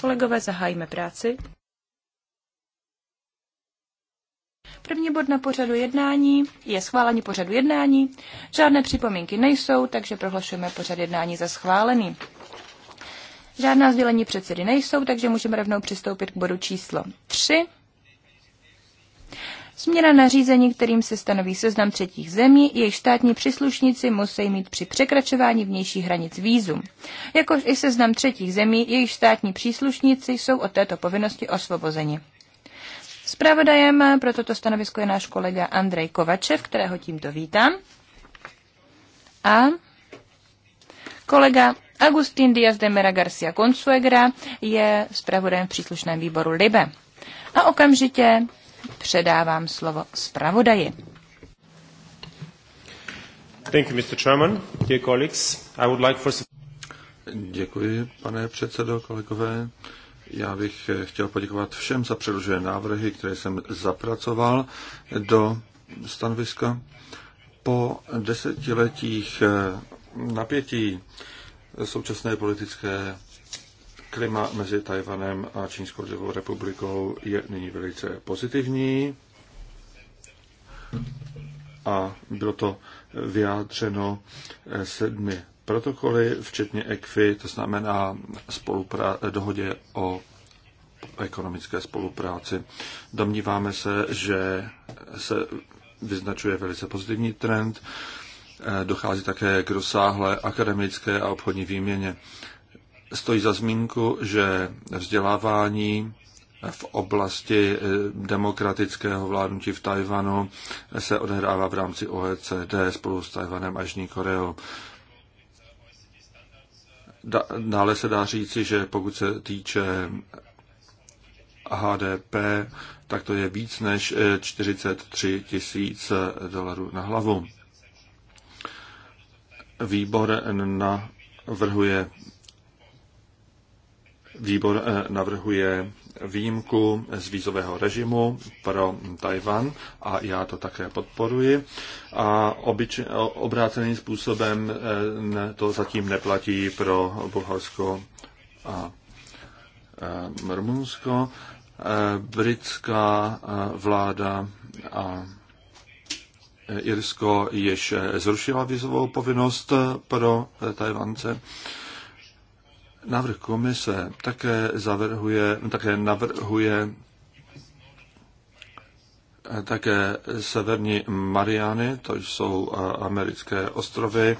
Kolegové, zahájíme práci. První bod na pořadu jednání je schválení pořadu jednání. Žádné připomínky nejsou, takže prohlašujeme pořad jednání za schválený. Žádná sdělení předsedy nejsou, takže můžeme rovnou přistoupit k bodu číslo 3 změna nařízení, kterým se stanoví seznam třetích zemí, jejich státní příslušníci musí mít při překračování vnějších hranic vízum. jakož i seznam třetích zemí, jejich státní příslušníci jsou od této povinnosti osvobozeni. Zpravodajem pro toto stanovisko je náš kolega Andrej Kovačev, kterého tímto vítám. A kolega Agustín Díaz de Mera Garcia Consuegra je zpravodajem v příslušném výboru LIBE. A okamžitě předávám slovo zpravodaji. Thank you, Mr. Chairman. Dear colleagues, I would like first... Děkuji, pane předsedo, kolegové. Já bych chtěl poděkovat všem za předložené návrhy, které jsem zapracoval do stanoviska. Po desetiletích napětí současné politické klima mezi Tajvanem a Čínskou lidovou republikou je nyní velice pozitivní a bylo to vyjádřeno sedmi protokoly, včetně ECFI, to znamená spolupra- dohodě o ekonomické spolupráci. Domníváme se, že se vyznačuje velice pozitivní trend. Dochází také k rozsáhlé akademické a obchodní výměně stojí za zmínku, že vzdělávání v oblasti eh, demokratického vládnutí v Tajvanu se odehrává v rámci OECD spolu s Tajvanem a Jižní Koreou. Dále se dá říci, že pokud se týče HDP, tak to je víc než 43 eh, tisíc eh, dolarů na hlavu. Výbor navrhuje Výbor eh, navrhuje výjimku z vízového režimu pro Tajvan a já to také podporuji. A obyč, obráceným způsobem eh, to zatím neplatí pro Bulharsko a eh, Rumunsko. Britská vláda a Irsko již zrušila vizovou povinnost pro Tajvance Návrh komise také, zavrhuje, také navrhuje eh, také severní Mariany, to jsou eh, americké ostrovy,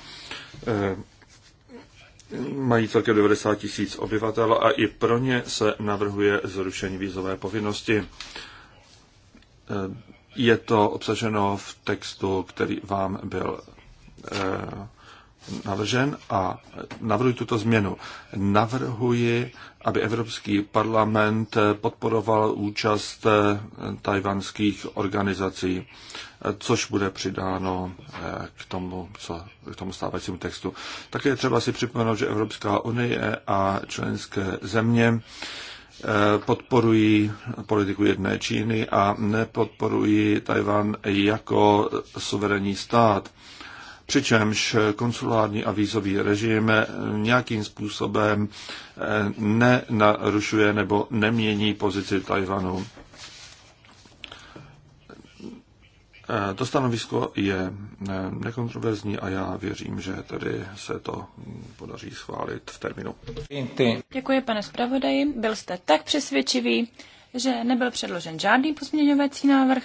eh, mají celkem 90 tisíc obyvatel a i pro ně se navrhuje zrušení vízové povinnosti. Je to obsaženo v textu, který vám byl navržen a navrhuji tuto změnu. Navrhuji, aby Evropský parlament podporoval účast eh, tajvanských organizací, eh, což bude přidáno eh, k tomu, co, k tomu stávajícímu textu. Také je třeba si připomenout, že Evropská unie a členské země podporují politiku jedné Číny a nepodporují Tajvan jako suverénní stát přičemž konsulární a vízový režim nějakým způsobem eh, nenarušuje nebo nemění pozici Tajvanu. Eh, to stanovisko je eh, nekontroverzní a já věřím, že tedy se to podaří schválit v termínu. Děkuji, pane zpravodaji. Byl jste tak přesvědčivý, že nebyl předložen žádný pozměňovací návrh.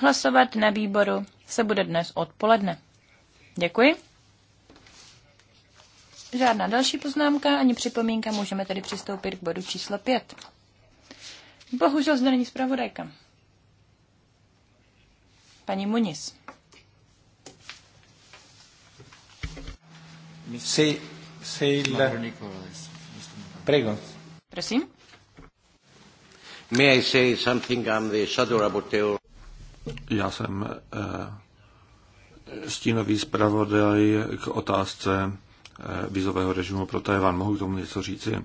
Hlasovat na výboru se bude dnes odpoledne. Děkuji. Žádná další poznámka ani připomínka, můžeme tedy přistoupit k bodu číslo 5. Bohužel zde není zpravodajka. Paní Muniz. Sí, sí, la... Prego. Prosím. May I say something on the shadow rapporteur? Já jsem uh stínový zpravodaj k otázce eh, vízového režimu pro tajvan Mohu k tomu něco říci?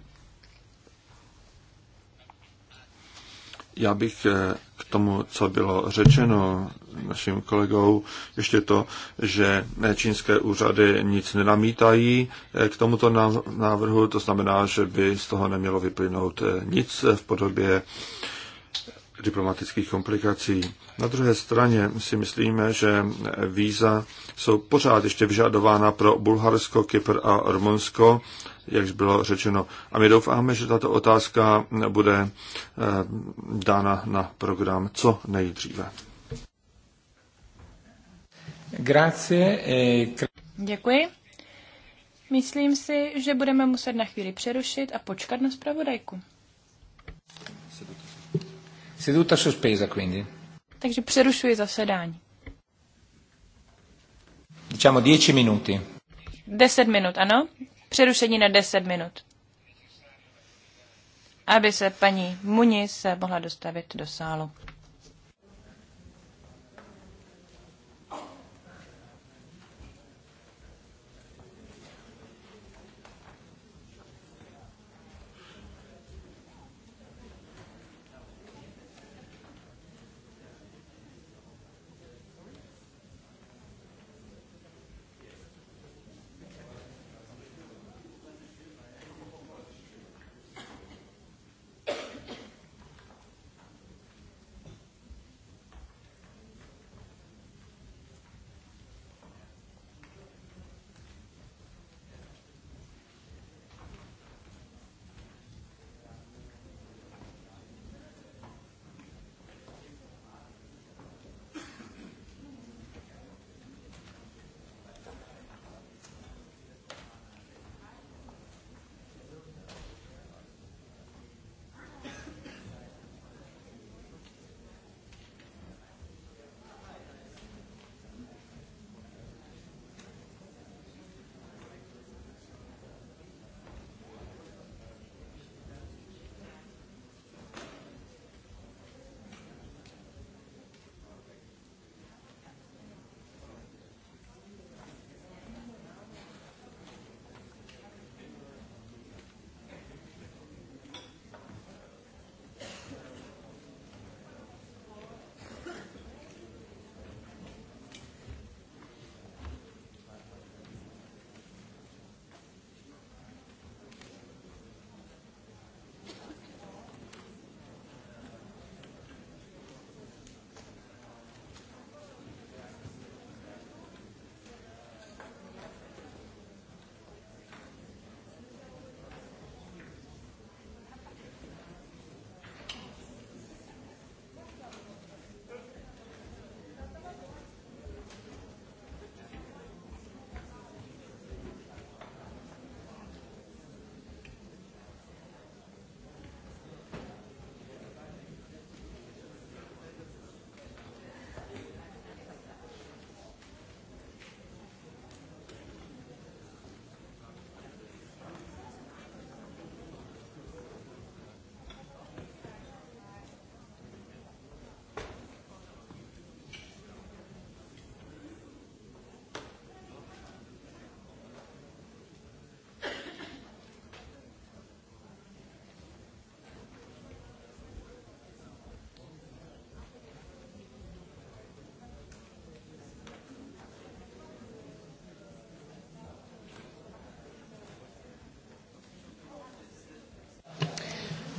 Já bych eh, k tomu, co bylo řečeno naším kolegou, ještě to, že eh, čínské úřady nic nenamítají k tomuto návrhu, to znamená, že by z toho nemělo vyplynout nic v podobě diplomatických komplikací. Na druhé straně si myslíme, že víza jsou pořád ještě vyžadována pro Bulharsko, Kypr a Rumunsko, jak bylo řečeno. A my doufáme, že tato otázka bude eh, dána na program co nejdříve. Eh, Děkuji. Myslím si, že budeme muset na chvíli přerušit a počkat na zpravodajku. Seduta sospesa quindi. Takže přerušuji zasedání. Diciamo 10 minut. 10 minut, ano. Přerušení na 10 minut. Aby se paní Muniz mohla dostavit do sálu.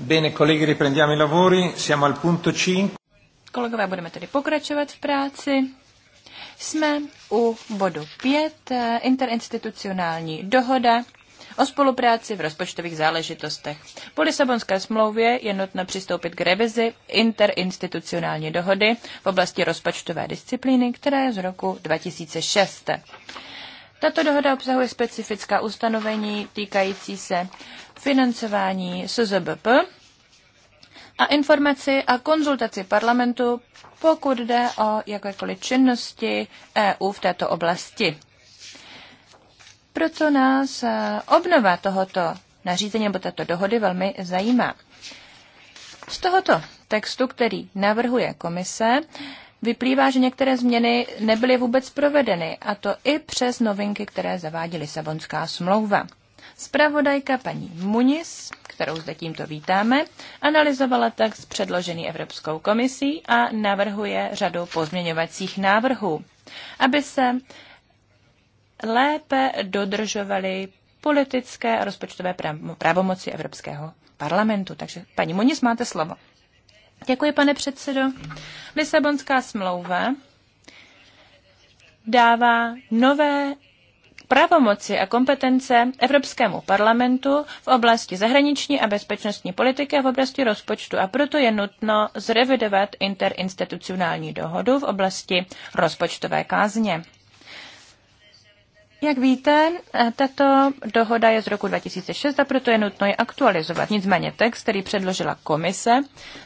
Bene, riprendiamo i lavori. Siamo al punto 5. Kolegové, budeme tedy pokračovat v práci. Jsme u bodu 5, eh, interinstitucionální dohoda o spolupráci v rozpočtových záležitostech. Po Lisabonské smlouvě je nutno přistoupit k revizi interinstitucionální dohody v oblasti rozpočtové disciplíny, která je z roku 2006. Tato dohoda obsahuje specifická ustanovení týkající se financování SZBP a informaci a konzultaci parlamentu, pokud jde o jakékoliv činnosti EU v této oblasti. Proto nás eh, obnova tohoto nařízení nebo této dohody velmi zajímá. Z tohoto textu, který navrhuje komise, vyplývá, že některé změny nebyly vůbec provedeny, a to i přes novinky, které zavádí Lisabonská smlouva. Spravodajka paní Muniz, kterou zde tímto vítáme, analyzovala tak předložený Evropskou komisí a navrhuje řadu pozměňovacích návrhů, aby se lépe dodržovaly politické a rozpočtové právomoci Evropského parlamentu. Takže paní Muniz, máte slovo. Děkuji, pane předsedo. Lisabonská smlouva dává nové pravomoci a kompetence Evropskému parlamentu v oblasti zahraniční a bezpečnostní politiky a v oblasti rozpočtu a proto je nutno zrevidovat interinstitucionální dohodu v oblasti rozpočtové kázně. Jak víte, e, tato dohoda je z roku 2006 a proto je nutno ji aktualizovat. Nicméně text, který předložila komise,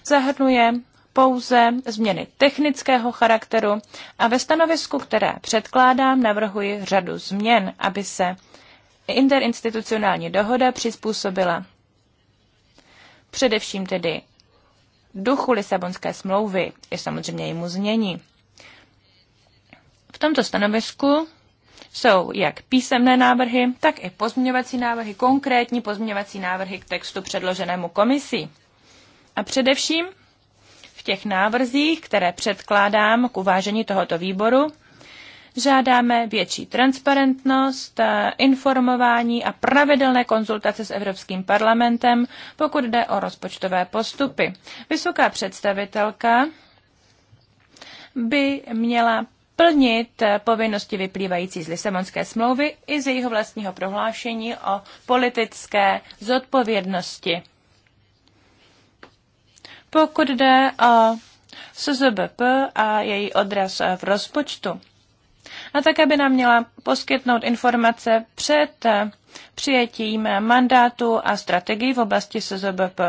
zahrnuje pouze změny technického charakteru a ve stanovisku, které předkládám, navrhuji řadu změn, aby se interinstitucionální dohoda přizpůsobila především tedy duchu Lisabonské smlouvy je samozřejmě jejímu znění. V tomto stanovisku jsou jak písemné návrhy, tak i pozměňovací návrhy, konkrétní pozměňovací návrhy k textu předloženému komisí. A především v těch návrzích, které předkládám k uvážení tohoto výboru, žádáme větší transparentnost, informování a pravidelné konzultace s Evropským parlamentem, pokud jde o rozpočtové postupy. Vysoká představitelka by měla plnit povinnosti vyplývající z Lisabonské smlouvy i z jejího vlastního prohlášení o politické zodpovědnosti. Pokud jde o SZBP a její odraz v rozpočtu, a také by nám měla poskytnout informace před přijetím mandátu a strategii v oblasti SZBP.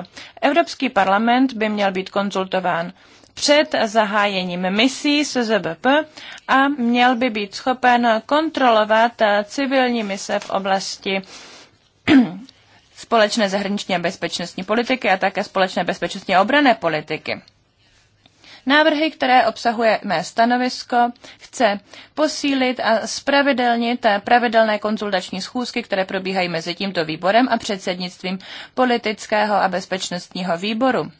Evropský parlament by měl být konzultován před zahájením misí SZBP a měl by být schopen kontrolovat civilní mise v oblasti společné zahraniční a bezpečnostní politiky a také společné bezpečnostní a obrané politiky. Návrhy, které obsahuje mé stanovisko, chce posílit a spravedlnit pravidelné konzultační schůzky, které probíhají mezi tímto výborem a předsednictvím politického a bezpečnostního výboru.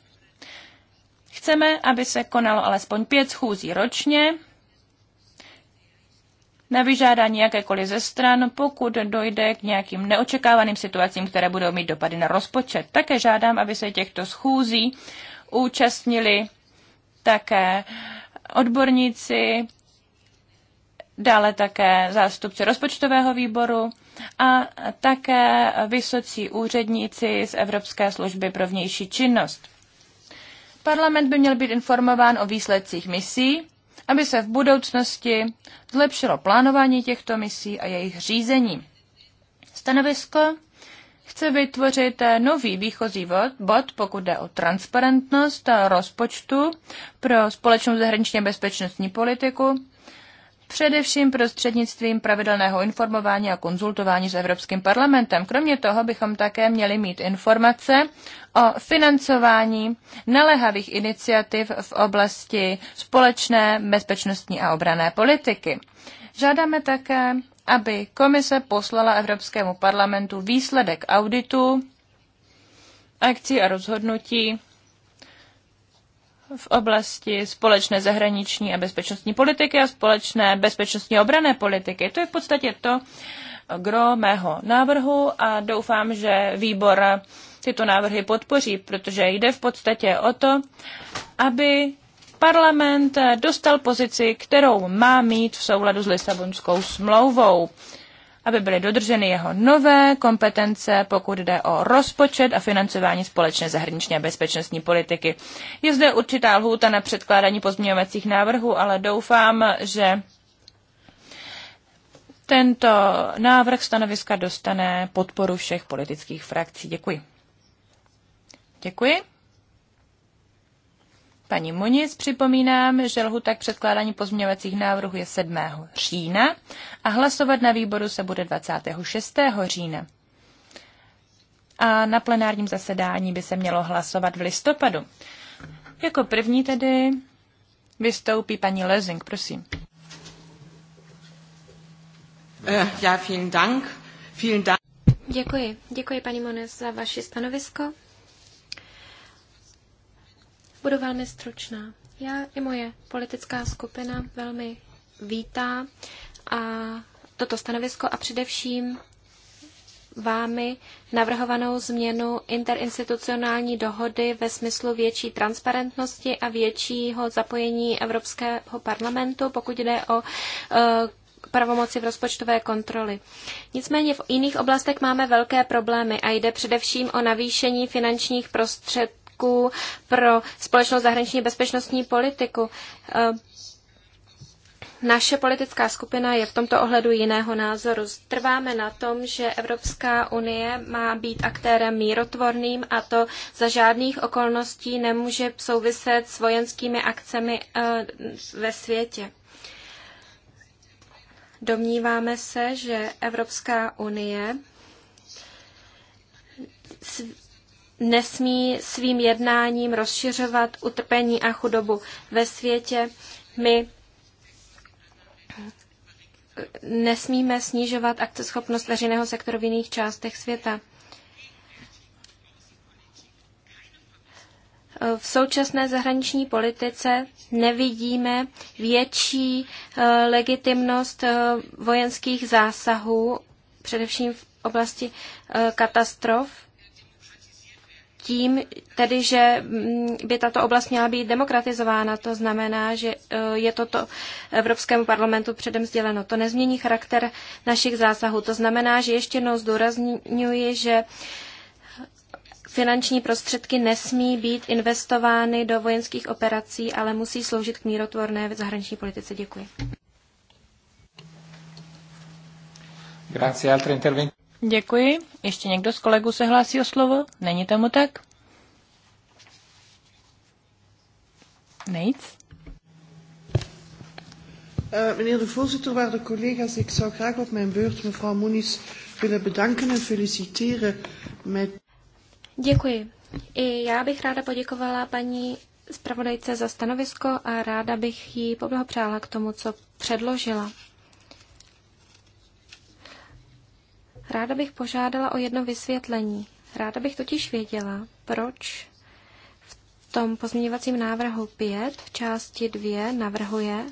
Chceme, aby se konalo alespoň pět schůzí ročně na vyžádání jakékoliv ze stran, pokud dojde k nějakým neočekávaným situacím, které budou mít dopady na rozpočet. Také žádám, aby se těchto schůzí účastnili také odborníci, dále také zástupci rozpočtového výboru a také vysocí úředníci z Evropské služby pro vnější činnost. Parlament by měl být informován o výsledcích misí, aby se v budoucnosti zlepšilo plánování těchto misí a jejich řízení. Stanovisko chce vytvořit nový výchozí bod, pokud jde o transparentnost rozpočtu pro společnou zahraničně bezpečnostní politiku především prostřednictvím pravidelného informování a konzultování s Evropským parlamentem. Kromě toho bychom také měli mít informace o financování naléhavých iniciativ v oblasti společné bezpečnostní a obrané politiky. Žádáme také, aby komise poslala Evropskému parlamentu výsledek auditu akcí a rozhodnutí v oblasti společné zahraniční a bezpečnostní politiky a společné bezpečnostní obrané politiky. To je v podstatě to gro mého návrhu a doufám, že výbor tyto návrhy podpoří, protože jde v podstatě o to, aby parlament dostal pozici, kterou má mít v souladu s Lisabonskou smlouvou aby byly dodrženy jeho nové kompetence, pokud jde o rozpočet a financování společné zahraniční a bezpečnostní politiky. Je zde určitá lhůta na předkládání pozměňovacích návrhů, ale doufám, že tento návrh stanoviska dostane podporu všech politických frakcí. Děkuji. Děkuji paní Muniz. Připomínám, že lhuta k předkládání pozměňovacích návrhů je 7. října a hlasovat na výboru se bude 26. října. A na plenárním zasedání by se mělo hlasovat v listopadu. Jako první tedy vystoupí paní Lezing, prosím. Eh, ja, vielen Dank. Vielen Dank. Děkuji. Děkuji, paní Mones, za vaše stanovisko. Budu velmi stručná. Já i moje politická skupina velmi vítá a toto stanovisko a především vámi navrhovanou změnu interinstitucionální dohody ve smyslu větší transparentnosti a většího zapojení Evropského parlamentu, pokud jde o e, pravomoci v rozpočtové kontroly. Nicméně v jiných oblastech máme velké problémy a jde především o navýšení finančních prostřed, otázku pro společnou zahraniční bezpečnostní politiku. Eh, naše politická skupina je v tomto ohledu jiného názoru. Trváme na tom, že Evropská unie má být aktérem mírotvorným a to za žádných okolností nemůže souviset s vojenskými akcemi eh, ve světě. Domníváme se, že Evropská unie nesmí svým jednáním rozšiřovat utrpení a chudobu ve světě. My nesmíme snižovat akceschopnost veřejného sektoru v jiných částech světa. v současné zahraniční politice nevidíme větší eh, legitimnost eh, vojenských zásahů, především v oblasti eh, katastrof tím, tedy, že mm, by tato oblast měla být demokratizována. To znamená, že e, je toto Evropskému parlamentu předem sděleno. To nezmění charakter našich zásahů. To znamená, že ještě jednou zdůrazňuji, že finanční prostředky nesmí být investovány do vojenských operací, ale musí sloužit k mírotvorné zahraniční politice. Děkuji. Grazie, interventi. Děkuji. Ještě někdo z kolegů se hlásí o slovo? Není tomu tak? Nic? Eh, meneer de voorzitter, waarde collega's, ik zou graag op mijn beurt mevrouw Moenis willen bedanken en feliciteren met... Děkuji. I já bych ráda poděkovala paní zpravodajce za stanovisko a ráda bych jí poblahopřála k tomu, co předložila. Ráda bych požádala o jedno vysvětlení. Ráda bych totiž věděla, proč v tom pozměňovacím návrhu 5 v části 2 navrhuje,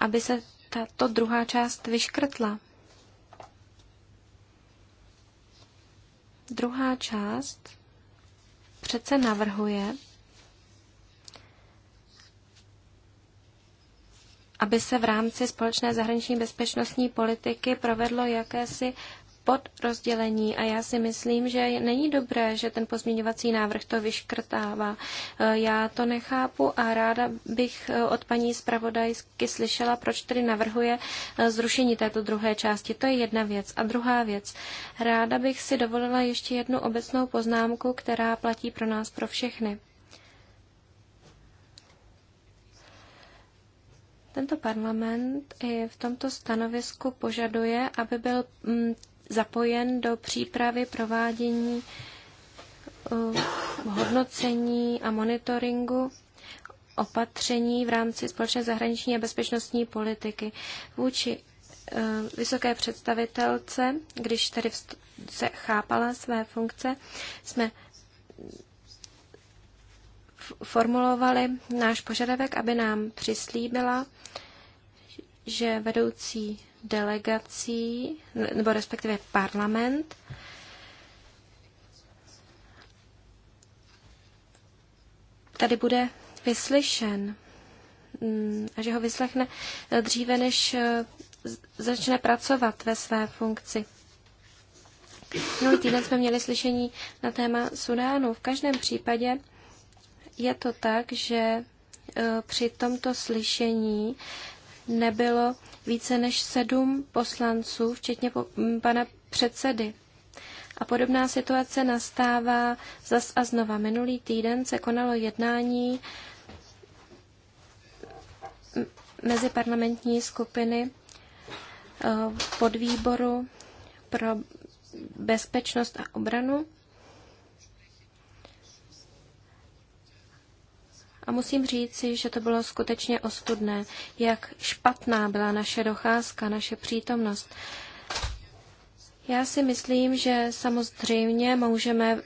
aby se tato druhá část vyškrtla. Druhá část přece navrhuje, aby se v rámci společné zahraniční bezpečnostní politiky provedlo jakési podrozdělení a já si myslím, že není dobré, že ten pozměňovací návrh to vyškrtává. Eh, já to nechápu a ráda bych eh, od paní zpravodajky slyšela, proč tedy navrhuje eh, zrušení této druhé části. To je jedna věc. A druhá věc. Ráda bych si dovolila ještě jednu obecnou poznámku, která platí pro nás pro všechny. Tento parlament i v tomto stanovisku požaduje, aby byl mm, zapojen do přípravy provádění eh, hodnocení a monitoringu opatření v rámci společné zahraniční a bezpečnostní politiky vůči eh, vysoké představitelce, když tady se chápala své funkce, jsme formulovali náš požadavek, aby nám přislíbila, že vedoucí delegací, nebo respektive parlament, tady bude vyslyšen mm, a že ho vyslechne dříve, než eh, začne pracovat ve své funkci. Minulý týden jsme měli slyšení na téma Sudánu. V každém případě je to tak, že e, při tomto slyšení nebylo více než sedm poslanců, včetně pana předsedy. A podobná situace nastává zas a znova. Minulý týden se konalo jednání mezi parlamentní skupiny e, podvýboru pro bezpečnost a obranu A musím říci, že to bylo skutečně ostudné, jak špatná byla naše docházka, naše přítomnost. Já si myslím, že samozřejmě můžeme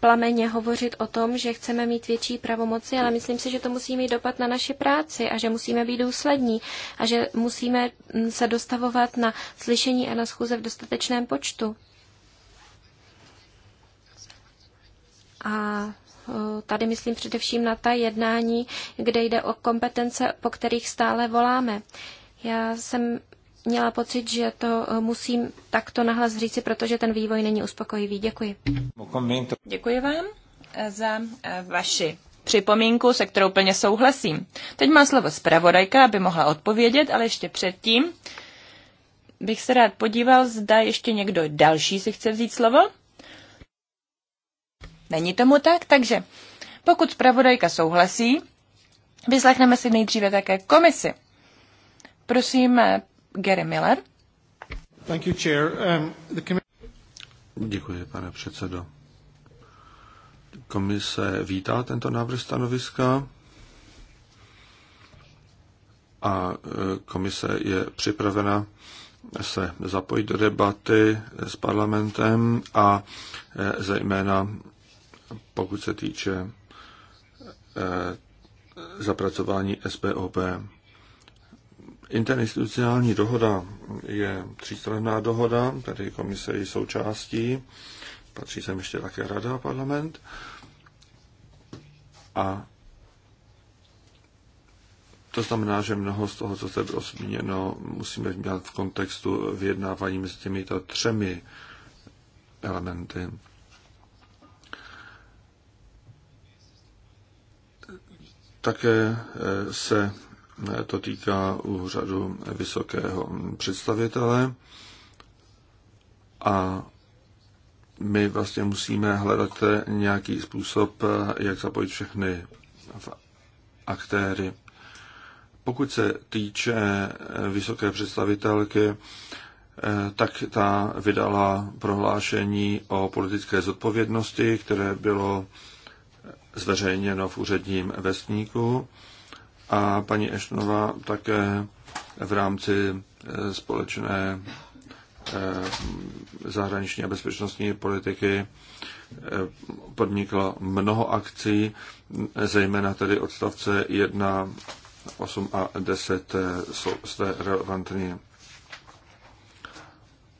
plameně hovořit o tom, že chceme mít větší pravomoci, ale myslím si, že to musí mít dopad na naši práci a že musíme být důslední a že musíme se dostavovat na slyšení a na schůze v dostatečném počtu. A Tady myslím především na ta jednání, kde jde o kompetence, po kterých stále voláme. Já jsem měla pocit, že to eh, musím takto nahlas říci, protože ten vývoj není uspokojivý. Děkuji. Děkuji vám eh, za eh, vaši připomínku, se kterou plně souhlasím. Teď má slovo zpravodajka, aby mohla odpovědět, ale ještě předtím bych se rád podíval, zda ještě někdo další si chce vzít slovo. Není tomu tak, takže pokud zpravodajka souhlasí, vyslechneme si nejdříve také komisi. Prosím, eh, Gary Miller. Thank you, chair. Um, the Děkuji, pane předsedo. Komise vítá tento návrh stanoviska a eh, komise je připravena se zapojit do debaty s parlamentem a eh, zejména pokud se týče eh, zapracování SBOP. Interinstitucionální dohoda je třístranná dohoda, tedy komise je součástí, patří sem ještě také rada a parlament. A to znamená, že mnoho z toho, co se bylo zmíněno, musíme mít v kontextu vyjednávání mezi těmito třemi elementy. Také eh, se eh, to týká úřadu vysokého představitele a my vlastně musíme hledat eh, nějaký způsob, jak zapojit všechny aktéry. Pokud se týče vysoké představitelky, tak ta vydala prohlášení o politické zodpovědnosti, které bylo zveřejněno v úředním vestníku a paní Ešnova také v rámci eh, společné eh, zahraniční a bezpečnostní politiky eh, podnikla mnoho akcí, zejména tedy odstavce 1, 8 a 10 jsou zde relevantní.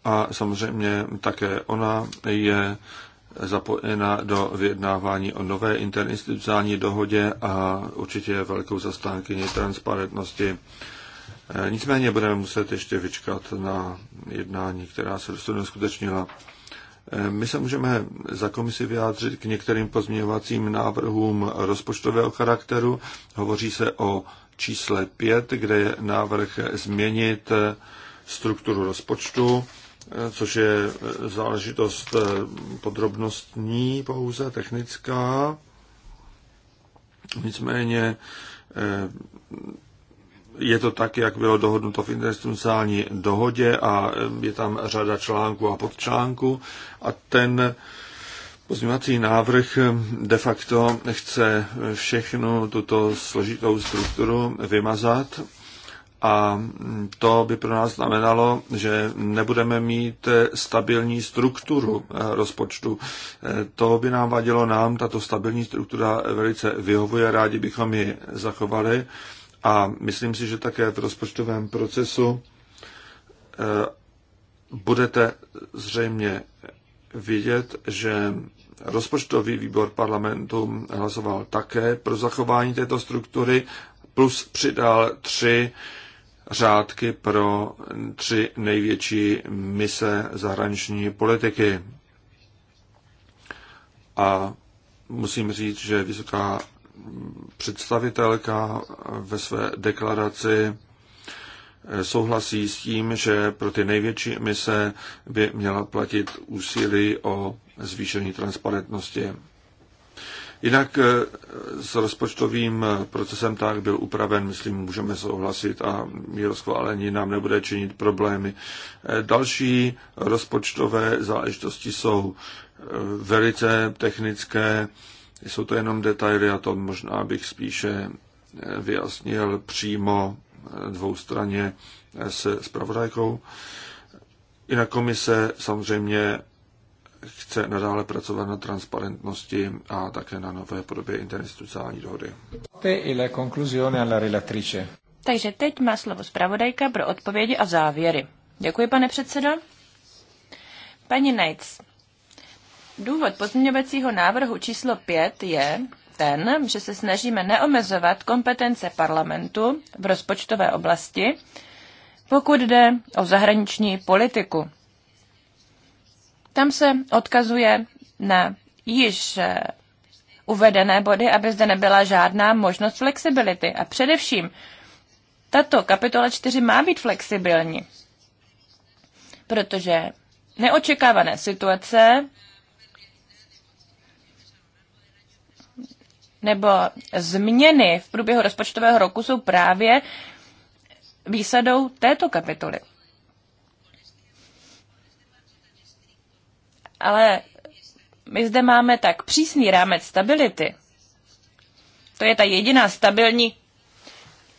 A samozřejmě také ona je zapojena do vyjednávání o nové interinstitucionální dohodě a určitě je velkou zastánkyní transparentnosti. E, nicméně budeme muset ještě vyčkat na jednání, která se dosud skutečnila. E, my se můžeme za komisi vyjádřit k některým pozměňovacím návrhům rozpočtového charakteru. Hovoří se o čísle 5, kde je návrh změnit e, strukturu rozpočtu což je záležitost eh, podrobnostní pouze, technická. Nicméně eh, je to tak, jak bylo dohodnuto v internacionální dohodě a eh, je tam řada článků a podčlánků a ten pozměňovací návrh de facto chce všechnu tuto složitou strukturu vymazat a to by pro nás znamenalo, že nebudeme mít stabilní strukturu eh, rozpočtu. Eh, to by nám vadilo nám, tato stabilní struktura velice vyhovuje, rádi bychom ji zachovali. A myslím si, že také v rozpočtovém procesu eh, budete zřejmě vidět, že rozpočtový výbor parlamentu hlasoval také pro zachování této struktury, plus přidal tři řádky pro tři největší mise zahraniční politiky. A musím říct, že vysoká představitelka ve své deklaraci eh, souhlasí s tím, že pro ty největší mise by měla platit úsilí o zvýšení transparentnosti. Jinak eh, s rozpočtovým eh, procesem tak byl upraven, myslím, můžeme souhlasit a jeho schválení nám nebude činit problémy. Eh, další rozpočtové záležitosti jsou velice technické, jsou to jenom detaily a to možná bych spíše vyjasnil přímo dvoustraně se spravodajkou. I na komise samozřejmě chce nadále pracovat na transparentnosti a také na nové podobě interinstitucionální dohody. Takže teď má slovo zpravodajka pro odpovědi a závěry. Děkuji, pane předsedo. Paní Nejc, důvod pozměňovacího návrhu číslo 5 je ten, že se snažíme neomezovat kompetence parlamentu v rozpočtové oblasti, pokud jde o zahraniční politiku. Tam se odkazuje na již eh, uvedené body, aby zde nebyla žádná možnost flexibility. A především, tato kapitola 4 má být flexibilní, protože neočekávané situace nebo změny v průběhu rozpočtového roku jsou právě výsadou této kapitoly. ale my zde máme tak přísný rámec stability. To je ta jediná stabilní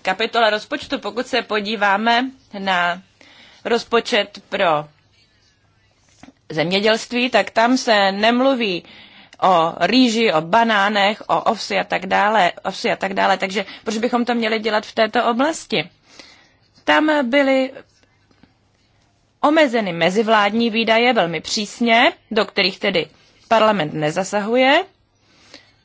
kapitola rozpočtu, pokud se podíváme na rozpočet pro zemědělství, tak tam se nemluví o rýži, o banánech, o ovsi a tak dále, ovsi a tak dále. Takže proč bychom to měli dělat v této oblasti? Tam byly omezeny mezivládní výdaje velmi přísně, do kterých tedy parlament nezasahuje.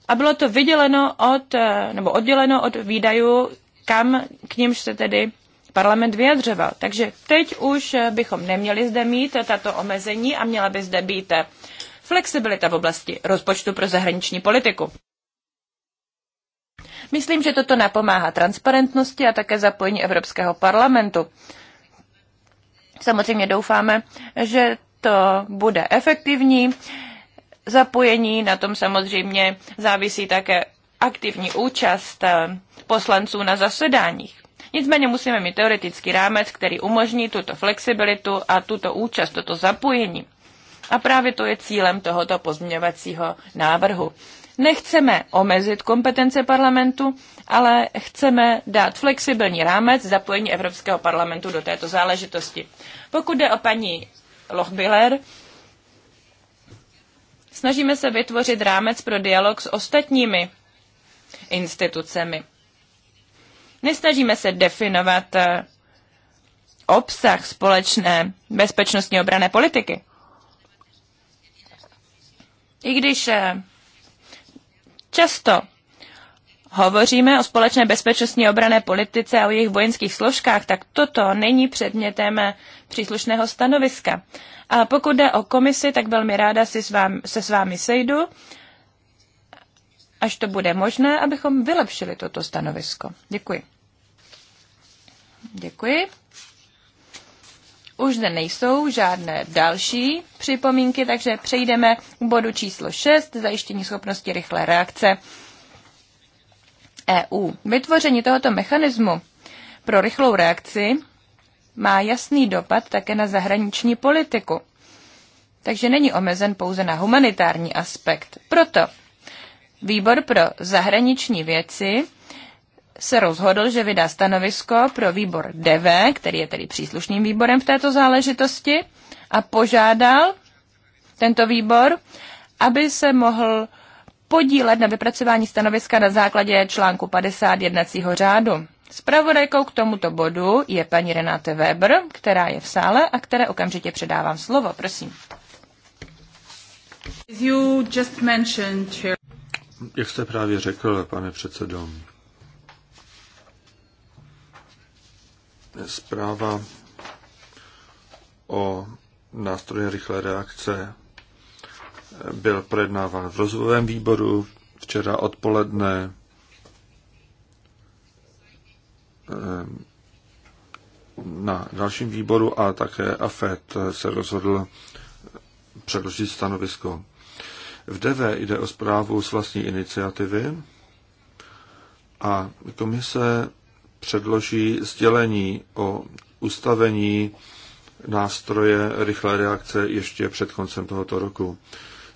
A bylo to vyděleno od, eh, nebo odděleno od výdajů, kam k nímž se tedy parlament vyjadřoval. Takže teď už eh, bychom neměli zde mít tato omezení a měla by zde být eh, flexibilita v oblasti rozpočtu pro zahraniční politiku. Myslím, že toto napomáhá transparentnosti a také zapojení Evropského parlamentu. Samozřejmě doufáme, že to bude efektivní. Zapojení na tom samozřejmě závisí také aktivní účast eh, poslanců na zasedáních. Nicméně musíme mít teoretický rámec, který umožní tuto flexibilitu a tuto účast, toto zapojení. A právě to je cílem tohoto pozměňovacího návrhu. Nechceme omezit kompetence parlamentu, ale chceme dát flexibilní rámec zapojení Evropského parlamentu do této záležitosti. Pokud jde o paní Lochbiller, snažíme se vytvořit rámec pro dialog s ostatními institucemi. Nestažíme se definovat eh, obsah společné bezpečnostní obrané politiky. I když eh, Často hovoříme o společné bezpečnostní obrané politice a o jejich vojenských složkách, tak toto není předmětem příslušného stanoviska. A pokud jde o komisi, tak velmi ráda si s vám, se s vámi sejdu, až to bude možné, abychom vylepšili toto stanovisko. Děkuji. Děkuji. Už zde nejsou žádné další připomínky, takže přejdeme k bodu číslo 6, zajištění schopnosti rychlé reakce EU. Vytvoření tohoto mechanismu pro rychlou reakci má jasný dopad také na zahraniční politiku. Takže není omezen pouze na humanitární aspekt. Proto Výbor pro zahraniční věci se rozhodl, že vydá stanovisko pro výbor DV, který je tedy příslušným výborem v této záležitosti, a požádal tento výbor, aby se mohl podílet na vypracování stanoviska na základě článku 50 jednacího řádu. Spravodajkou k tomuto bodu je paní Renate Weber, která je v sále a které okamžitě předávám slovo. Prosím. Jak jste právě řekl, pane předsedo, zpráva o nástroje rychlé reakce byl projednáván v rozvojovém výboru včera odpoledne. Ehm, na dalším výboru a také AFET se rozhodl předložit stanovisko. V DV jde o zprávu z vlastní iniciativy a komise předloží sdělení o ustavení nástroje rychlé reakce ještě před koncem tohoto roku.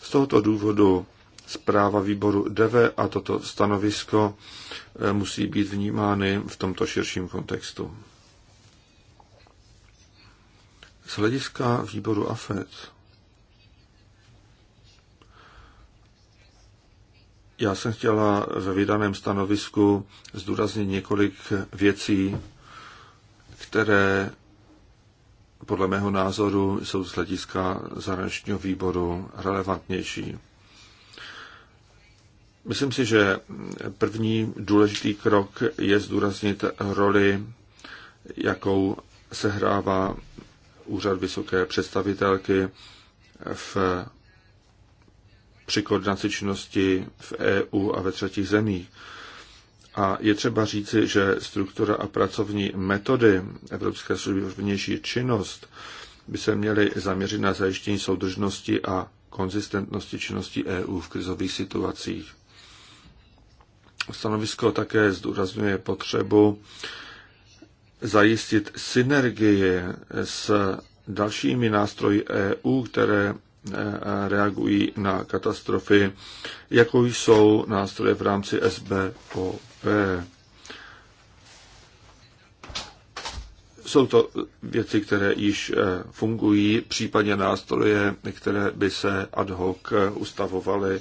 Z tohoto důvodu zpráva výboru DV a toto stanovisko eh, musí být vnímány v tomto širším kontextu. Z hlediska výboru AFET Já jsem chtěla ve vydaném stanovisku zdůraznit několik věcí, které podle mého názoru jsou z hlediska zahraničního výboru relevantnější. Myslím si, že první důležitý krok je zdůraznit roli, jakou sehrává úřad vysoké představitelky v při koordinaci činnosti v EU a ve třetích zemích. A je třeba říci, že struktura a pracovní metody Evropské služby pro vnější činnost by se měly zaměřit na zajištění soudržnosti a konzistentnosti činnosti EU v krizových situacích. Stanovisko také zdůrazňuje potřebu zajistit synergie s dalšími nástroji EU, které E, reagují na katastrofy, jako jsou nástroje v rámci SBOP. Jsou to věci, které již e, fungují, případně nástroje, které by se ad hoc e, ustavovaly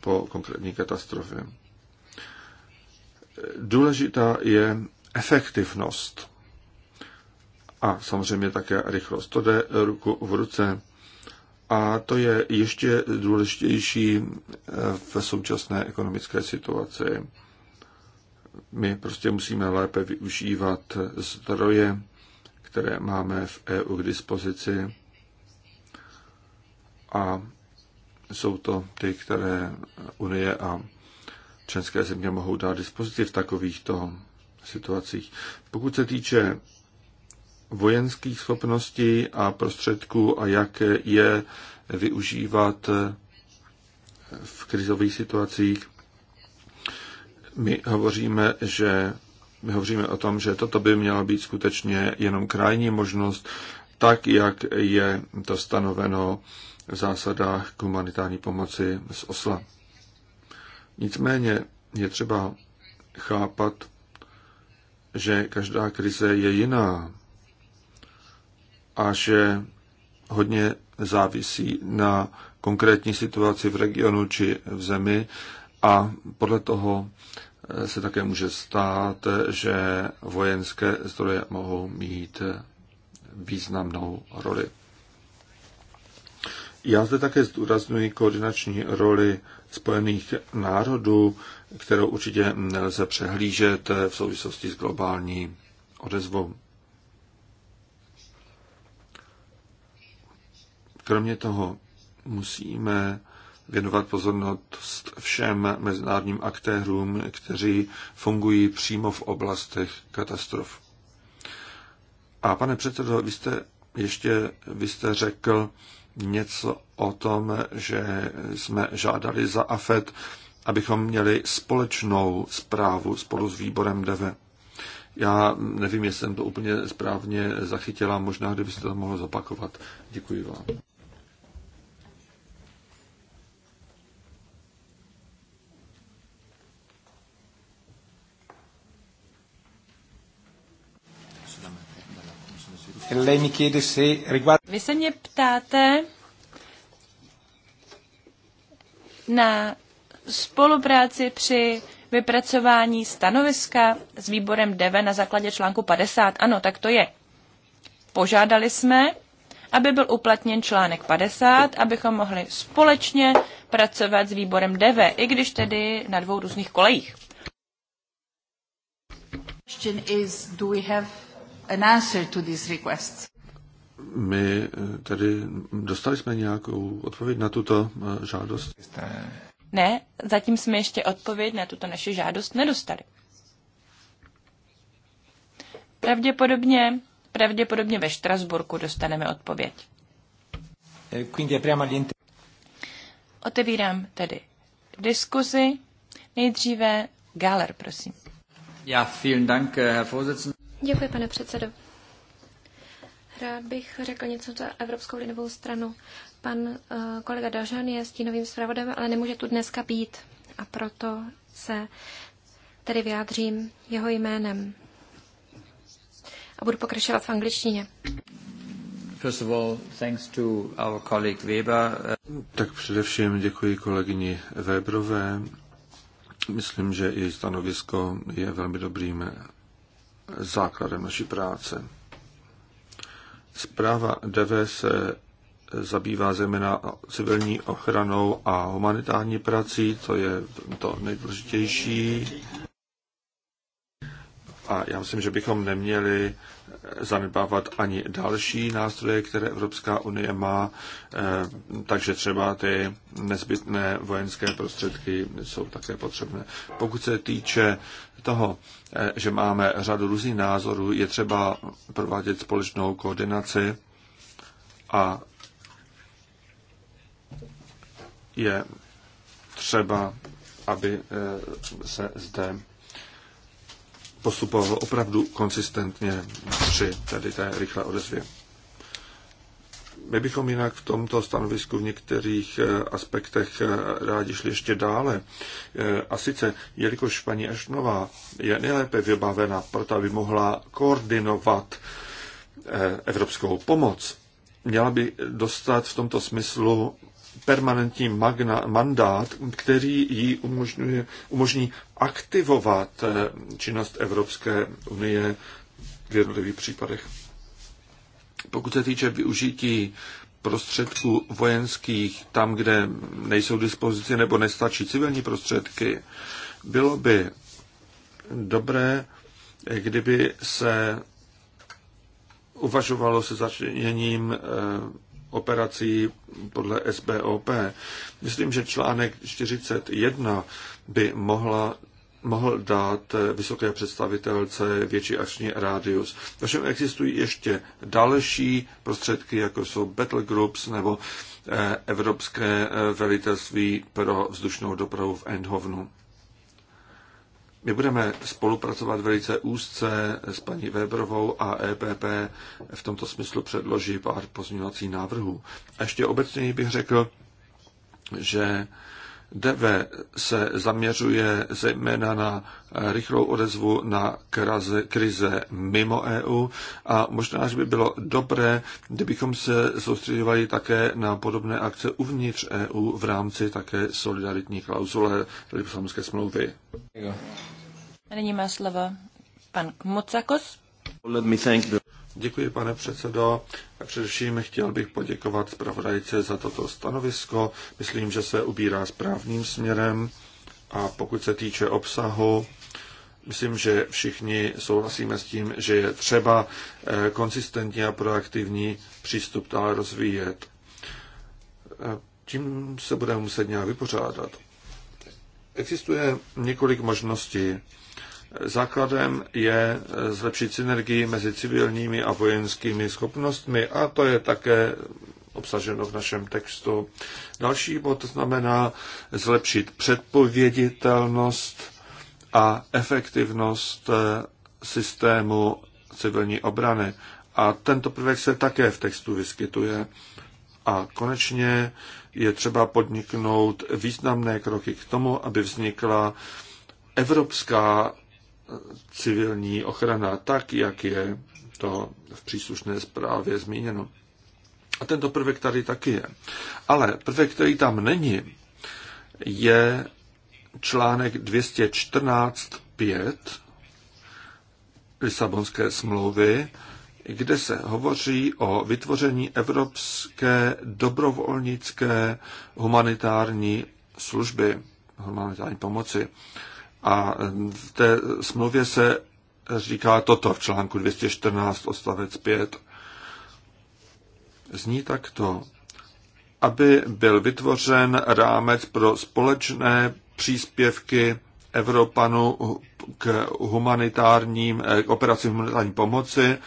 po konkrétní katastrofě. Důležitá je efektivnost a samozřejmě také rychlost. To jde ruku v ruce. A to je ještě důležitější eh, v současné ekonomické situaci. My prostě musíme lépe využívat zdroje, které máme v EU k dispozici. A jsou to ty, které Unie a české země mohou dát dispozici v takovýchto situacích. Pokud se týče vojenských schopností a prostředků a jak je využívat v krizových situacích. My hovoříme, že my hovoříme o tom, že toto by měla být skutečně jenom krajní možnost, tak jak je to stanoveno v zásadách k humanitární pomoci z Osla. Nicméně je třeba chápat, že každá krize je jiná a že hodně závisí na konkrétní situaci v regionu či v zemi a podle toho eh, se také může stát, že vojenské zdroje mohou mít významnou roli. Já zde také zdůraznuji koordinační roli Spojených národů, kterou určitě nelze přehlížet v souvislosti s globální odezvou. Kromě toho musíme věnovat pozornost všem mezinárodním aktérům, kteří fungují přímo v oblastech katastrof. A pane předsedo, vy jste ještě vy jste řekl něco o tom, že jsme žádali za AFED, abychom měli společnou zprávu spolu s výborem DEVE. Já nevím, jestli jsem to úplně správně zachytila, možná kdybyste to mohl zopakovat. Děkuji vám. E lei mi chiede se riguarda... Vy se mě ptáte na spolupráci při vypracování stanoviska s výborem DEVE na základě článku 50. Ano, tak to je. Požádali jsme, aby byl uplatněn článek 50, abychom mohli společně pracovat s výborem DEVE, i když tedy na dvou různých kolejích. Is, do we have an answer to My eh, tedy dostali jsme nějakou odpověď na tuto eh, žádost? Ne, zatím jsme ještě odpověď na tuto naši žádost nedostali. Pravděpodobně, pravděpodobně ve Štrasburku dostaneme odpověď. Eh, Otevírám tedy diskuzi. Nejdříve Galer, prosím. Ja, vielen Dank, Herr Vorsitzender. Děkuji, pane předsedo. Rád bych řekl něco za Evropskou lidovou stranu. Pan uh, kolega Dažan je stínovým zpravodajem, ale nemůže tu dneska být a proto se tedy vyjádřím jeho jménem. A budu pokračovat v angličtině. First of all, thanks to our colleague Weber. Eh. Tak především děkuji kolegyni Weberové. Myslím, že i stanovisko je velmi dobrým základem naší práce. Zpráva DV se zabývá zejména civilní ochranou a humanitární prací, to je to nejdůležitější. A já myslím, že bychom neměli zanedbávat ani další nástroje, které Evropská unie má, eh, takže třeba ty nezbytné vojenské prostředky jsou také potřebné. Pokud se týče toho, eh, že máme řadu různých názorů, je třeba provádět společnou koordinaci a je třeba, aby eh, se zde postupovalo opravdu konsistentně při tady té rychlé odezvě. My bychom jinak v tomto stanovisku v některých eh, aspektech eh, rádi šli ještě dále. Eh, a sice, jelikož paní Ešnová je nejlépe vybavena proto, aby mohla koordinovat evropskou pomoc, měla by dostat v tomto smyslu permanentní magna, mandát, který jí umožňuje, umožní aktivovat činnost Evropské unie v jednotlivých případech. Pokud se týče využití prostředků vojenských tam, kde nejsou dispozici nebo nestačí civilní prostředky, bylo by dobré, kdyby se uvažovalo se začleněním eh, operací podle SBOP. Myslím, že článek 41 by mohla mohl dát vysoké představitelce větší akční rádius. Ovšem existují ještě další prostředky, jako jsou battlegroups nebo eh, Evropské eh, velitelství pro vzdušnou dopravu v Endhovnu. My budeme spolupracovat velice úzce s paní Weberovou a EPP v tomto smyslu předloží pár pozměňovacích návrhů. A ještě obecněji bych řekl, že DV se zaměřuje zejména na rychlou odezvu na krize, krize mimo EU a možná, že by bylo dobré, kdybychom se soustředovali také na podobné akce uvnitř EU v rámci také solidaritní klauzule Lipsomské smlouvy. Nyní má slovo pan Kmocakos. Let me thank the... Děkuji, pane předsedo. Především chtěl bych poděkovat zpravodajce za toto stanovisko. Myslím, že se ubírá správným směrem a pokud se týče obsahu, myslím, že všichni souhlasíme s tím, že je třeba eh, konsistentní a proaktivní přístup dále rozvíjet. Eh, tím se budeme muset nějak vypořádat. Existuje několik možností. Základem je zlepšit synergii mezi civilními a vojenskými schopnostmi a to je také obsaženo v našem textu. Další bod znamená zlepšit předpověditelnost a efektivnost eh, systému civilní obrany. A tento prvek se také v textu vyskytuje. A konečně je třeba podniknout významné kroky k tomu, aby vznikla evropská civilní ochrana tak, jak je to v příslušné zprávě zmíněno. A tento prvek tady taky je. Ale prvek, který tam není, je článek 214.5 Lisabonské smlouvy, kde se hovoří o vytvoření evropské dobrovolnické humanitární služby, humanitární pomoci. A v té smlouvě se říká toto v článku 214 odstavec 5. Zní takto. Aby byl vytvořen rámec pro společné příspěvky Evropanu k humanitárním, k operacím humanitární pomoci,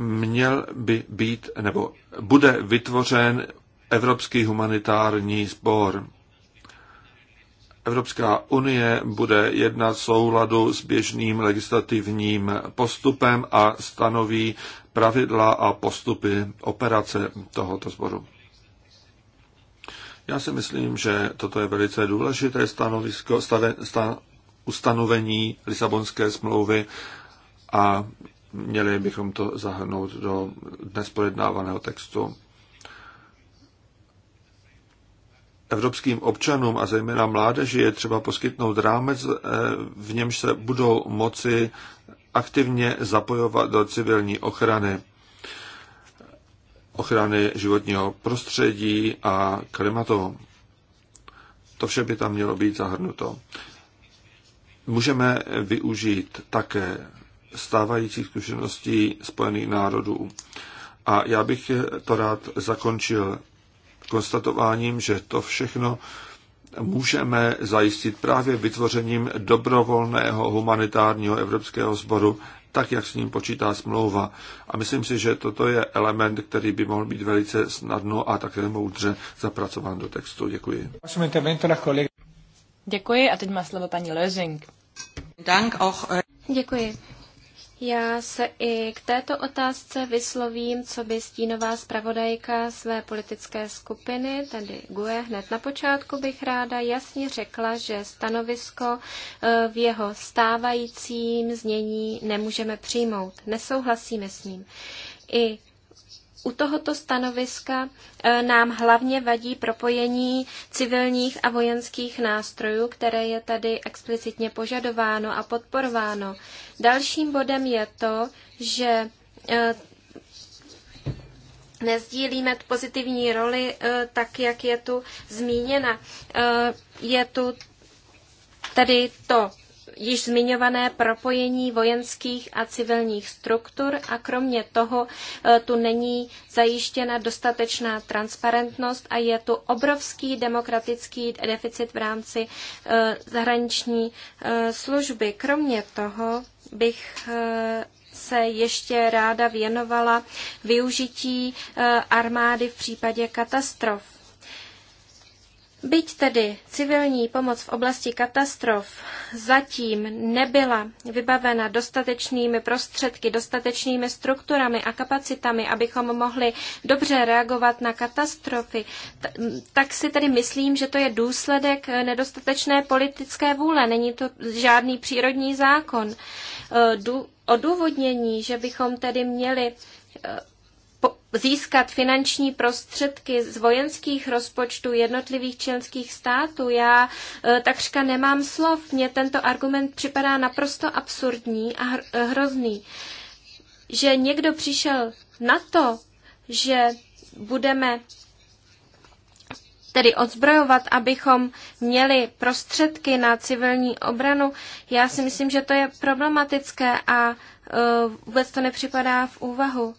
měl by být, nebo bude vytvořen Evropský humanitární sbor. Evropská unie bude jednat souladu s běžným legislativním postupem a stanoví pravidla a postupy operace tohoto sboru. Já si myslím, že toto je velice důležité stanovisko, stave, sta, ustanovení Lisabonské smlouvy a měli bychom to zahrnout do dnes projednávaného textu. Evropským občanům a zejména mládeži je třeba poskytnout rámec, eh, v němž se budou moci aktivně zapojovat do civilní ochrany, ochrany životního prostředí a klimatu. To vše by tam mělo být zahrnuto. Můžeme využít také stávajících zkušeností Spojených národů. A já bych to rád zakončil konstatováním, že to všechno můžeme zajistit právě vytvořením dobrovolného humanitárního evropského sboru, tak jak s ním počítá smlouva. A myslím si, že toto je element, který by mohl být velice snadno a také moudře zapracován do textu. Děkuji. Děkuji a teď má slovo paní Lözing. Eh, Děkuji. Já se i k této otázce vyslovím, co by stínová zpravodajka své politické skupiny, tedy GUE, hned na počátku bych ráda jasně řekla, že stanovisko eh, v jeho stávajícím znění nemůžeme přijmout. Nesouhlasíme s ním. I u tohoto stanoviska e, nám hlavně vadí propojení civilních a vojenských nástrojů, které je tady explicitně požadováno a podporováno. Dalším bodem je to, že e, nezdílíme pozitivní roli e, tak, jak je tu zmíněna. Je tu tady to již zmiňované propojení vojenských a civilních struktur a kromě toho e, tu není zajištěna dostatečná transparentnost a je tu obrovský demokratický deficit v rámci e, zahraniční e, služby. Kromě toho bych se ještě ráda věnovala využití armády v případě katastrof. Byť tedy civilní pomoc v oblasti katastrof zatím nebyla vybavena dostatečnými prostředky, dostatečnými strukturami a kapacitami, abychom mohli dobře reagovat na katastrofy, tak si tedy myslím, že to je důsledek nedostatečné politické vůle. Není to žádný přírodní zákon. E, odůvodnění, že bychom tedy měli e, získat finanční prostředky z vojenských rozpočtů jednotlivých členských států. Já e, takřka nemám slov. Mně tento argument připadá naprosto absurdní a e, hrozný. Že někdo přišel na to, že budeme tedy odzbrojovat, abychom měli prostředky na civilní obranu, já si myslím, že to je problematické a e, vůbec to nepřipadá v úvahu.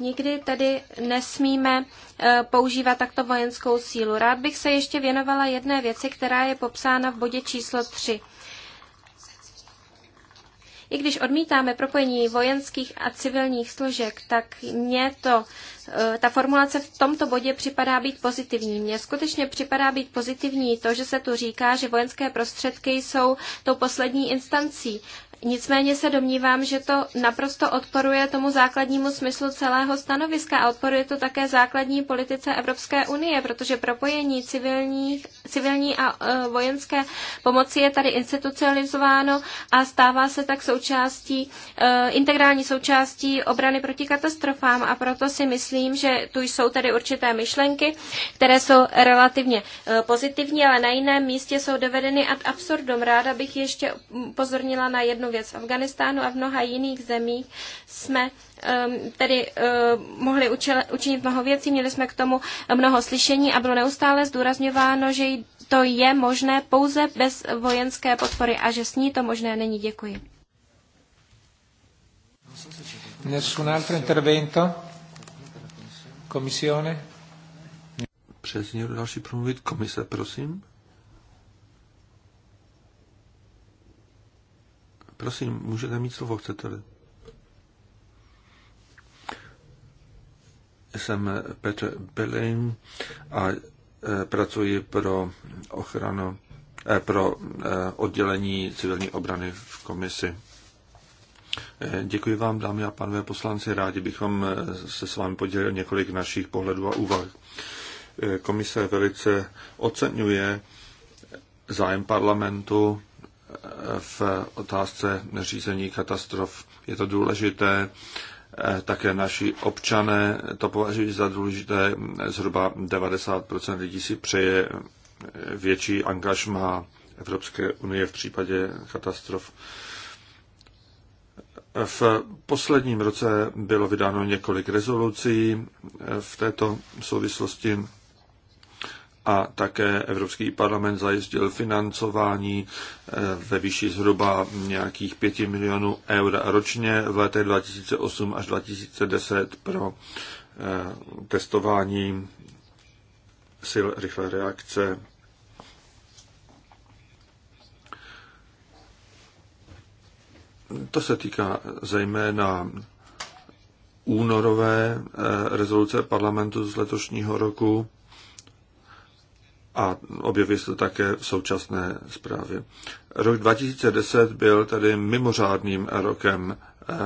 Nikdy tedy nesmíme eh, používat takto vojenskou sílu. Rád bych se ještě věnovala jedné věci, která je popsána v bodě číslo 3. I když odmítáme propojení vojenských a civilních složek, tak mě to, eh, ta formulace v tomto bodě připadá být pozitivní. Mně skutečně připadá být pozitivní to, že se tu říká, že vojenské prostředky jsou tou poslední instancí. Nicméně se domnívám, že to naprosto odporuje tomu základnímu smyslu celého stanoviska a odporuje to také základní politice Evropské unie, protože propojení civilní, civilní a e, vojenské pomoci je tady institucionalizováno a stává se tak součástí, e, integrální součástí obrany proti katastrofám a proto si myslím, že tu jsou tady určité myšlenky, které jsou relativně e, pozitivní, ale na jiném místě jsou dovedeny ad absurdum. Ráda bych ještě pozornila na jednu jednu věc. V Afganistánu a v mnoha jiných zemích jsme ehm, tedy ehm, mohli učinit mnoho věcí, měli jsme k tomu mnoho slyšení a bylo neustále zdůrazňováno, že to je možné pouze bez vojenské podpory a že s ní to možné není. Děkuji. Nessun altro intervento? Komisione? Přesně další promluvit? Komise, prosím. Prosím, můžete mít slovo, chcete-li. Jsem Petr Bilin a e, pracuji pro ochranu, e, pro e, oddělení civilní obrany v komisi. Děkuji vám, dámy a pánové poslanci. Rádi bychom se s vámi podělili několik našich pohledů a úvah. Komise velice oceňuje zájem parlamentu v otázce řízení katastrof. Je to důležité, eh, také naši občané to považují za důležité. Zhruba 90% lidí si přeje eh, větší angažma Evropské unie v případě katastrof. V posledním roce bylo vydáno několik rezolucí eh, v této souvislosti a také Evropský parlament zajistil financování eh, ve výši zhruba nějakých 5 milionů eur ročně v letech 2008 až 2010 pro eh, testování sil rychlé reakce. To se týká zejména únorové eh, rezoluce parlamentu z letošního roku a objeví se to také v současné zprávě. Rok 2010 byl tedy mimořádným rokem eh,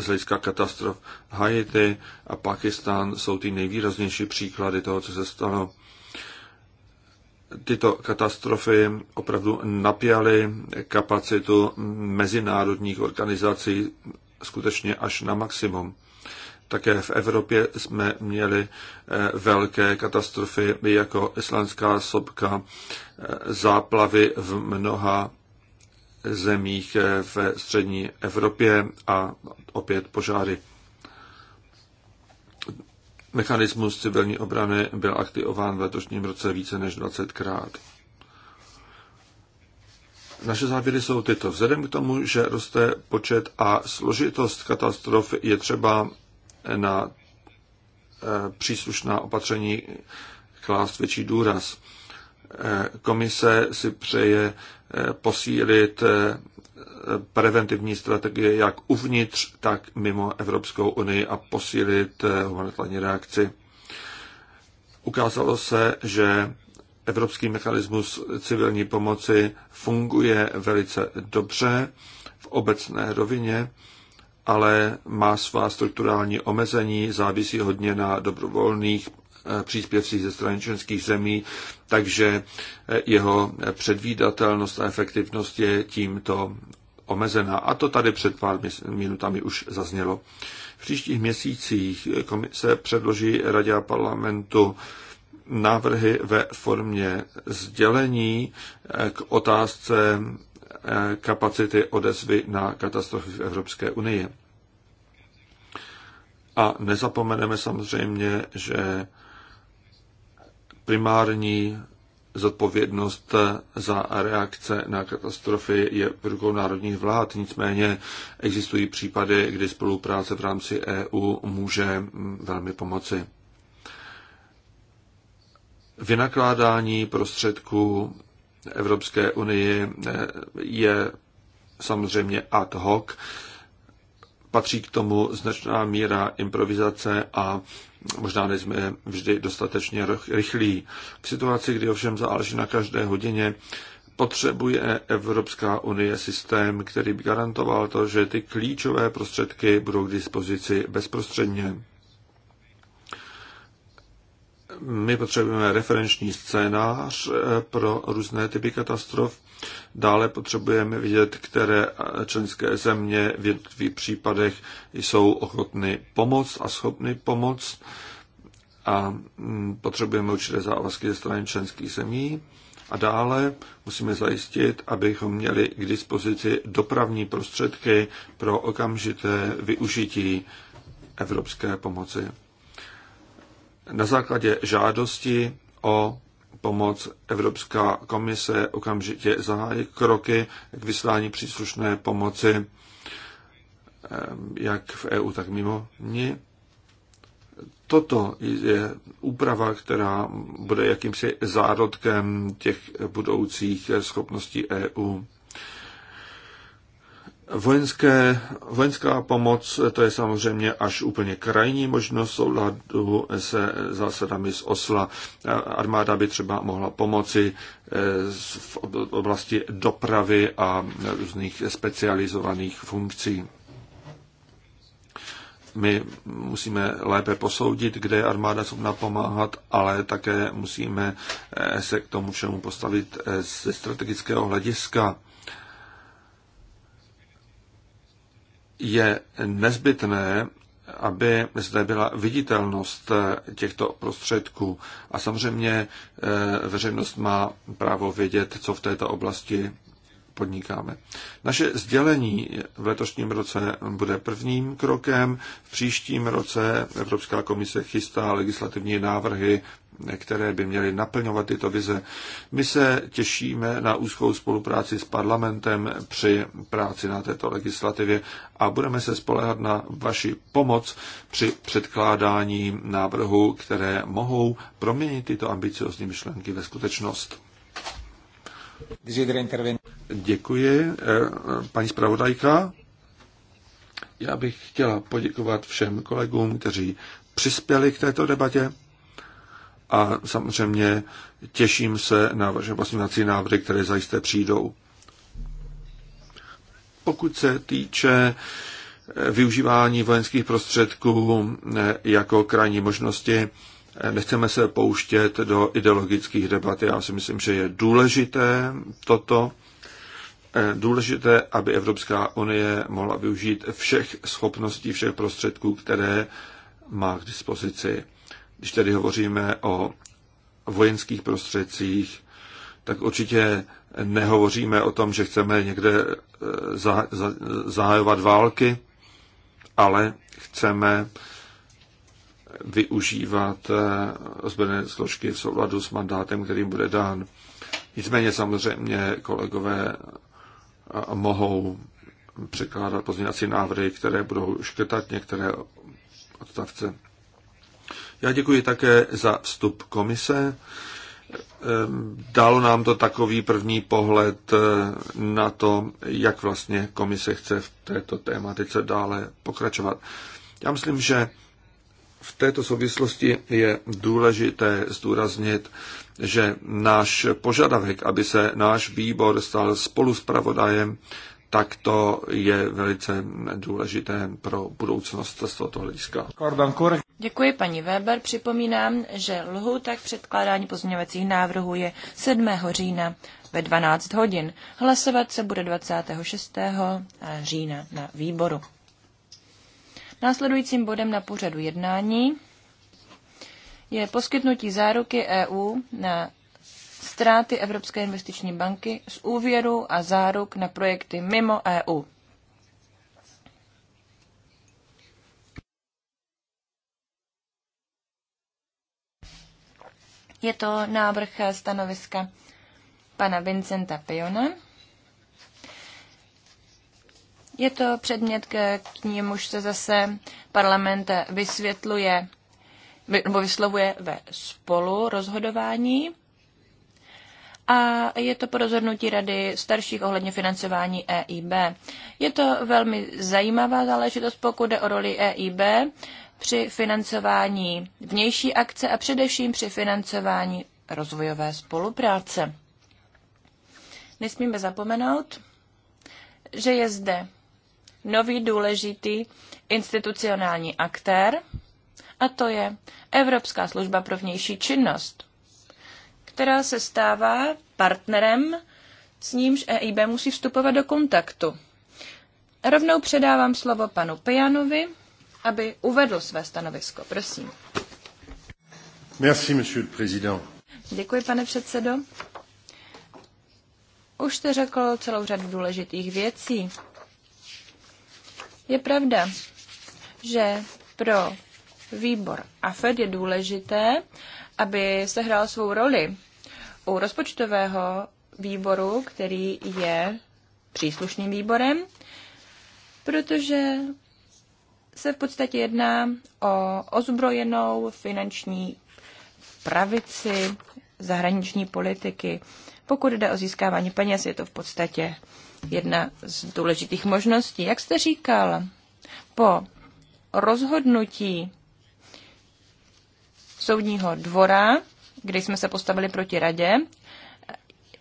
z hlediska katastrof. Haiti a Pakistan jsou ty nejvýraznější příklady toho, co se stalo. Tyto katastrofy opravdu napjaly kapacitu mezinárodních organizací skutečně až na maximum také v Evropě jsme měli eh, velké katastrofy jako islandská sobka, eh, záplavy v mnoha zemích eh, ve střední Evropě a opět požáry. Mechanismus civilní obrany byl aktivován v letošním roce více než 20krát. Naše závěry jsou tyto. Vzhledem k tomu, že roste počet a složitost katastrof, je třeba na eh, příslušná opatření klást větší důraz. Eh, komise si přeje eh, posílit preventivní strategie jak uvnitř, tak mimo Evropskou unii a posílit humanitární reakci. Ukázalo se, že evropský mechanismus civilní pomoci funguje velice dobře v obecné rovině ale má svá strukturální omezení, závisí hodně na dobrovolných eh, příspěvcích ze strany členských zemí, takže eh, jeho předvídatelnost a efektivnost je tímto omezená. A to tady před pár minutami už zaznělo. V příštích měsících komise předloží Radě a parlamentu návrhy ve formě sdělení eh, k otázce kapacity odezvy na katastrofy v Evropské unii. A nezapomeneme samozřejmě, že primární zodpovědnost za reakce na katastrofy je v rukou národních vlád. Nicméně existují případy, kdy spolupráce v rámci EU může mm, velmi pomoci. Vynakládání prostředků Evropské unii eh, je samozřejmě ad hoc. Patří k tomu značná míra improvizace a možná nejsme vždy dostatečně rychlí. V situaci, kdy ovšem záleží na každé hodině, potřebuje Evropská unie systém, který by garantoval to, že ty klíčové prostředky budou k dispozici bezprostředně my potřebujeme referenční scénář eh, pro různé typy katastrof. Dále potřebujeme vidět, které eh, členské země v jednotlivých případech jsou ochotny pomoct a schopny pomoct. A mm, potřebujeme určité závazky ze strany členských zemí. A dále musíme zajistit, abychom měli k dispozici dopravní prostředky pro okamžité využití evropské pomoci. Na základě žádosti o pomoc Evropská komise okamžitě zahájí kroky k vyslání příslušné pomoci eh, jak v EU, tak mimo ní. Toto je úprava, která bude jakýmsi zárodkem těch budoucích schopností EU. Vojenské, vojenská pomoc, to je samozřejmě až úplně krajní možnost souladu se zásadami z Osla. Armáda by třeba mohla pomoci eh, v oblasti dopravy a různých specializovaných funkcí. My musíme lépe posoudit, kde je armáda schopná pomáhat, ale také musíme eh, se k tomu všemu postavit eh, ze strategického hlediska je nezbytné, aby zde byla viditelnost eh, těchto prostředků. A samozřejmě eh, veřejnost má právo vědět, co v této oblasti podnikáme. Naše sdělení v letošním roce bude prvním krokem. V příštím roce Evropská komise chystá legislativní návrhy, které by měly naplňovat tyto vize. My se těšíme na úzkou spolupráci s parlamentem při práci na této legislativě a budeme se spolehat na vaši pomoc při předkládání návrhů, které mohou proměnit tyto ambiciozní myšlenky ve skutečnost. Děkuji, eh, paní zpravodajka. Já bych chtěla poděkovat všem kolegům, kteří přispěli k této debatě a samozřejmě těším se na vaše pozměňovací návrhy, které zajisté přijdou. Pokud se týče eh, využívání vojenských prostředků eh, jako krajní možnosti, nechceme se pouštět do ideologických debat. Já si myslím, že je důležité toto Eh, důležité, aby Evropská unie mohla využít všech schopností, všech prostředků, které má k dispozici. Když tedy hovoříme o vojenských prostředcích, tak určitě nehovoříme o tom, že chceme někde eh, zahajovat války, ale chceme využívat eh, ozbrojené složky v souladu s mandátem, kterým bude dán. Nicméně samozřejmě kolegové mohou překládat pozměňovací návrhy, které budou škrtat některé odstavce. Já děkuji také za vstup komise. Ehm, dalo nám to takový první pohled eh, na to, jak vlastně komise chce v této tématice dále pokračovat. Já myslím, že v této souvislosti je důležité zdůraznit, že náš požadavek, aby se náš výbor stal spolu s pravodajem, tak to je velice důležité pro budoucnost z tohoto hlediska. Děkuji paní Weber. Připomínám, že lhu tak předkládání pozměňovacích návrhů je 7. října ve 12 hodin. Hlasovat se bude 26. října na výboru. Následujícím bodem na pořadu jednání je poskytnutí záruky EU na ztráty Evropské investiční banky z úvěru a záruk na projekty mimo EU. Je to návrh stanoviska pana Vincenta Piona. Je to předmět, k němuž se zase parlament vysvětluje nebo vyslovuje ve spolu rozhodování. A je to po rozhodnutí rady starších ohledně financování EIB. Je to velmi zajímavá záležitost, pokud jde o roli EIB při financování vnější akce a především při financování rozvojové spolupráce. Nesmíme zapomenout, že je zde nový důležitý institucionální aktér, a to je Evropská služba pro vnější činnost, která se stává partnerem, s nímž EIB musí vstupovat do kontaktu. Rovnou předávám slovo panu Pejanovi, aby uvedl své stanovisko. Prosím. Merci, monsieur le président. Děkuji, pane předsedo. Už jste řekl celou řadu důležitých věcí. Je pravda, že pro výbor Fed je důležité, aby se hrál svou roli u rozpočtového výboru, který je příslušným výborem, protože se v podstatě jedná o ozbrojenou finanční pravici zahraniční politiky. Pokud jde o získávání peněz, je to v podstatě jedna z důležitých možností. Jak jste říkal, po rozhodnutí soudního dvora, kde jsme se postavili proti radě.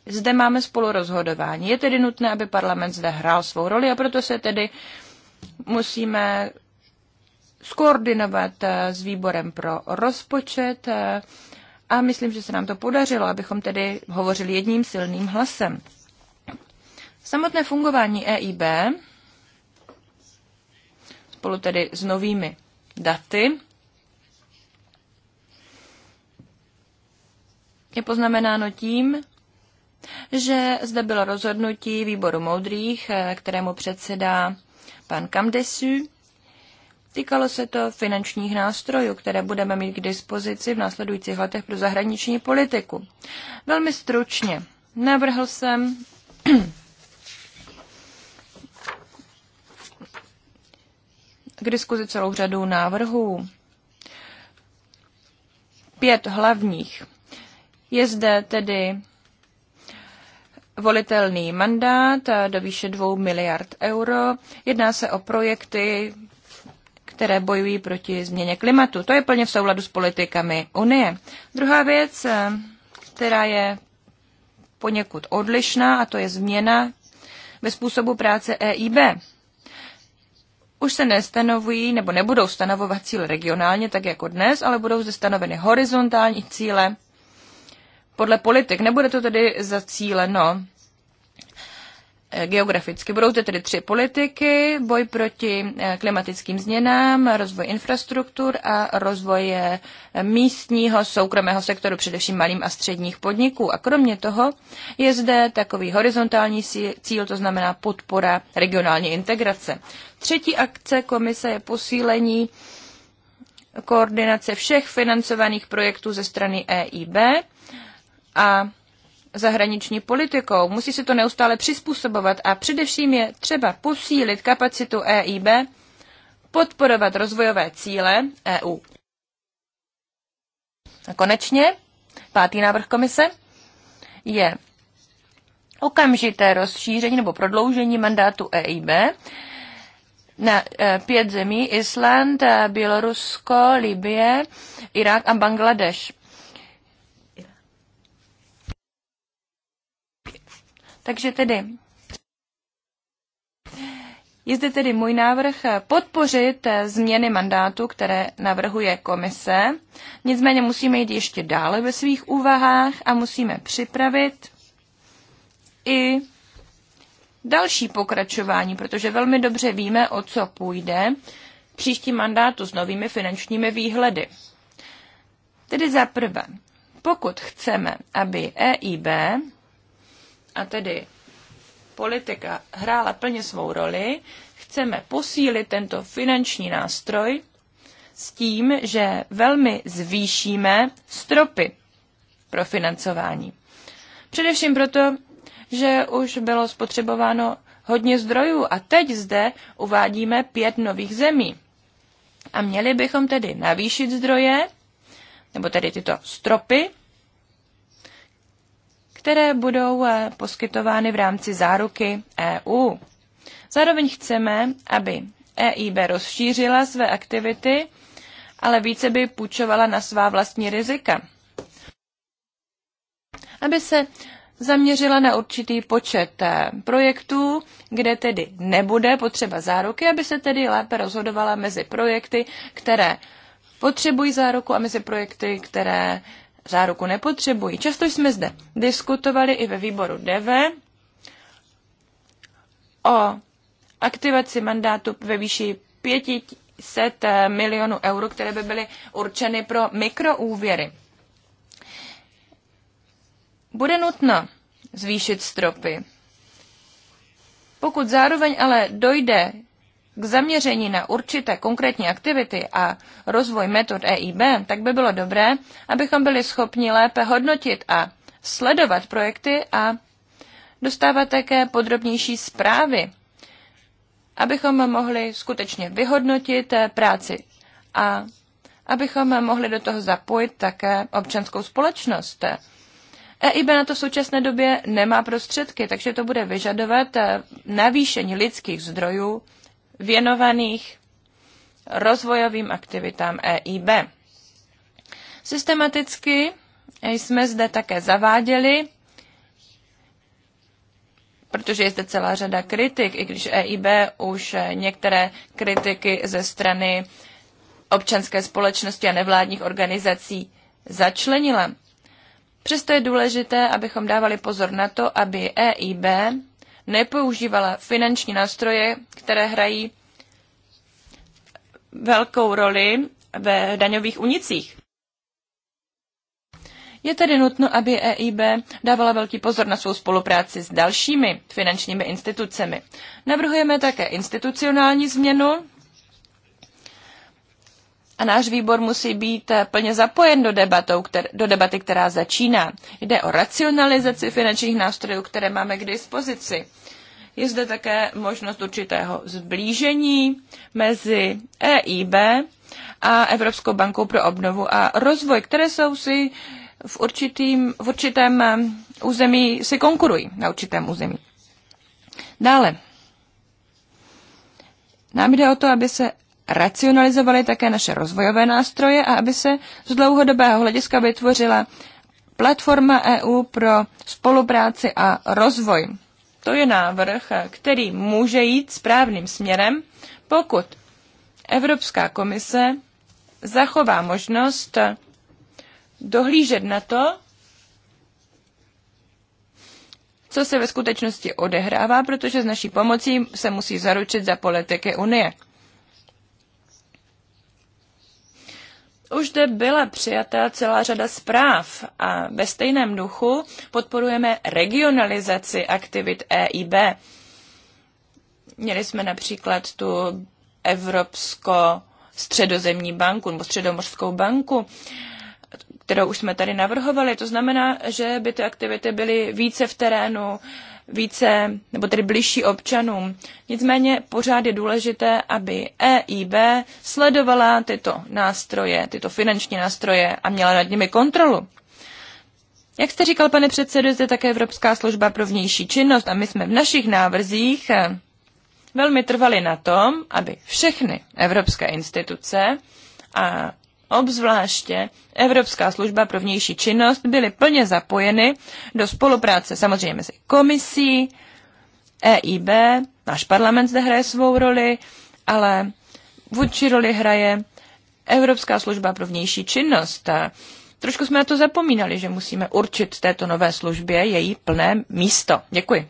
Zde máme spolu rozhodování. Je tedy nutné, aby parlament zde hrál svou roli a proto se tedy musíme skoordinovat eh, s výborem pro rozpočet eh, a myslím, že se nám to podařilo, abychom tedy hovořili jedním silným hlasem. Samotné fungování EIB spolu tedy s novými daty je poznamenáno tím, že zde bylo rozhodnutí výboru moudrých, eh, kterému předsedá pan Kamdesu. Týkalo se to finančních nástrojů, které budeme mít k dispozici v následujících letech pro zahraniční politiku. Velmi stručně navrhl jsem k diskuzi celou řadu návrhů. Pět hlavních je zde tedy volitelný mandát do výše 2 miliard euro. Jedná se o projekty, které bojují proti změně klimatu. To je plně v souladu s politikami Unie. Druhá věc, která je poněkud odlišná, a to je změna ve způsobu práce EIB. Už se nestanovují nebo nebudou stanovovat cíle regionálně, tak jako dnes, ale budou zde stanoveny horizontální cíle podle politik. Nebude to tedy zacíleno eh, geograficky. Budou to tedy tři politiky, boj proti eh, klimatickým změnám, rozvoj infrastruktur a rozvoj eh, místního soukromého sektoru, především malým a středních podniků. A kromě toho je zde takový horizontální cíl, to znamená podpora regionální integrace. Třetí akce komise je posílení koordinace všech financovaných projektů ze strany EIB a zahraniční politikou. Musí se to neustále přizpůsobovat a především je třeba posílit kapacitu EIB, podporovat rozvojové cíle EU. A konečně, pátý návrh komise je okamžité rozšíření nebo prodloužení mandátu EIB na e, pět zemí, Island, Bělorusko, Libie, Irák a Bangladeš. Takže tedy je zde tedy můj návrh podpořit změny mandátu, které navrhuje komise. Nicméně musíme jít ještě dále ve svých úvahách a musíme připravit i další pokračování, protože velmi dobře víme, o co půjde příští mandátu s novými finančními výhledy. Tedy za prvé, pokud chceme, aby EIB a tedy politika hrála plně svou roli, chceme posílit tento finanční nástroj s tím, že velmi zvýšíme stropy pro financování. Především proto, že už bylo spotřebováno hodně zdrojů a teď zde uvádíme pět nových zemí. A měli bychom tedy navýšit zdroje, nebo tedy tyto stropy, které budou eh, poskytovány v rámci záruky EU. Zároveň chceme, aby EIB rozšířila své aktivity, ale více by půjčovala na svá vlastní rizika. Aby se zaměřila na určitý počet eh, projektů, kde tedy nebude potřeba záruky, aby se tedy lépe rozhodovala mezi projekty, které potřebují záruku a mezi projekty, které záruku nepotřebují. Často jsme zde diskutovali i ve výboru DV o aktivaci mandátu ve výši 500 milionů eur, které by byly určeny pro mikroúvěry. Bude nutno zvýšit stropy. Pokud zároveň ale dojde k zaměření na určité konkrétní aktivity a rozvoj metod EIB, tak by bylo dobré, abychom byli schopni lépe hodnotit a sledovat projekty a dostávat také podrobnější zprávy, abychom mohli skutečně vyhodnotit eh, práci a abychom mohli do toho zapojit také občanskou společnost. EIB eh, e na to v současné době nemá prostředky, takže to bude vyžadovat eh, navýšení lidských zdrojů věnovaných rozvojovým aktivitám EIB. Systematicky jsme zde také zaváděli, protože je zde celá řada kritik, i když EIB už některé kritiky ze strany občanské společnosti a nevládních organizací začlenila. Přesto je důležité, abychom dávali pozor na to, aby EIB nepoužívala finanční nástroje, které hrají velkou roli ve daňových unicích. Je tedy nutno, aby EIB dávala velký pozor na svou spolupráci s dalšími finančními institucemi. Navrhujeme také institucionální změnu a náš výbor musí být eh, plně zapojen do, debatou, kter, do debaty, která začíná. Jde o racionalizaci finančních nástrojů, které máme k dispozici. Je zde také možnost určitého zblížení mezi EIB a Evropskou bankou pro obnovu a rozvoj, které jsou si v, určitým, v určitém eh, území, si konkurují na určitém území. Dále. Nám jde o to, aby se racionalizovaly také naše rozvojové nástroje a aby se z dlouhodobého hlediska vytvořila platforma EU pro spolupráci a rozvoj. To je návrh, který může jít správným směrem, pokud Evropská komise zachová možnost dohlížet na to, co se ve skutečnosti odehrává, protože s naší pomocí se musí zaručit za politiky Unie. Už zde byla přijata celá řada zpráv a ve stejném duchu podporujeme regionalizaci aktivit EIB. Měli jsme například tu Evropsko středozemní banku nebo Středomorskou banku kterou už jsme tady navrhovali. To znamená, že by ty aktivity byly více v terénu, více, nebo tedy blížší občanům. Nicméně pořád je důležité, aby EIB sledovala tyto nástroje, tyto finanční nástroje a měla nad nimi kontrolu. Jak jste říkal, pane předsedo, zde také Evropská služba pro vnější činnost a my jsme v našich návrzích eh, velmi trvali na tom, aby všechny evropské instituce a obzvláště Evropská služba pro vnější činnost, byly plně zapojeny do spolupráce samozřejmě mezi komisí, EIB, náš parlament zde hraje svou roli, ale vůči roli hraje Evropská služba pro vnější činnost. A trošku jsme na to zapomínali, že musíme určit této nové službě její plné místo. Děkuji.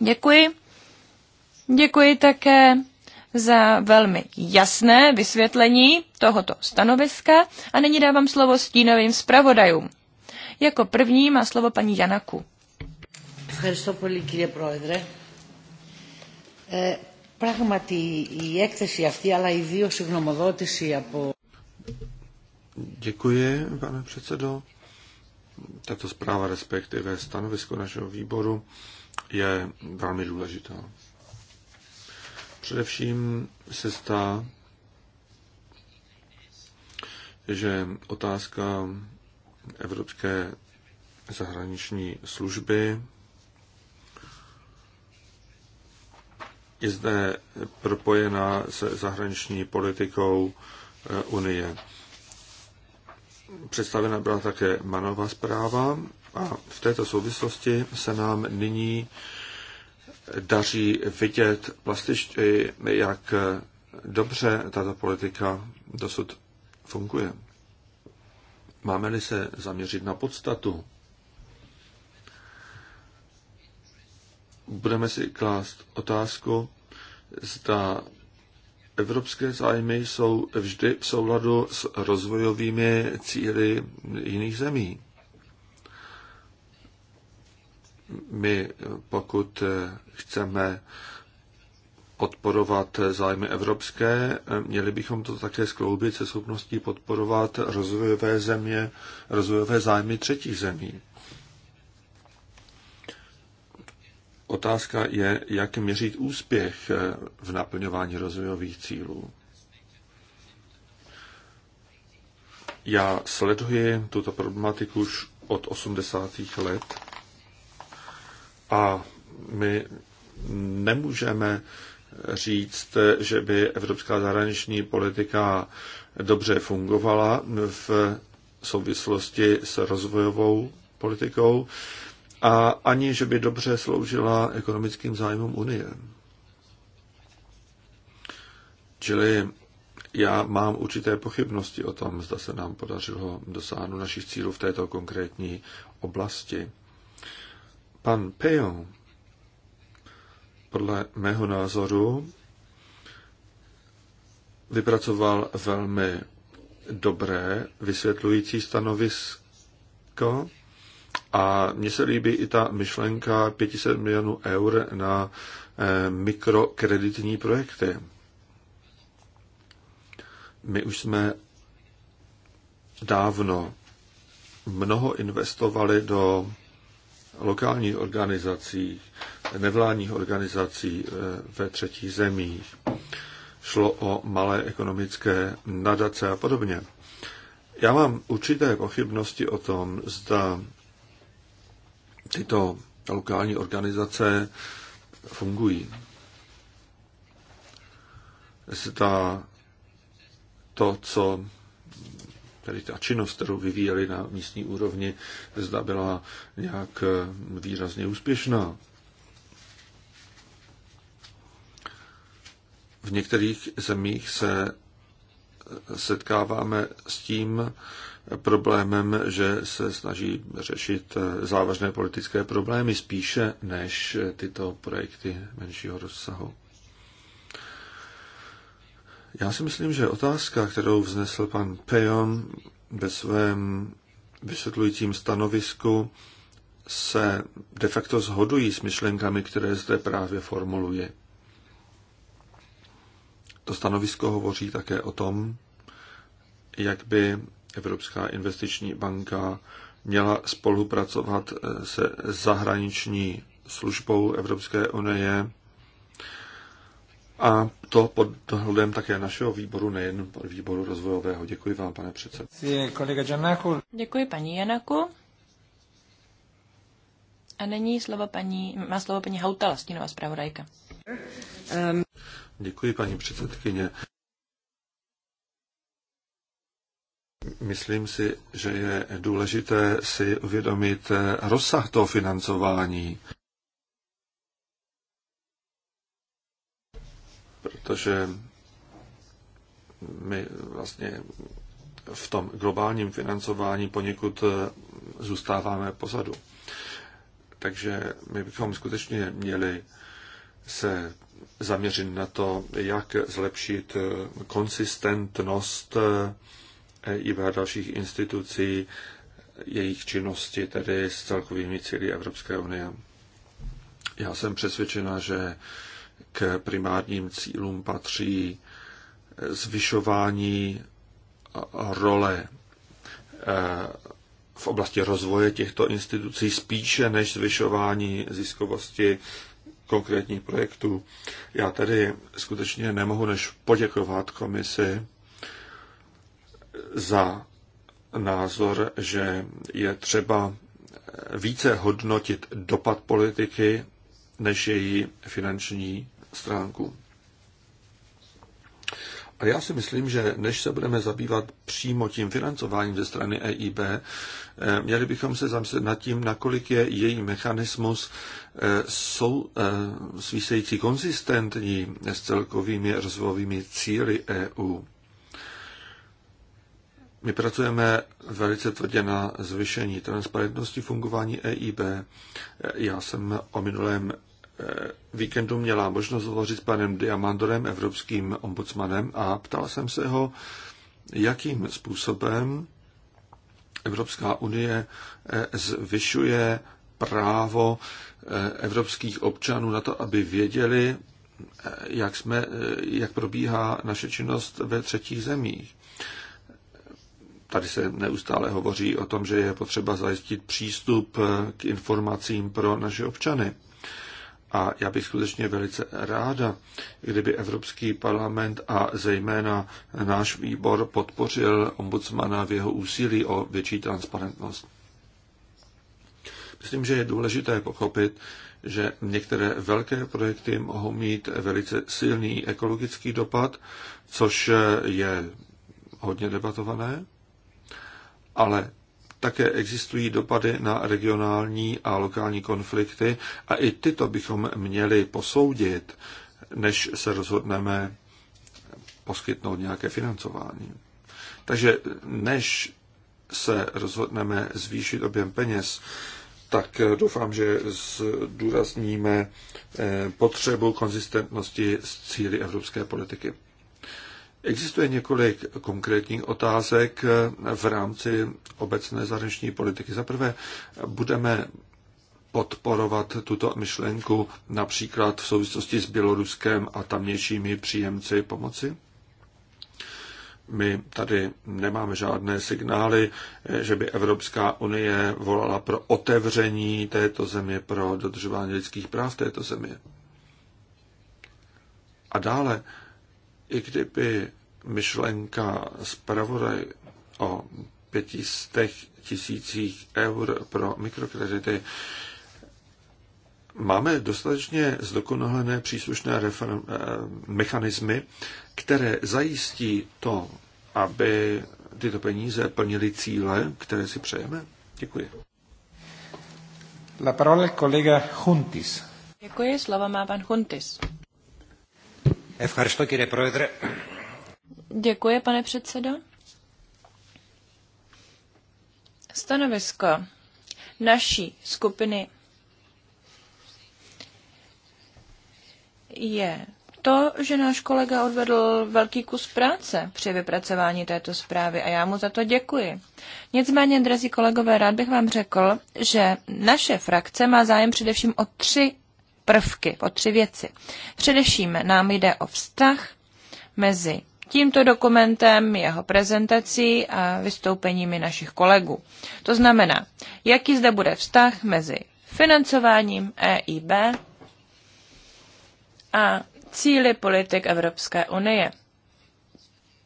Děkuji. Děkuji také za velmi jasné vysvětlení tohoto stanoviska a nyní dávám slovo stínovým zpravodajům. Jako první má slovo paní Janaku. Děkuji, pane předsedo. Tato zpráva, respektive stanovisko našeho výboru, je velmi důležitá. Především se stá, že otázka Evropské zahraniční služby je zde propojená se zahraniční politikou eh, Unie. Představena byla také manová zpráva a v této souvislosti se nám nyní daří vidět vlastně jak dobře tato politika dosud funguje. Máme-li se zaměřit na podstatu, budeme si klást otázku, zda evropské zájmy jsou vždy v souladu s rozvojovými cíly jiných zemí my, pokud chceme podporovat zájmy evropské, měli bychom to také skloubit se schopností podporovat rozvojové země, rozvojové zájmy třetích zemí. Otázka je, jak měřit úspěch v naplňování rozvojových cílů. Já sleduji tuto problematiku už od 80. let a my nemůžeme říct, že by evropská zahraniční politika dobře fungovala v souvislosti s rozvojovou politikou a ani, že by dobře sloužila ekonomickým zájmům Unie. Čili já mám určité pochybnosti o tom, zda se nám podařilo dosáhnout našich cílů v této konkrétní oblasti. Pan Peo podle mého názoru, vypracoval velmi dobré vysvětlující stanovisko a mně se líbí i ta myšlenka 500 milionů eur na eh, mikrokreditní projekty. My už jsme dávno mnoho investovali do lokálních organizací, nevládních organizací eh, ve třetích zemích. Šlo o malé ekonomické nadace a podobně. Já mám určité pochybnosti o tom, zda tyto lokální organizace fungují. Zda to, co tedy ta činnost, kterou vyvíjeli na místní úrovni, zda byla nějak eh, výrazně úspěšná. V některých zemích se eh, setkáváme s tím problémem, že se snaží řešit eh, závažné politické problémy spíše než tyto projekty menšího rozsahu. Já si myslím, že otázka, kterou vznesl pan Pejon ve svém vysvětlujícím stanovisku, se de facto shodují s myšlenkami, které zde právě formuluje. To stanovisko hovoří také o tom, jak by Evropská investiční banka měla spolupracovat se zahraniční službou Evropské unie a to pod dohledem také našeho výboru, nejen výboru rozvojového. Děkuji vám, pane předsedo. Děkuji, paní Janaku. A není slovo paní, má slovo paní Hautala, stínová zpravodajka. Um. Děkuji, paní předsedkyně. Myslím si, že je důležité si uvědomit eh, rozsah toho financování. protože my vlastně v tom globálním financování poněkud eh, zůstáváme pozadu. Takže my bychom skutečně měli se zaměřit na to, jak zlepšit eh, konsistentnost eh, i a dalších institucí, jejich činnosti, tedy s celkovými cíly Evropské unie. Já jsem přesvědčena, že k primárním cílům patří zvyšování role eh, v oblasti rozvoje těchto institucí spíše než zvyšování ziskovosti konkrétních projektů. Já tedy skutečně nemohu než poděkovat komisi za názor, že je třeba více hodnotit dopad politiky než její finanční stránku. A já si myslím, že než se budeme zabývat přímo tím financováním ze strany EIB, eh, měli bychom se zamyslet nad tím, nakolik je její mechanismus jsou eh, eh, svísející konzistentní s celkovými rozvojovými cíly EU. My pracujeme velice tvrdě na zvýšení transparentnosti fungování EIB. Já jsem o minulém Eh, víkendu měla možnost hovořit s panem Diamandorem, evropským ombudsmanem, a ptal jsem se ho, jakým způsobem Evropská unie eh, zvyšuje právo eh, evropských občanů na to, aby věděli, jak, jsme, jak probíhá naše činnost ve třetích zemích. Tady se neustále hovoří o tom, že je potřeba zajistit přístup k informacím pro naše občany. A já bych skutečně velice ráda, kdyby Evropský parlament a zejména náš výbor podpořil ombudsmana v jeho úsilí o větší transparentnost. Myslím, že je důležité pochopit, že některé velké projekty mohou mít velice silný ekologický dopad, což je hodně debatované, ale také existují dopady na regionální a lokální konflikty a i tyto bychom měli posoudit, než se rozhodneme poskytnout nějaké financování. Takže než se rozhodneme zvýšit objem peněz, tak doufám, že zdůrazníme eh, potřebu konzistentnosti s cíly evropské politiky. Existuje několik konkrétních otázek v rámci obecné zahraniční politiky. Za prvé, budeme podporovat tuto myšlenku například v souvislosti s Běloruskem a tamnějšími příjemci pomoci? My tady nemáme žádné signály, že by Evropská unie volala pro otevření této země, pro dodržování lidských práv této země. A dále i kdyby myšlenka zpravodaj o 500 tisících eur pro mikrokredity máme dostatečně zdokonalené příslušné refer- eh, mechanismy, které zajistí to, aby tyto peníze plnily cíle, které si přejeme? Děkuji. La parola kolega Huntis. Děkuji, slova má pan Huntis. Děkuji, pane předsedo. Stanovisko naší skupiny je to, že náš kolega odvedl velký kus práce při vypracování této zprávy a já mu za to děkuji. Nicméně, drazí kolegové, rád bych vám řekl, že naše frakce má zájem především o tři prvky, o tři věci. Především nám jde o vztah mezi tímto dokumentem, jeho prezentací a vystoupeními našich kolegů. To znamená, jaký zde bude vztah mezi financováním EIB a cíly politik Evropské unie.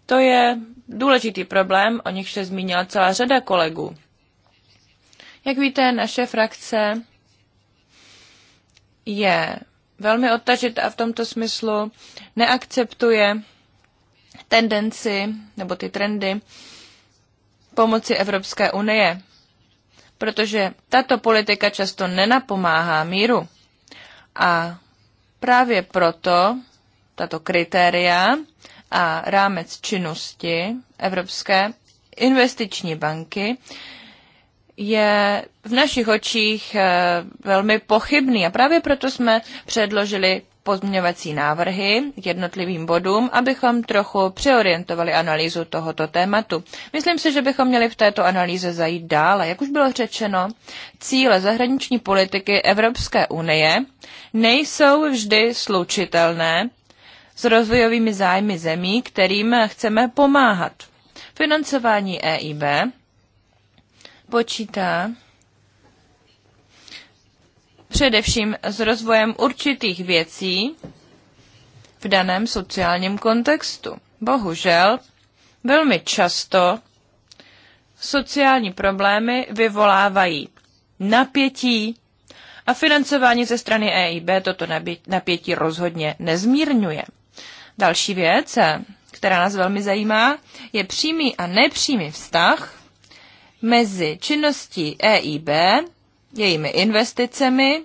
To je důležitý problém, o nich se zmínila celá řada kolegů. Jak víte, naše frakce je velmi odtažitá a v tomto smyslu neakceptuje tendenci nebo ty trendy pomoci Evropské unie, protože tato politika často nenapomáhá míru. A právě proto tato kritéria a rámec činnosti Evropské investiční banky je v našich očích eh, velmi pochybný a právě proto jsme předložili pozměňovací návrhy k jednotlivým bodům, abychom trochu přeorientovali analýzu tohoto tématu. Myslím si, že bychom měli v této analýze zajít dále. Jak už bylo řečeno, cíle zahraniční politiky Evropské unie nejsou vždy slučitelné s rozvojovými zájmy zemí, kterým chceme pomáhat. Financování EIB počítá především s rozvojem určitých věcí v daném sociálním kontextu. Bohužel, velmi často sociální problémy vyvolávají napětí a financování ze strany EIB toto napětí rozhodně nezmírňuje. Další věc, která nás velmi zajímá, je přímý a nepřímý vztah mezi činností EIB, jejími investicemi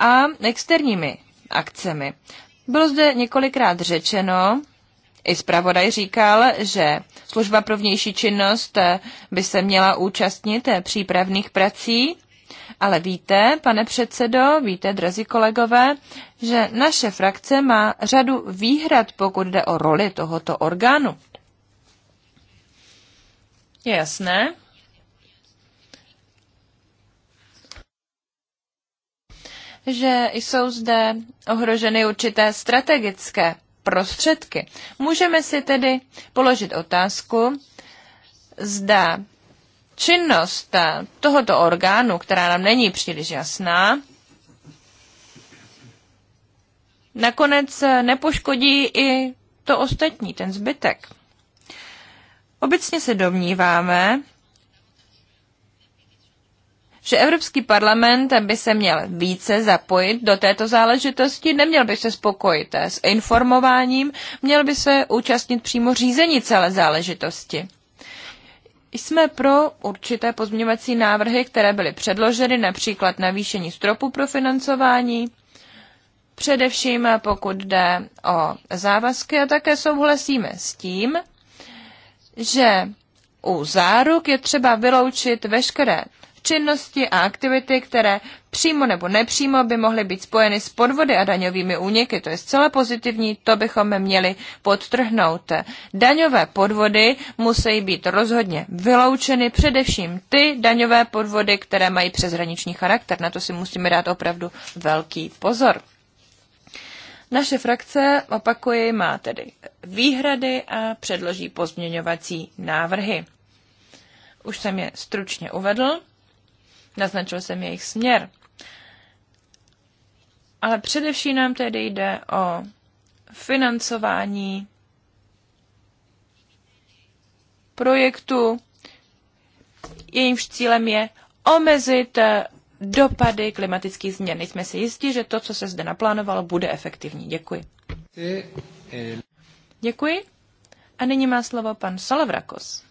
a externími akcemi. Bylo zde několikrát řečeno, i zpravodaj říkal, že služba pro vnější činnost by se měla účastnit přípravných prací, ale víte, pane předsedo, víte, drazí kolegové, že naše frakce má řadu výhrad, pokud jde o roli tohoto orgánu. Je jasné, že jsou zde ohroženy určité strategické prostředky. Můžeme si tedy položit otázku, zda činnost tohoto orgánu, která nám není příliš jasná, nakonec nepoškodí i to ostatní, ten zbytek. Obecně se domníváme, že Evropský parlament by se měl více zapojit do této záležitosti, neměl by se spokojit s informováním, měl by se účastnit přímo řízení celé záležitosti. Jsme pro určité pozměňovací návrhy, které byly předloženy, například navýšení stropu pro financování, především pokud jde o závazky a také souhlasíme s tím, že u záruk je třeba vyloučit veškeré činnosti a aktivity, které přímo nebo nepřímo by mohly být spojeny s podvody a daňovými úniky. To je zcela pozitivní, to bychom měli podtrhnout. Daňové podvody musí být rozhodně vyloučeny, především ty daňové podvody, které mají přeshraniční charakter. Na to si musíme dát opravdu velký pozor. Naše frakce, opakuji, má tedy výhrady a předloží pozměňovací návrhy. Už jsem je stručně uvedl, naznačil jsem jejich směr. Ale především nám tedy jde o financování projektu, jejímž cílem je omezit dopady klimatických změn. Jsme si jistí, že to, co se zde naplánovalo, bude efektivní. Děkuji. Děkuji. A nyní má slovo pan Salavrakos.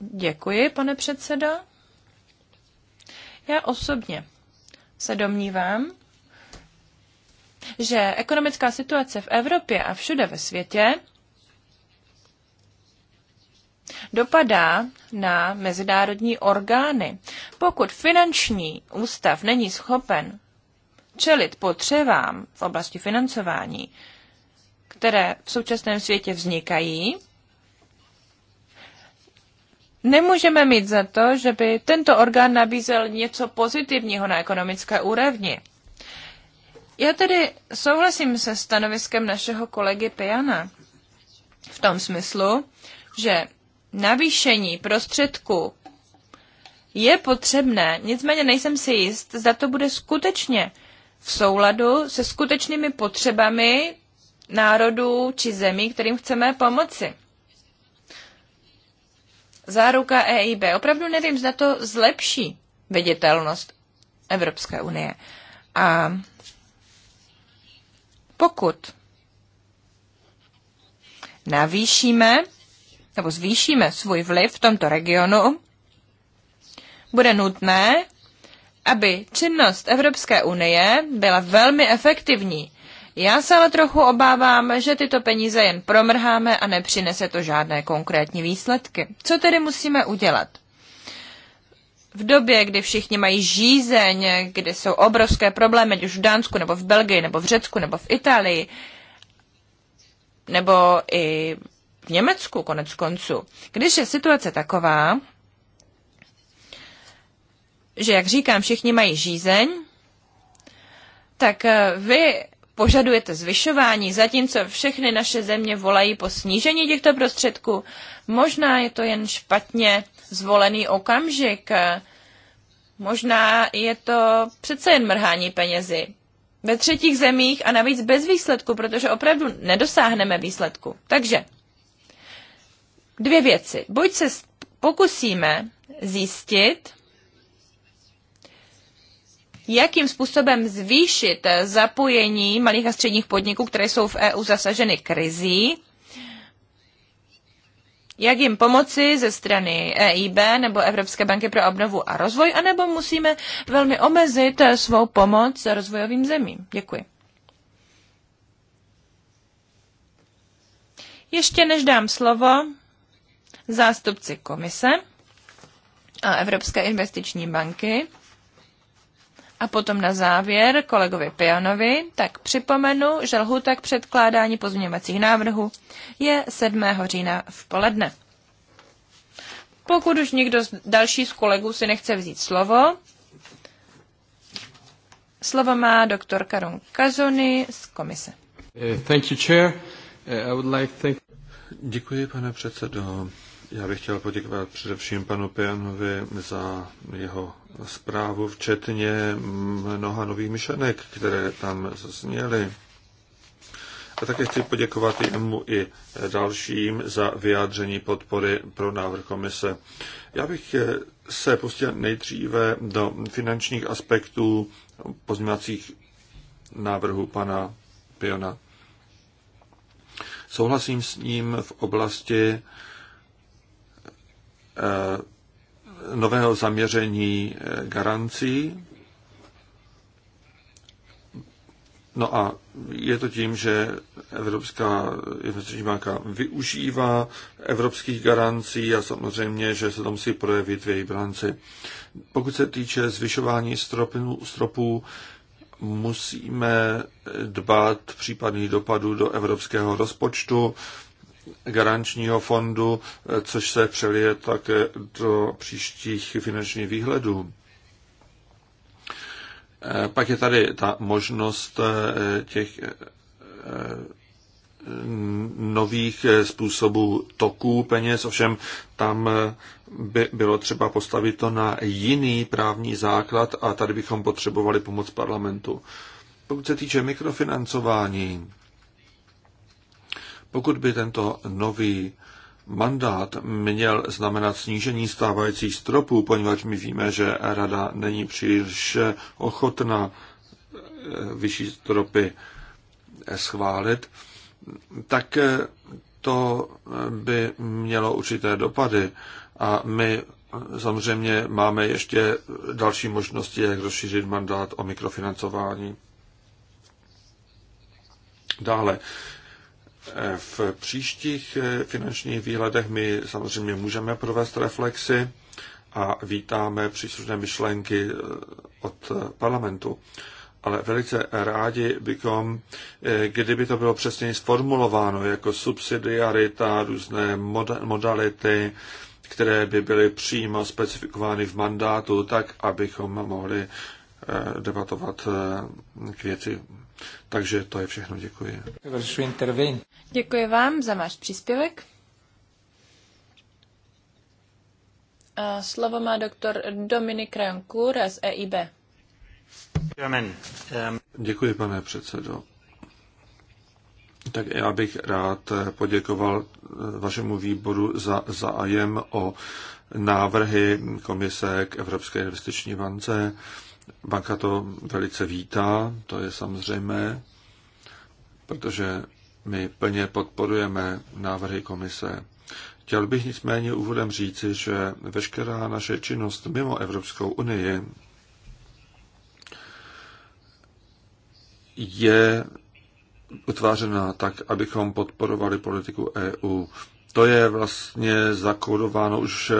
Děkuji, pane předsedo. Já osobně se domnívám, že ekonomická situace v Evropě a všude ve světě dopadá na mezinárodní orgány. Pokud finanční ústav není schopen čelit potřebám v oblasti financování, které v současném světě vznikají, Nemůžeme mít za to, že by tento orgán nabízel něco pozitivního na ekonomické úrovni. Já tedy souhlasím se stanoviskem našeho kolegy Pejana v tom smyslu, že navýšení prostředků je potřebné, nicméně nejsem si jist, zda to bude skutečně v souladu se skutečnými potřebami národů či zemí, kterým chceme pomoci. Záruka EIB. Opravdu nevím, zda to zlepší viditelnost Evropské unie. A pokud navýšíme nebo zvýšíme svůj vliv v tomto regionu, bude nutné, aby činnost Evropské unie byla velmi efektivní. Já se ale trochu obávám, že tyto peníze jen promrháme a nepřinese to žádné konkrétní výsledky. Co tedy musíme udělat? V době, kdy všichni mají žízeň, kdy jsou obrovské problémy, ať už v Dánsku, nebo v Belgii, nebo v Řecku, nebo v Itálii, nebo i v Německu konec konců. Když je situace taková, že, jak říkám, všichni mají žízeň, tak eh, vy požadujete zvyšování, zatímco všechny naše země volají po snížení těchto prostředků. Možná je to jen špatně zvolený okamžik, možná je to přece jen mrhání penězi. Ve třetích zemích a navíc bez výsledku, protože opravdu nedosáhneme výsledku. Takže dvě věci. Buď se pokusíme zjistit, jakým způsobem zvýšit zapojení malých a středních podniků, které jsou v EU zasaženy krizí, jak jim pomoci ze strany EIB nebo Evropské banky pro obnovu a rozvoj, anebo musíme velmi omezit svou pomoc rozvojovým zemím. Děkuji. Ještě než dám slovo zástupci komise a Evropské investiční banky a potom na závěr kolegovi Pianovi, tak připomenu, že lhůta k předkládání pozměňovacích návrhů je 7. října v poledne. Pokud už někdo z další z kolegů si nechce vzít slovo, slovo má doktor Karun Kazony z komise. Eh, thank you, chair. Eh, I would like Děkuji, pane předsedo. Já bych chtěl poděkovat především panu Pianovi za jeho zprávu, včetně mnoha nových myšlenek, které tam zazněly. A také chci poděkovat jemu i dalším za vyjádření podpory pro návrh komise. Já bych se pustil nejdříve do finančních aspektů pozměňovacích návrhů pana Piona. Souhlasím s ním v oblasti Eh, nového zaměření eh, garancí. No a je to tím, že Evropská investiční banka využívá evropských garancí a samozřejmě, že se to musí projevit v její branci. Pokud se týče zvyšování stropinu, stropů musíme dbát případných dopadů do evropského rozpočtu garančního fondu, eh, což se přelije také do příštích finančních výhledů. Eh, pak je tady ta možnost eh, těch nových způsobů toků peněz, ovšem tam by bylo třeba postavit to na jiný právní základ a tady bychom potřebovali pomoc parlamentu. Pokud se týče mikrofinancování, pokud by tento nový mandát měl znamenat snížení stávajících stropů, poněvadž my víme, že rada není příliš ochotna eh, vyšší stropy eh, schválit, tak eh, to by mělo určité dopady a my samozřejmě máme ještě další možnosti, jak rozšířit mandát o mikrofinancování. Dále, v příštích eh, finančních výhledech my samozřejmě můžeme provést reflexy a vítáme příslušné myšlenky eh, od parlamentu. Ale velice rádi bychom, eh, kdyby to bylo přesně sformulováno jako subsidiarita, různé modality, které by byly přímo specifikovány v mandátu, tak abychom mohli debatovat k věci takže to je všechno, děkuji. Děkuji vám za váš příspěvek. A slovo má doktor Dominik Rankur z EIB. Děkuji, pane předsedo. Tak já bych rád eh, poděkoval eh, vašemu výboru za zájem o návrhy komise k Evropské investiční bance. Banka to velice vítá, to je samozřejmé, protože my plně podporujeme návrhy komise. Chtěl bych nicméně úvodem říci, že veškerá naše činnost mimo Evropskou unii je utvářena tak, abychom podporovali politiku EU. To je vlastně zakódováno už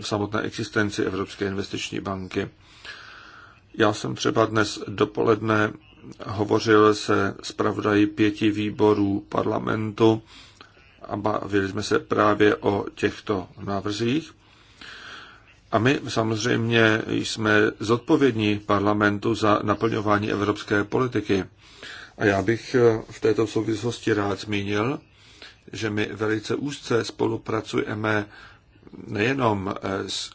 v samotné existenci Evropské investiční banky. Já jsem třeba dnes dopoledne hovořil se zpravodají pěti výborů parlamentu a bavili jsme se právě o těchto návrzích. A my samozřejmě jsme zodpovědní parlamentu za naplňování evropské politiky. A já bych eh, v této souvislosti rád zmínil, že my velice úzce spolupracujeme nejenom eh, s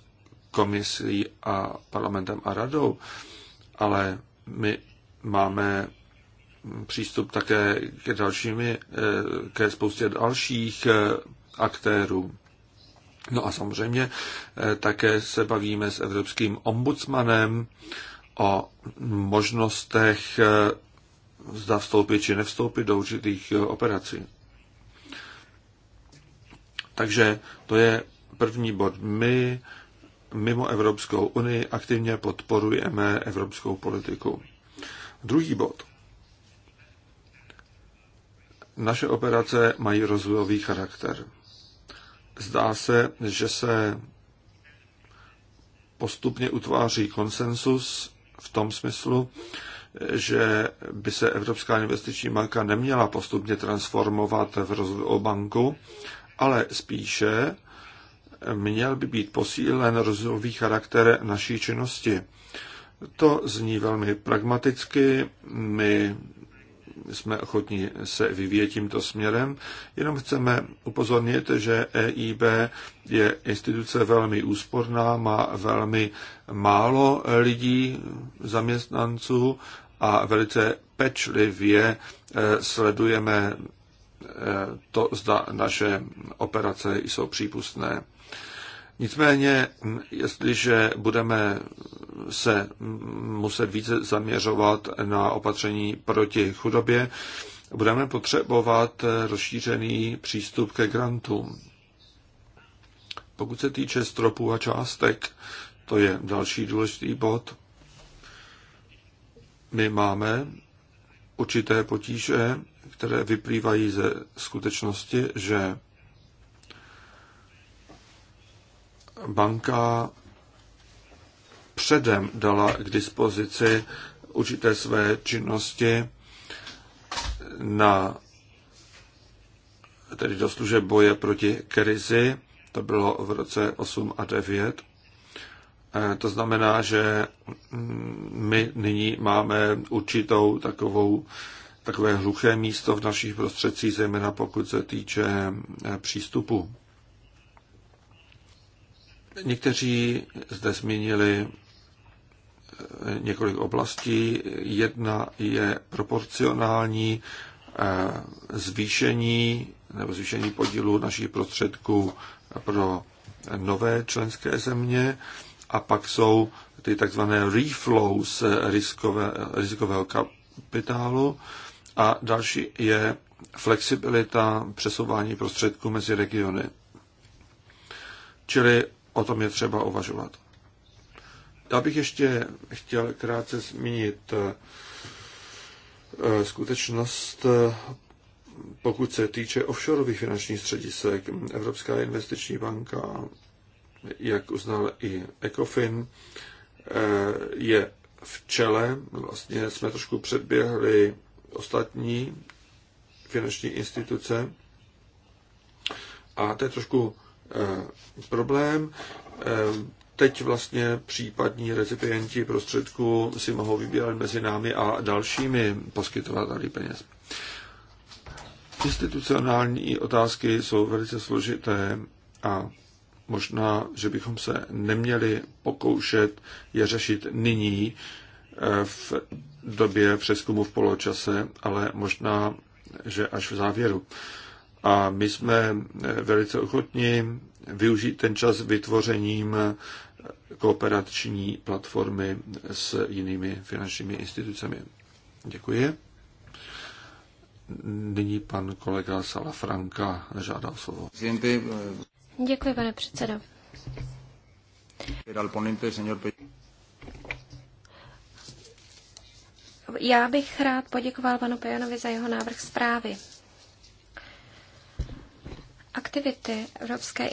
komisí a parlamentem a radou, ale my máme přístup také k dalšími, eh, ke spoustě dalších eh, aktérů. No a samozřejmě eh, také se bavíme s evropským ombudsmanem o možnostech zda vstoupit či nevstoupit do určitých operací. Takže to je první bod. My mimo Evropskou unii aktivně podporujeme evropskou politiku. Druhý bod. Naše operace mají rozvojový charakter. Zdá se, že se postupně utváří konsensus v tom smyslu, že by se Evropská investiční banka neměla postupně transformovat v rozvojovou banku, ale spíše měl by být posílen rozvojový charakter naší činnosti. To zní velmi pragmaticky, my jsme ochotní se vyvíjet tímto směrem, jenom chceme upozornit, že EIB je instituce velmi úsporná, má velmi málo lidí, zaměstnanců a velice pečlivě eh, sledujeme eh, to, zda naše operace jsou přípustné. Nicméně, jestliže budeme se muset více zaměřovat na opatření proti chudobě, budeme potřebovat rozšířený přístup ke grantům. Pokud se týče stropů a částek, to je další důležitý bod. My máme určité potíže, které vyplývají ze skutečnosti, že banka předem dala k dispozici určité své činnosti na tedy do služeb boje proti krizi, to bylo v roce 8 a 9. E, to znamená, že my nyní máme určitou takovou, takové hluché místo v našich prostředcích, zejména pokud se týče e, přístupu. Někteří zde zmínili eh, několik oblastí. Jedna je proporcionální eh, zvýšení nebo zvýšení podílu našich prostředků pro nové členské země a pak jsou ty takzvané reflows riskové, rizikového kapitálu a další je flexibilita přesouvání prostředků mezi regiony. Čili o tom je třeba uvažovat. Já bych ještě chtěl krátce zmínit eh, skutečnost, pokud se týče offshoreových finančních středisek. Evropská investiční banka, jak uznal i ECOFIN, eh, je v čele. Vlastně jsme trošku předběhli ostatní finanční instituce. A to je trošku Eh, problém. Eh, teď vlastně případní recipienti prostředků si mohou vybírat mezi námi a dalšími poskytovateli peněz. Institucionální otázky jsou velice složité a možná, že bychom se neměli pokoušet je řešit nyní eh, v době přeskumu v poločase, ale možná, že až v závěru. A my jsme eh, velice ochotni využít ten čas vytvořením eh, kooperační platformy s jinými finančními institucemi. Děkuji. Nyní pan kolega Salafranka žádá slovo. Eh, Děkuji, pane předsedo. Já bych rád poděkoval panu Pejanovi za jeho návrh zprávy. Aktivity Evropské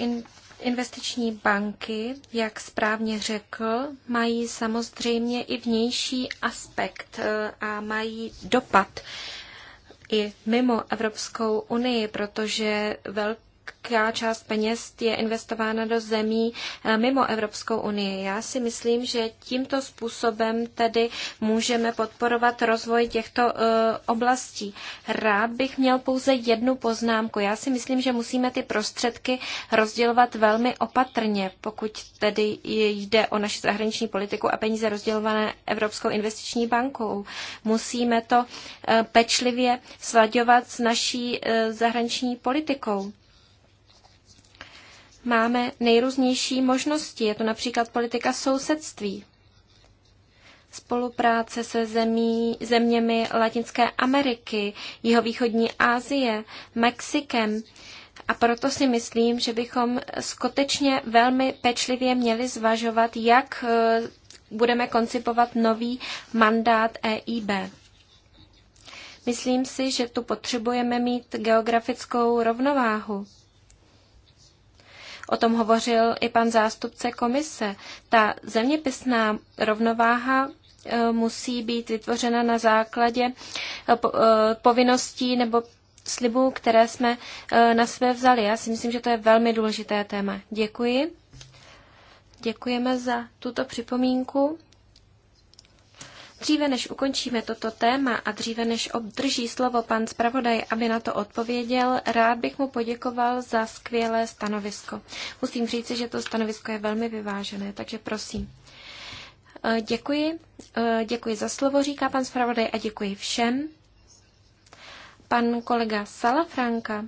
investiční banky, jak správně řekl, mají samozřejmě i vnější aspekt eh, a mají dopad i mimo Evropskou unii, protože velký velká část peněz je investována do zemí eh, mimo Evropskou unii. Já si myslím, že tímto způsobem tedy můžeme podporovat rozvoj těchto eh, oblastí. Rád bych měl pouze jednu poznámku. Já si myslím, že musíme ty prostředky rozdělovat velmi opatrně, pokud tedy jde o naši zahraniční politiku a peníze rozdělované Evropskou investiční bankou. Musíme to eh, pečlivě sladěvat s naší zahraniční politikou máme nejrůznější možnosti. Je to například politika sousedství, spolupráce se zemí, zeměmi Latinské Ameriky, Jihovýchodní Asie, Mexikem. A proto si myslím, že bychom skutečně velmi pečlivě měli zvažovat, jak eh, budeme koncipovat nový mandát EIB. Myslím si, že tu potřebujeme mít geografickou rovnováhu. O tom hovořil i pan zástupce komise. Ta zeměpisná rovnováha e, musí být vytvořena na základě e, e, povinností nebo slibů, které jsme na své vzali. Já si myslím, že to je velmi důležité téma. Děkuji. Děkujeme za tuto připomínku. Dříve než ukončíme toto téma a dříve než obdrží slovo pan zpravodaj, aby na to odpověděl, rád bych mu poděkoval za skvělé stanovisko. Musím říci, že to stanovisko je velmi vyvážené, takže prosím. Eh, děkuji. Eh, děkuji za slovo, říká pan zpravodaj, a děkuji všem. Pan kolega Salafranka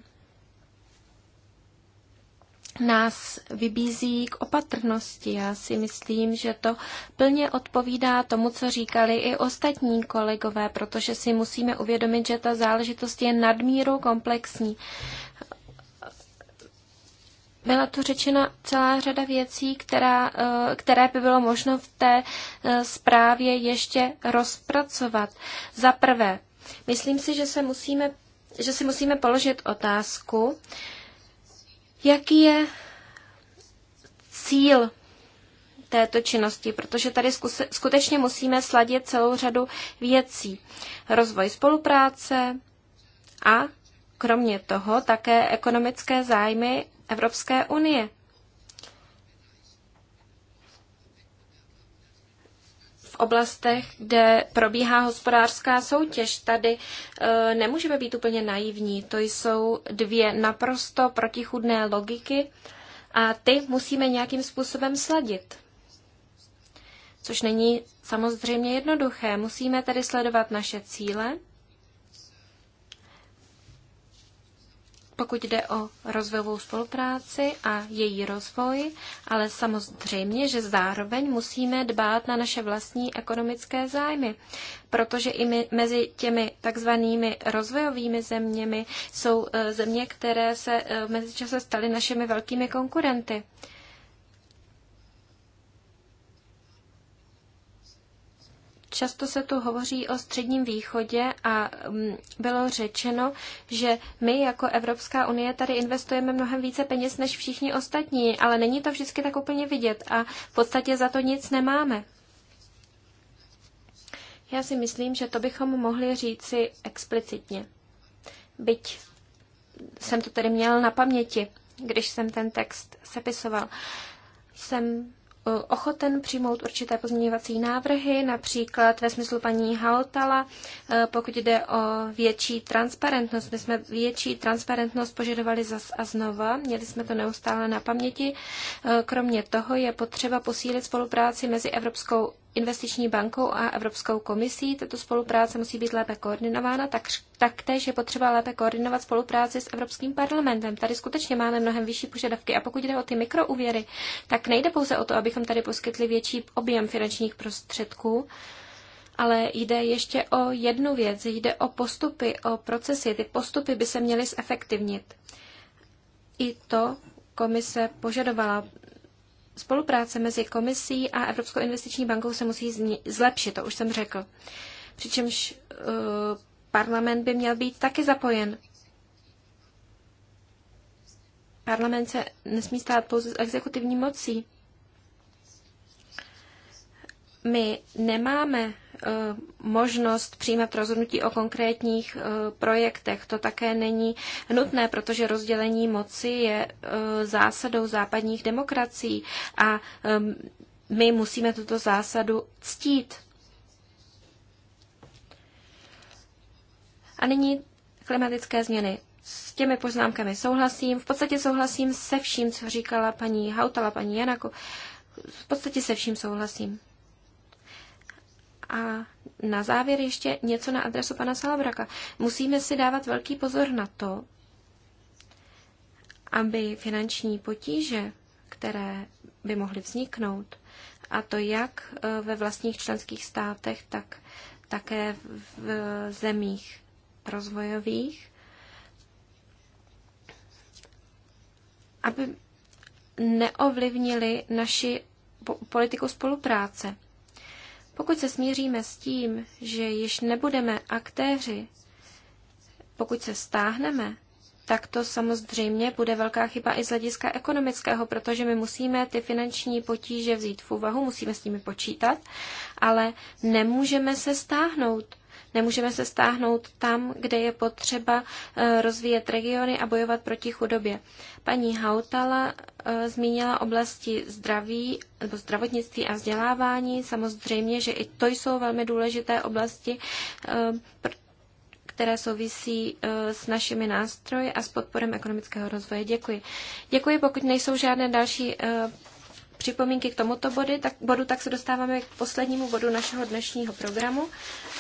nás vybízí k opatrnosti. Já si myslím, že to plně odpovídá tomu, co říkali i ostatní kolegové, protože si musíme uvědomit, že ta záležitost je nadmíru komplexní. Byla tu řečena celá řada věcí, která, eh, které by bylo možno v té eh, zprávě ještě rozpracovat. Za prvé, myslím si, že, se musíme, že si musíme položit otázku, Jaký je cíl této činnosti, protože tady skutečně musíme sladit celou řadu věcí. Rozvoj spolupráce a kromě toho také ekonomické zájmy Evropské unie. v oblastech, kde probíhá hospodářská soutěž. Tady e, nemůžeme být úplně naivní. To jsou dvě naprosto protichudné logiky a ty musíme nějakým způsobem sladit. Což není samozřejmě jednoduché. Musíme tedy sledovat naše cíle pokud jde o rozvojovou spolupráci a její rozvoj, ale samozřejmě, že zároveň musíme dbát na naše vlastní ekonomické zájmy, protože i my, mezi těmi takzvanými rozvojovými zeměmi jsou eh, země, které se eh, mezičase staly našimi velkými konkurenty. Často se tu hovoří o Středním východě a mm, bylo řečeno, že my jako Evropská unie tady investujeme mnohem více peněz než všichni ostatní, ale není to vždycky tak úplně vidět a v podstatě za to nic nemáme. Já si myslím, že to bychom mohli říci explicitně. Byť jsem to tedy měl na paměti, když jsem ten text sepisoval. Jsem ochoten přijmout určité pozměňovací návrhy, například ve smyslu paní Haltala, eh, pokud jde o větší transparentnost. My jsme větší transparentnost požadovali zas a znova, měli jsme to neustále na paměti. Eh, Kromě toho je potřeba posílit spolupráci mezi Evropskou investiční bankou a Evropskou komisí. Tato spolupráce musí být lépe koordinována, tak, taktéž je potřeba lépe koordinovat spolupráci s Evropským parlamentem. Tady skutečně máme mnohem vyšší požadavky a pokud jde o ty mikrouvěry, tak nejde pouze o to, abychom tady poskytli větší objem finančních prostředků, ale jde ještě o jednu věc, jde o postupy, o procesy. Ty postupy by se měly zefektivnit. I to komise požadovala spolupráce mezi komisí a Evropskou investiční bankou se musí zlepšit, to už jsem řekl. Přičemž uh, parlament by měl být taky zapojen. Parlament se nesmí stát pouze s exekutivní mocí. My nemáme Eh, možnost přijímat rozhodnutí o konkrétních eh, projektech. To také není nutné, protože rozdělení moci je eh, zásadou západních demokracií a my musíme tuto zásadu ctít. A nyní klimatické změny. S těmi poznámkami souhlasím. V podstatě souhlasím se vším, co říkala paní Hautala, paní Janako. V podstatě se vším souhlasím. A na závěr ještě něco na adresu pana Salabraka. Musíme si dávat velký pozor na to, aby finanční potíže, které by mohly vzniknout, a to jak e, ve vlastních členských státech, tak také v zemích rozvojových, aby neovlivnili naši politiku spolupráce. Pokud se smíříme s tím, že již nebudeme aktéři, pokud se stáhneme, tak to samozřejmě bude velká chyba i z hlediska ekonomického, protože my musíme ty finanční potíže vzít v úvahu, musíme s nimi počítat, ale nemůžeme se stáhnout. Nemůžeme se stáhnout tam, kde je potřeba eh, rozvíjet regiony a bojovat proti chudobě. Paní Hautala eh, zmínila oblasti zdraví nebo zdravotnictví a vzdělávání. Samozřejmě, že i to jsou velmi důležité oblasti, eh, které souvisí s našimi nástroji a s podporem ekonomického rozvoje. Děkuji. Děkuji, pokud nejsou žádné další připomínky k tomuto body, tak, bodu, tak se dostáváme k poslednímu bodu našeho dnešního programu.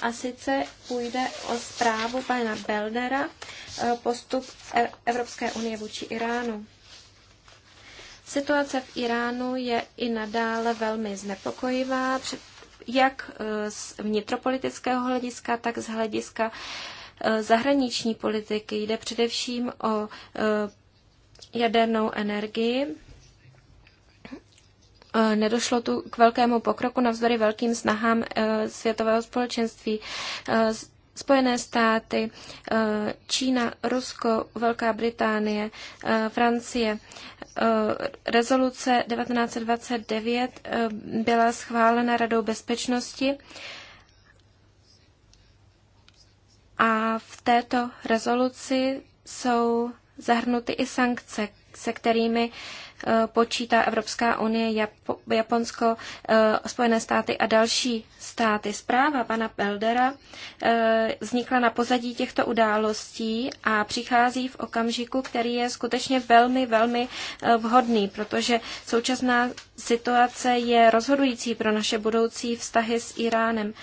A sice půjde o zprávu pana Beldera, e, postup e- Evropské unie vůči Iránu. Situace v Iránu je i nadále velmi znepokojivá, jak e, z vnitropolitického hlediska, tak z hlediska zahraniční politiky. Jde především o jadernou energii. Eh, nedošlo tu k velkému pokroku navzdory velkým snahám eh, světového společenství. Eh, Spojené státy, Čína, Rusko, Velká Británie, Francie. Rezoluce 1929 byla schválena Radou bezpečnosti a v této rezoluci jsou zahrnuty i sankce, se kterými eh, počítá Evropská unie, Japonsko, eh, Spojené státy a další státy. Zpráva pana Peldera eh, vznikla na pozadí těchto událostí a přichází v okamžiku, který je skutečně velmi, velmi vhodný, protože současná situace je rozhodující pro naše budoucí vztahy s Iránem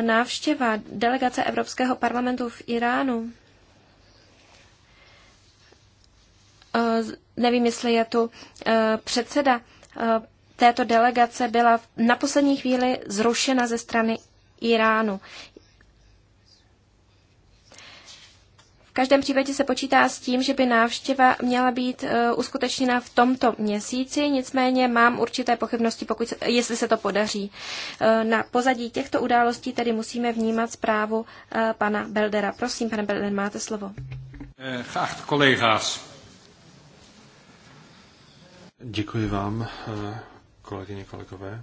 návštěva delegace Evropského parlamentu v Iránu Eh, nevím, jestli je tu eh, předseda eh, této delegace, byla na poslední chvíli zrušena ze strany Iránu. V každém případě se počítá s tím, že by návštěva měla být uskutečněna v tomto měsíci, nicméně mám určité pochybnosti, pokud, se, jestli se to podaří. Na pozadí těchto událostí tedy musíme vnímat zprávu pana Beldera. Prosím, pane Belder, máte slovo. Geachte collega's, Děkuji vám, eh, kolegyně, kolegové.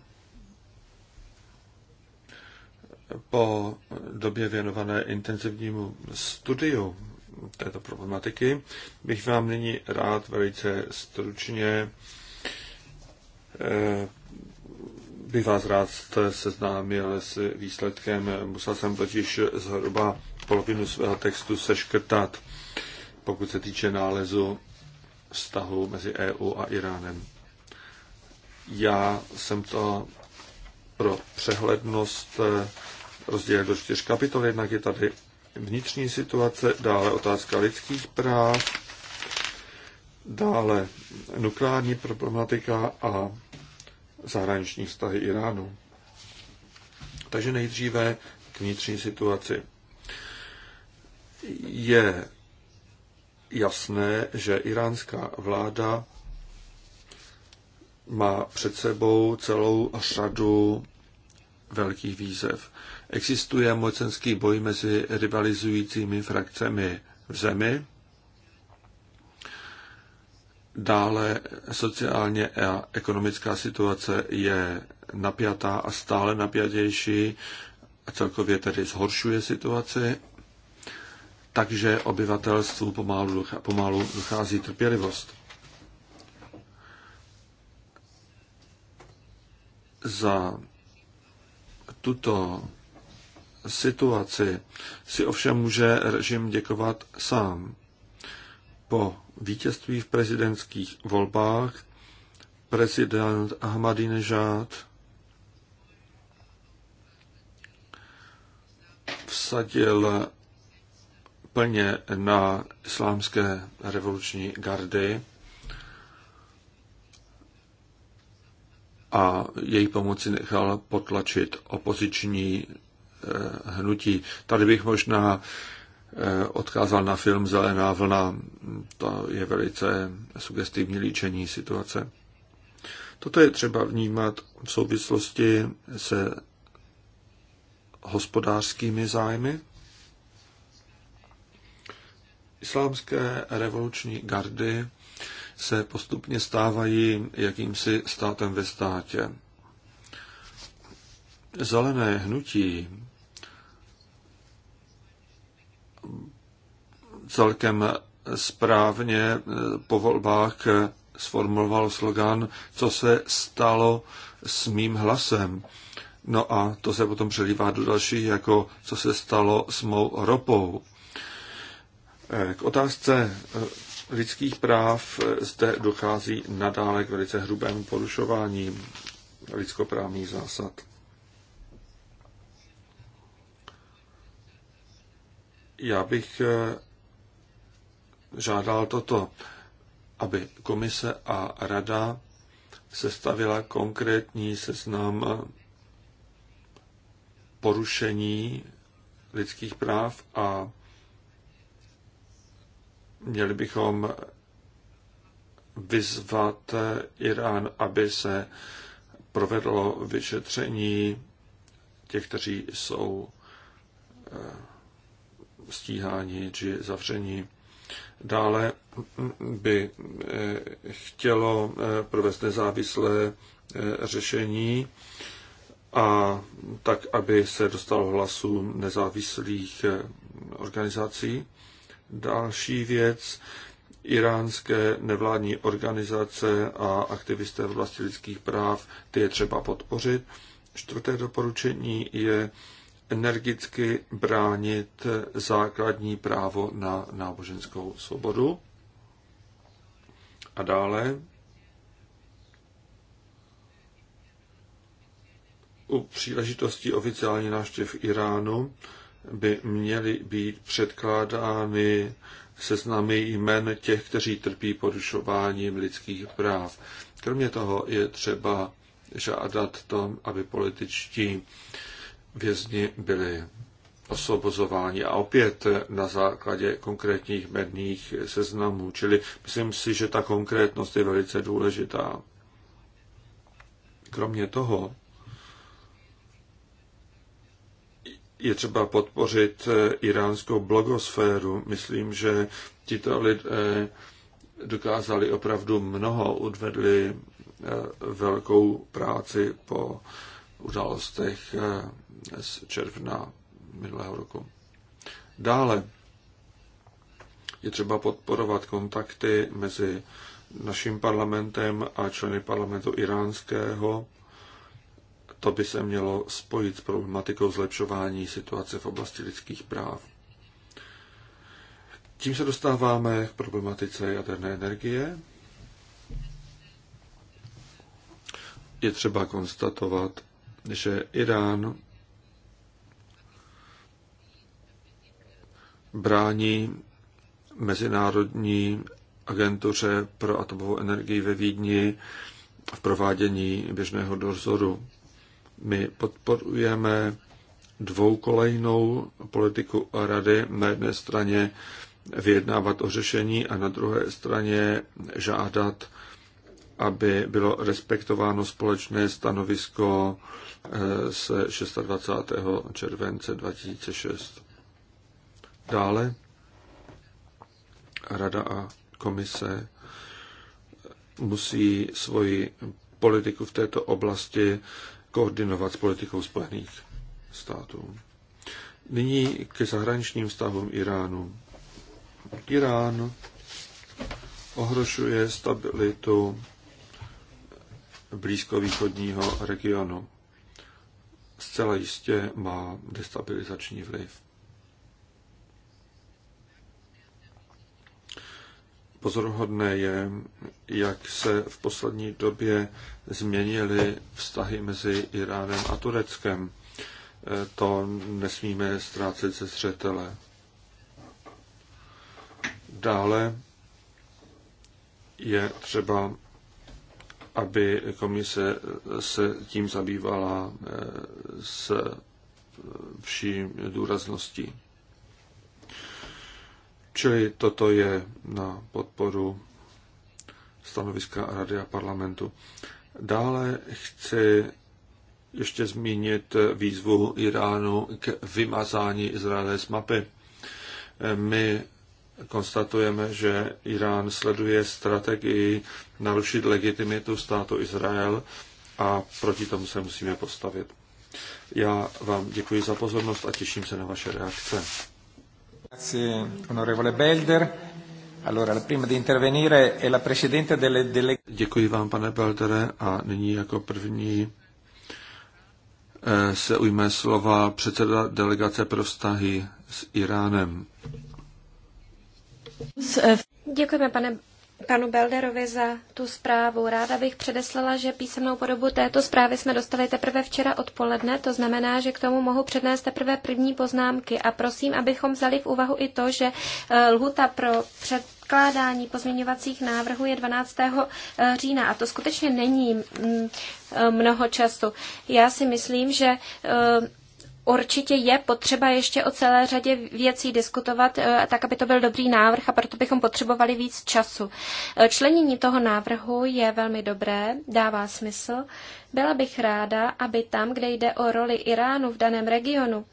Po době věnované intenzivnímu studiu této problematiky bych vám nyní rád velice stručně eh, bych vás rád seznámil s výsledkem. Musel jsem totiž zhruba polovinu svého textu seškrtat, pokud se týče nálezu vztahu mezi EU a Iránem. Já jsem to pro přehlednost eh, rozdělil do čtyř kapitol. Jednak je tady vnitřní situace, dále otázka lidských práv, dále nukleární problematika a zahraniční vztahy Iránu. Takže nejdříve k vnitřní situaci. Je jasné, že iránská vláda má před sebou celou řadu velkých výzev. Existuje mocenský boj mezi rivalizujícími frakcemi v zemi, dále sociálně a ekonomická situace je napjatá a stále napjatější a celkově tedy zhoršuje situaci takže obyvatelstvu pomalu, pomalu dochází trpělivost. Za tuto situaci si ovšem může režim děkovat sám. Po vítězství v prezidentských volbách prezident Ahmadinejad vsadil plně na islámské revoluční gardy a její pomoci nechal potlačit opoziční eh, hnutí. Tady bych možná eh, odkázal na film Zelená vlna. To je velice sugestivní líčení situace. Toto je třeba vnímat v souvislosti se hospodářskými zájmy islámské revoluční gardy se postupně stávají jakýmsi státem ve státě. Zelené hnutí celkem správně eh, po volbách eh, sformuloval slogan, co se stalo s mým hlasem. No a to se potom přelívá do dalších, jako co se stalo s mou ropou. Eh, k otázce eh, lidských práv eh, zde dochází nadále k velice hrubému porušování lidskoprávních zásad. Já bych žádal toto, aby komise a rada sestavila konkrétní seznam porušení lidských práv a Měli bychom vyzvat Irán, aby se provedlo vyšetření těch, kteří jsou eh, stíháni či zavření. Dále by eh, chtělo eh, provést nezávislé řešení a tak, aby se dostalo hlasu nezávislých organizací. Další věc, iránské nevládní organizace a aktivisté v oblasti lidských práv, ty je třeba podpořit. Čtvrté doporučení je energicky bránit základní právo na náboženskou svobodu. A dále u příležitosti oficiální návštěv Iránu by měly být předkládány seznamy jmen těch, kteří trpí porušováním lidských práv. Kromě toho je třeba žádat tom, aby političtí vězni byli osvobozování a opět na základě konkrétních medných seznamů. Čili myslím si, že ta konkrétnost je velice důležitá. Kromě toho je třeba podpořit eh, iránskou blogosféru. Myslím, že tito lidé dokázali opravdu mnoho, odvedli eh, velkou práci po událostech eh, z června minulého roku. Dále je třeba podporovat kontakty mezi naším parlamentem a členy parlamentu iránského to by se mělo spojit s problematikou zlepšování situace v oblasti lidských práv. Tím se dostáváme k problematice jaderné energie. Je třeba konstatovat, že Irán brání Mezinárodní agentuře pro atomovou energii ve Vídni v provádění běžného dozoru. My podporujeme dvoukolejnou politiku rady. Na jedné straně vyjednávat o řešení a na druhé straně žádat, aby bylo respektováno společné stanovisko z eh, 26. července 2006. Dále Rada a komise musí svoji politiku v této oblasti koordinovat s politikou Spojených států. Nyní ke zahraničním vztahům Iránu. Irán ohrožuje stabilitu blízkovýchodního regionu. Zcela jistě má destabilizační vliv. pozoruhodné je, jak se v poslední době změnily vztahy mezi Iránem a Tureckem. E, to nesmíme ztrácet ze zřetele. Dále je třeba, aby komise se tím zabývala e, s vším důrazností. Čili toto je na podporu stanoviska Rady a parlamentu. Dále chci ještě zmínit výzvu Iránu k vymazání Izraele z mapy. My konstatujeme, že Irán sleduje strategii narušit legitimitu státu Izrael a proti tomu se musíme postavit. Já vám děkuji za pozornost a těším se na vaše reakce. Děkuji vám, pane Beldere, a nyní jako první eh, se ujme slova předseda delegace pro vztahy s Iránem. Děkujeme, pane panu Belderovi za tu zprávu. Ráda bych předeslala, že písemnou podobu této zprávy jsme dostali teprve včera odpoledne, to znamená, že k tomu mohu přednést teprve první poznámky. A prosím, abychom vzali v úvahu i to, že eh, lhuta pro před předkládání pozměňovacích návrhů je 12. Eh, října a to skutečně není mm, eh, mnoho času. Já si myslím, že určitě je potřeba ještě o celé řadě věcí diskutovat, eh, tak aby to byl dobrý návrh a proto bychom potřebovali víc času. Eh, Členění toho návrhu je velmi dobré, dává smysl. Byla bych ráda, aby tam, kde jde o roli Iránu v daném regionu,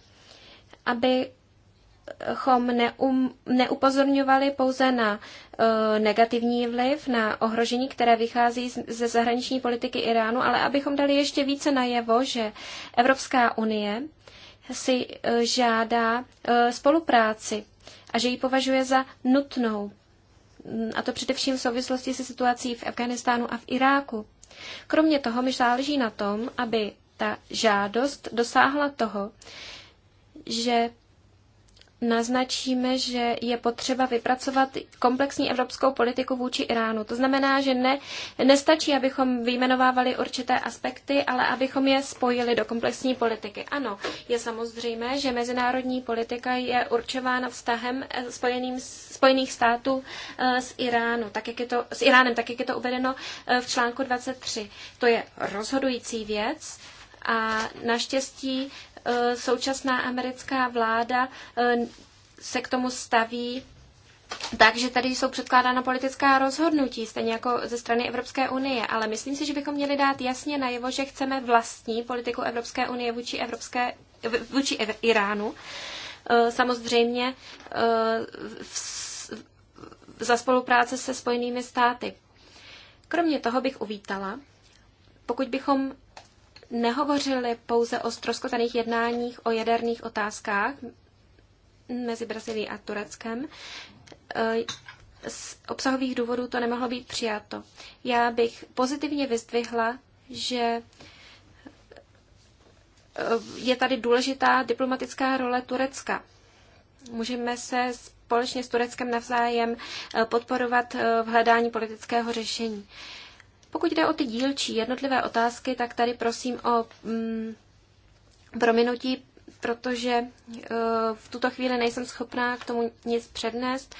aby eh, chom neum, neupozorňovali pouze na negativní vliv, na ohrožení, které vychází z, ze zahraniční politiky Iránu, ale abychom dali ještě více najevo, že Evropská unie si eh, žádá eh, spolupráci a že ji považuje za nutnou. Mm, a to především v souvislosti se situací v Afganistánu a v Iráku. Kromě toho mi záleží na tom, aby ta žádost dosáhla toho, že naznačíme, že je potřeba vypracovat komplexní evropskou politiku vůči Iránu. To znamená, že ne, nestačí, abychom vyjmenovávali určité aspekty, ale abychom je spojili do komplexní politiky. Ano, je samozřejmé, že mezinárodní politika je určována vztahem eh, spojeným, Spojených států eh, s, Iránu, tak jak je to, s Iránem, tak jak je to uvedeno eh, v článku 23. To je rozhodující věc, a naštěstí Eh, současná americká vláda eh, se k tomu staví takže tady jsou předkládána politická rozhodnutí, stejně jako ze strany Evropské unie, ale myslím si, že bychom měli dát jasně najevo, že chceme vlastní politiku Evropské unie vůči, Evropské, vůči Ev- Iránu. Eh, samozřejmě v, za spolupráce se Spojenými státy. Kromě toho bych uvítala, pokud bychom nehovořili pouze o stroskotaných jednáních o jaderných otázkách mezi Brazílií a Tureckem. E, z obsahových důvodů to nemohlo být přijato. Já bych pozitivně vyzdvihla, že e, je tady důležitá diplomatická role Turecka. Můžeme se společně s Tureckem navzájem e, podporovat v hledání politického řešení. Pokud jde o ty dílčí jednotlivé otázky, tak tady prosím o mm, prominutí, protože e, v tuto chvíli nejsem schopná k tomu nic přednést.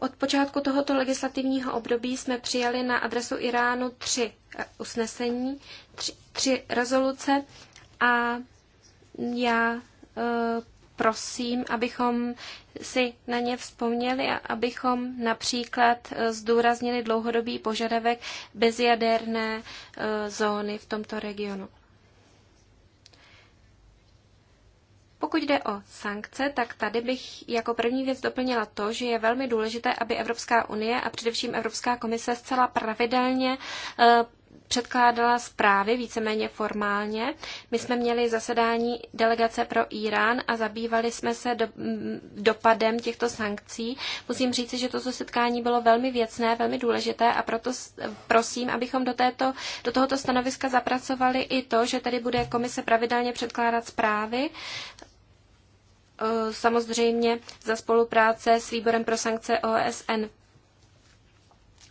Od počátku tohoto legislativního období jsme přijali na adresu Iránu tři e, usnesení, tři, tři rezoluce a já e, prosím, abychom si na ně vzpomněli a abychom například eh, zdůraznili dlouhodobý požadavek bezjaderné eh, zóny v tomto regionu. Pokud jde o sankce, tak tady bych jako první věc doplnila to, že je velmi důležité, aby Evropská unie a především Evropská komise zcela pravidelně eh, předkládala zprávy víceméně formálně. My jsme měli zasedání delegace pro Irán a zabývali jsme se do, mm, dopadem těchto sankcí. Musím říct, že toto setkání bylo velmi věcné, velmi důležité a proto prosím, abychom do, této, do tohoto stanoviska zapracovali i to, že tady bude komise pravidelně předkládat zprávy samozřejmě za spolupráce s Výborem pro sankce OSN.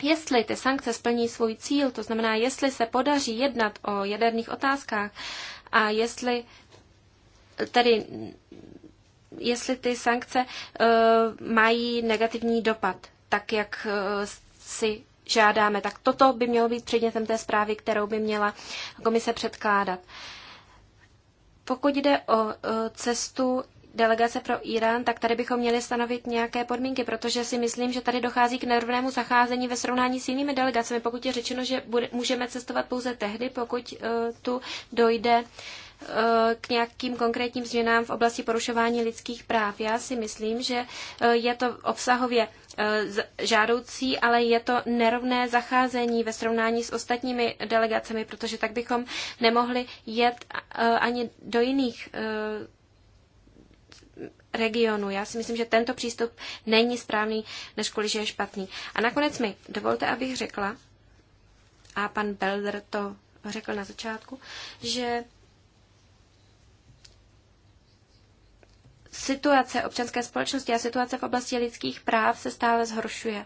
Jestli ty sankce splní svůj cíl, to znamená, jestli se podaří jednat o jaderných otázkách a jestli tedy jestli ty sankce uh, mají negativní dopad, tak jak uh, si žádáme, tak toto by mělo být předmětem té zprávy, kterou by měla komise předkládat. Pokud jde o uh, cestu delegace pro Irán, tak tady bychom měli stanovit nějaké podmínky, protože si myslím, že tady dochází k nerovnému zacházení ve srovnání s jinými delegacemi, pokud je řečeno, že bude, můžeme cestovat pouze tehdy, pokud uh, tu dojde uh, k nějakým konkrétním změnám v oblasti porušování lidských práv. Já si myslím, že uh, je to obsahově žádoucí, ale je to nerovné zacházení ve srovnání s ostatními delegacemi, protože tak bychom nemohli jet ani do jiných regionu. Já si myslím, že tento přístup není správný, než kvůli, že je špatný. A nakonec mi dovolte, abych řekla, a pan Belder to řekl na začátku, že situace občanské společnosti a situace v oblasti lidských práv se stále zhoršuje.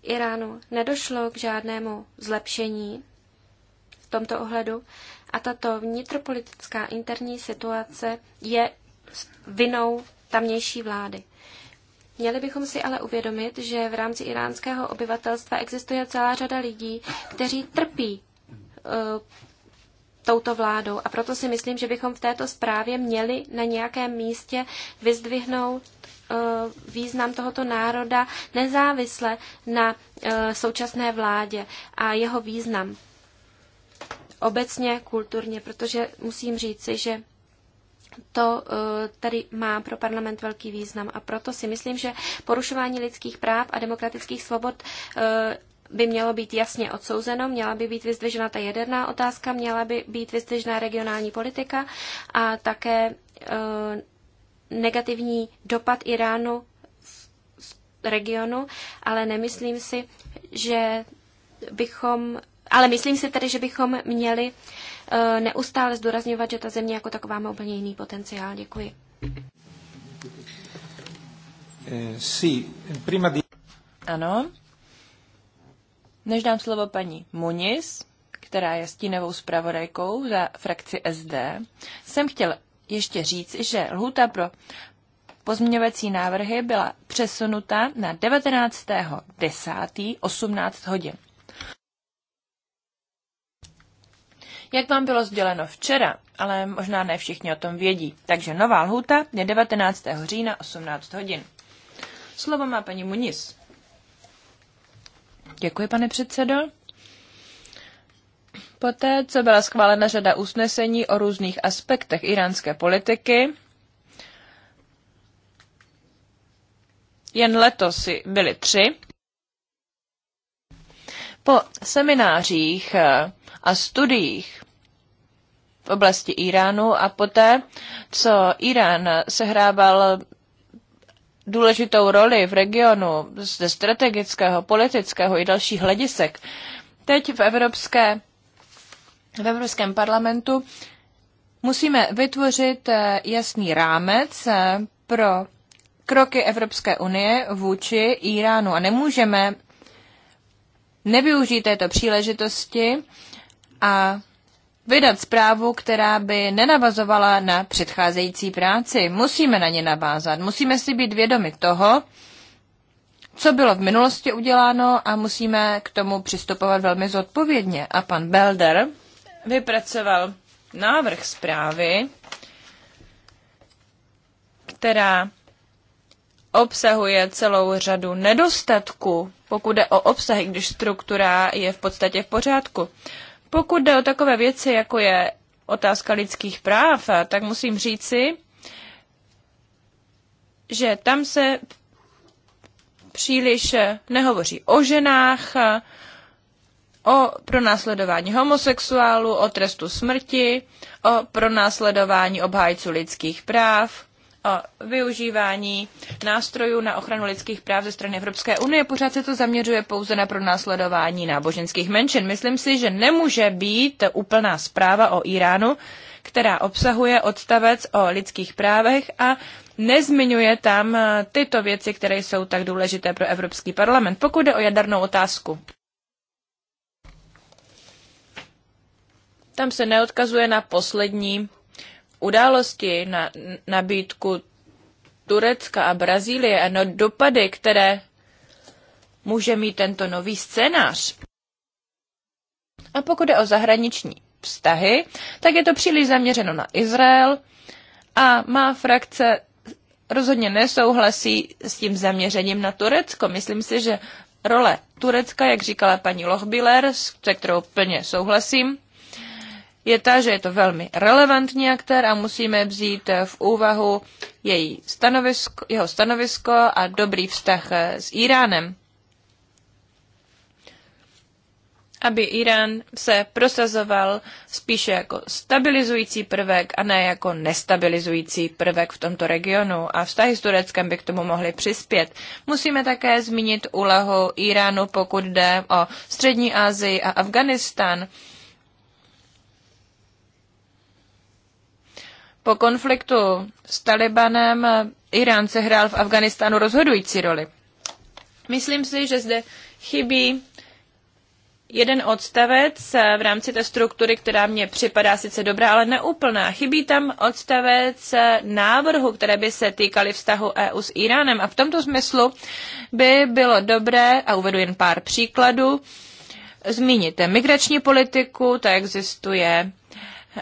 V Iránu nedošlo k žádnému zlepšení tomto ohledu. A tato vnitropolitická interní situace je vinou tamnější vlády. Měli bychom si ale uvědomit, že v rámci iránského obyvatelstva existuje celá řada lidí, kteří trpí uh, touto vládou. A proto si myslím, že bychom v této zprávě měli na nějakém místě vyzdvihnout eh, význam tohoto národa nezávisle na eh, současné vládě a jeho význam obecně kulturně, protože musím říci, že to eh, tady má pro parlament velký význam a proto si myslím, že porušování lidských práv a demokratických svobod eh, by mělo být jasně odsouzeno, měla by být vyzdvižena ta jaderná otázka, měla by být vyzdvižena regionální politika a také eh, negativní dopad Iránu v regionu, ale nemyslím si, že bychom ale myslím si tedy, že bychom měli eh, neustále zdůrazňovat, že ta země jako taková má úplně jiný potenciál. Děkuji. Eh, ano. Než dám slovo paní Muniz, která je stínovou zpravodajkou za frakci SD, jsem chtěl ještě říct, že lhuta pro pozměňovací návrhy byla přesunuta na 19.10. 18 hodin. Jak vám bylo sděleno včera, ale možná ne všichni o tom vědí. Takže nová lhuta je 19. října 18 hodin. Slovo má paní Muniz. Děkuji, pane předsedo. Poté, co byla schválena řada usnesení o různých aspektech iránské politiky, jen letos byly tři, po seminářích eh, a studiích v oblasti Iránu a poté, co Irán sehrával důležitou roli v regionu ze strategického, politického i dalších hledisek, teď v, Evropské, v Evropském parlamentu musíme vytvořit eh, jasný rámec eh, pro kroky Evropské unie vůči Iránu a nemůžeme nevyužít této příležitosti a vydat zprávu, která by nenavazovala na předcházející práci. Musíme na ně navázat, musíme si být vědomi toho, co bylo v minulosti uděláno a musíme k tomu přistupovat velmi zodpovědně. A pan Belder vypracoval návrh zprávy, která obsahuje celou řadu nedostatků, pokud jde o obsah, když struktura je v podstatě v pořádku. Pokud jde o takové věci, jako je otázka lidských práv, tak musím říci, že tam se příliš nehovoří o ženách, o pronásledování homosexuálu, o trestu smrti, o pronásledování obhájců lidských práv, o využívání nástrojů na ochranu lidských práv ze strany Evropské unie. Pořád se to zaměřuje pouze na pronásledování náboženských menšin. Myslím si, že nemůže být úplná zpráva o Iránu, která obsahuje odstavec o lidských právech a nezmiňuje tam tyto věci, které jsou tak důležité pro Evropský parlament, pokud jde o jadernou otázku. Tam se neodkazuje na poslední události, na nabídku Turecka a Brazílie a na dopady, které může mít tento nový scénář. A pokud je o zahraniční vztahy, tak je to příliš zaměřeno na Izrael a má frakce rozhodně nesouhlasí s tím zaměřením na Turecko. Myslím si, že role Turecka, jak říkala paní Lochbiller, se kterou plně souhlasím, je ta, že je to velmi relevantní aktér a musíme vzít v úvahu její stanovisko, jeho stanovisko a dobrý vztah s Iránem. Aby Irán se prosazoval spíše jako stabilizující prvek a ne jako nestabilizující prvek v tomto regionu a vztahy s Tureckem by k tomu mohly přispět. Musíme také zmínit úlohu Iránu, pokud jde o Střední Asii a Afganistán Po konfliktu s Talibanem Irán se hrál v Afganistánu rozhodující roli. Myslím si, že zde chybí jeden odstavec v rámci té struktury, která mně připadá sice dobrá, ale neúplná. Chybí tam odstavec návrhu, které by se týkaly vztahu EU s Iránem. A v tomto smyslu by bylo dobré, a uvedu jen pár příkladů, zmíníte migrační politiku, ta existuje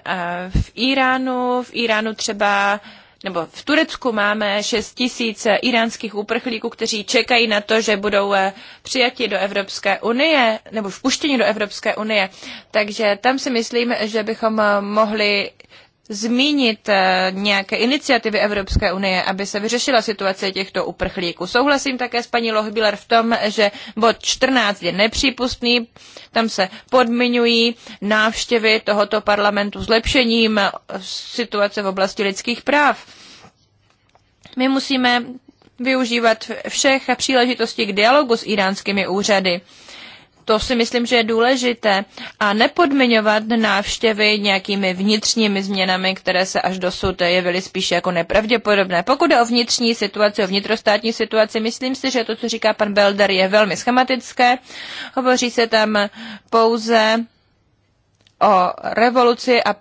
Eh, v Iránu, v Iránu třeba nebo v Turecku máme 6 tisíc iránských uprchlíků, kteří čekají na to, že budou eh, přijati do Evropské unie nebo vpuštěni do Evropské unie. Takže tam si myslím, že bychom eh, mohli zmínit eh, nějaké iniciativy Evropské unie, aby se vyřešila situace těchto uprchlíků. Souhlasím také s paní Lohbiller v tom, že bod 14 je nepřípustný, tam se podmiňují návštěvy tohoto parlamentu zlepšením eh, situace v oblasti lidských práv. My musíme využívat všech příležitostí k dialogu s iránskými úřady. To si myslím, že je důležité. A nepodmiňovat návštěvy nějakými vnitřními změnami, které se až dosud jevily spíše jako nepravděpodobné. Pokud je o vnitřní situaci, o vnitrostátní situaci, myslím si, že to, co říká pan Belder, je velmi schematické. Hovoří se tam pouze o revoluci a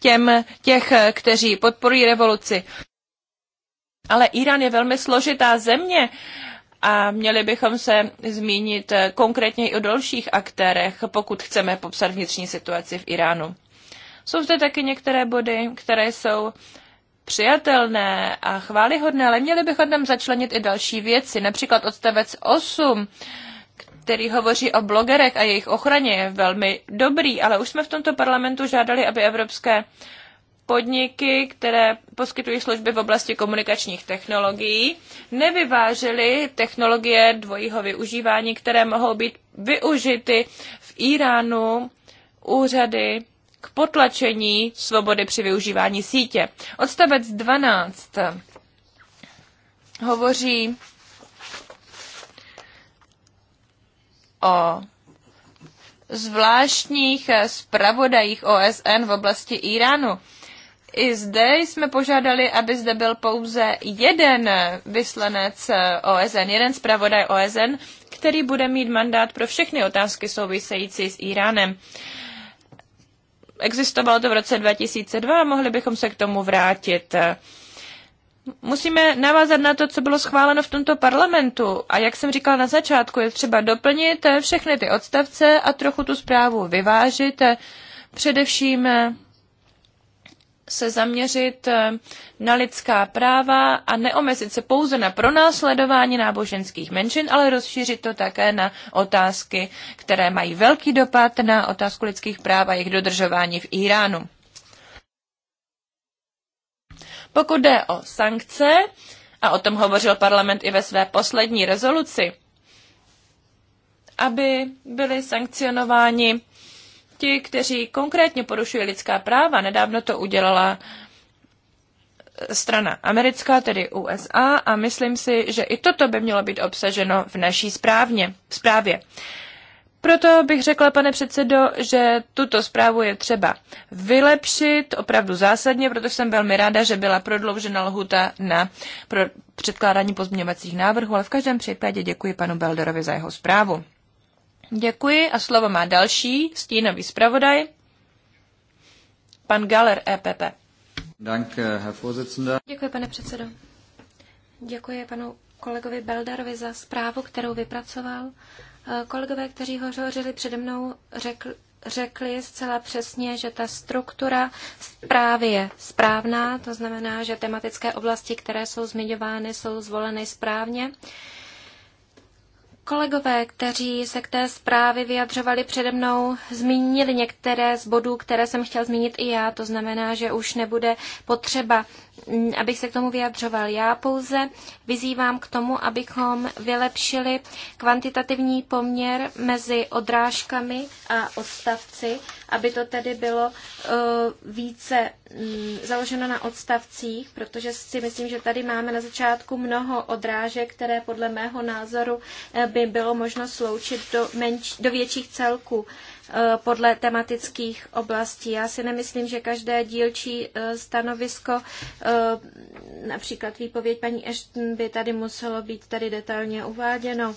těm, těch, kteří podporují revoluci. Ale Irán je velmi složitá země a měli bychom se zmínit eh, konkrétně i o dalších aktérech, pokud chceme popsat vnitřní situaci v Iránu. Jsou zde taky některé body, které jsou přijatelné a chválihodné, ale měli bychom tam začlenit i další věci, například odstavec 8, který hovoří o blogerech a jejich ochraně, je velmi dobrý, ale už jsme v tomto parlamentu žádali, aby evropské podniky, které poskytují služby v oblasti komunikačních technologií, nevyvážely technologie dvojího využívání, které mohou být využity v Iránu úřady k potlačení svobody při využívání sítě. Odstavec 12 hovoří o zvláštních zpravodajích OSN v oblasti Iránu. I zde jsme požádali, aby zde byl pouze jeden vyslanec eh, OSN, jeden zpravodaj OSN, který bude mít mandát pro všechny otázky související s Iránem. Existovalo to v roce 2002 a mohli bychom se k tomu vrátit. Musíme navázat na to, co bylo schváleno v tomto parlamentu. A jak jsem říkala na začátku, je třeba doplnit eh, všechny ty odstavce a trochu tu zprávu vyvážit, eh, především se zaměřit eh, na lidská práva a neomezit se pouze na pronásledování náboženských menšin, ale rozšířit to také na otázky, které mají velký dopad na otázku lidských práv a jejich dodržování v Iránu. Pokud jde o sankce, a o tom hovořil parlament i ve své poslední rezoluci, aby byly sankcionováni ti, kteří konkrétně porušují lidská práva, nedávno to udělala strana americká, tedy USA, a myslím si, že i toto by mělo být obsaženo v naší správně, zprávě. Proto bych řekla, pane předsedo, že tuto zprávu je třeba vylepšit opravdu zásadně, protože jsem velmi ráda, že byla prodloužena lhuta na pro předkládání pozměňovacích návrhů, ale v každém případě děkuji panu Belderovi za jeho zprávu. Děkuji a slovo má další stínový zpravodaj, pan Galer EPP. Dank, eh, Děkuji, pane předsedo. Děkuji panu kolegovi Beldarovi za zprávu, kterou vypracoval. Eh, kolegové, kteří hovořili přede mnou, řekl, řekli zcela přesně, že ta struktura zprávy je správná, to znamená, že tematické oblasti, které jsou zmiňovány, jsou zvoleny správně. Uh, Kolegové, kteří se k té zprávě vyjadřovali přede mnou, zmínili některé z bodů, které jsem chtěl zmínit i já. To znamená, že už nebude potřeba, mm, abych se k tomu vyjadřoval. Já pouze vyzývám k tomu, abychom vylepšili kvantitativní poměr mezi odrážkami a odstavci, aby to tedy bylo eh, více mm, založeno na odstavcích, protože si myslím, že tady máme na začátku mnoho odrážek, které podle mého názoru by eh, by bylo možno sloučit do, menš, do větších celků eh, podle tematických oblastí. Já si nemyslím, že každé dílčí eh, stanovisko, eh, například výpověď paní Ashton, by tady muselo být tady detailně uváděno.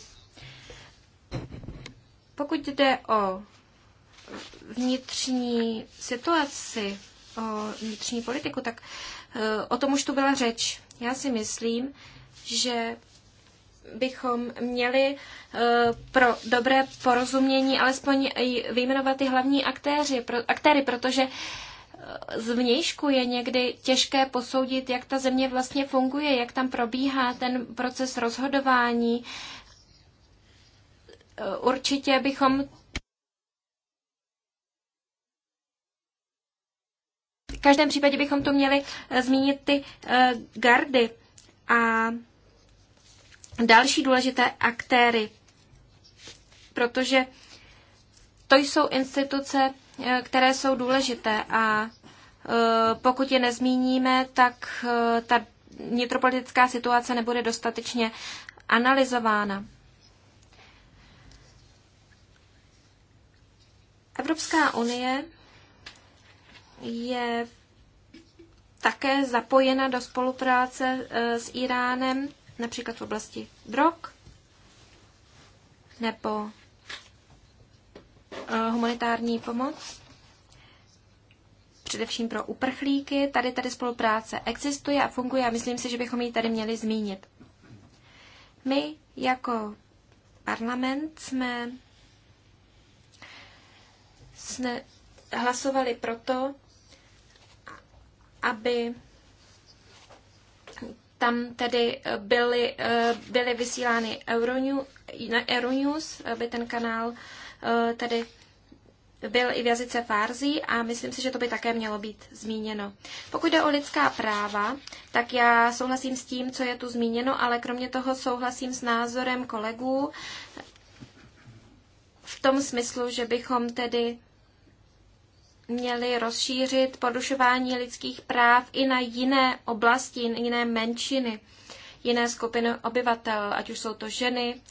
Pokud jde o vnitřní situaci, o vnitřní politiku, tak o tom už tu byla řeč. Já si myslím, že bychom měli eh, pro dobré porozumění alespoň vyjmenovat ty hlavní aktéři, pro, aktéry, protože eh, z vnějšku je někdy těžké posoudit, jak ta země vlastně funguje, jak tam probíhá ten proces rozhodování. Eh, určitě bychom V každém případě bychom tu měli zmínit ty gardy a další důležité aktéry, protože to jsou instituce, eh, které jsou důležité a eh, pokud je nezmíníme, tak eh, ta vnitropolitická situace nebude dostatečně analyzována. Evropská unie je také zapojena do spolupráce s Iránem například v oblasti drog nebo eh, humanitární pomoc, především pro uprchlíky. Tady tady spolupráce existuje a funguje a myslím si, že bychom ji tady měli zmínit. My jako parlament jsme jsme hlasovali proto, aby tam tedy eh, byly, eh, byly vysílány Euronews, Euronews, by ten kanál eh, tedy byl i v jazyce Farsi a myslím si, že to by také mělo být zmíněno. Pokud jde o lidská práva, tak já souhlasím s tím, co je tu zmíněno, ale kromě toho souhlasím s názorem kolegů v tom smyslu, že bychom tedy měli rozšířit porušování lidských práv i na jiné oblasti, jiné menšiny, jiné skupiny obyvatel, ať už jsou to ženy.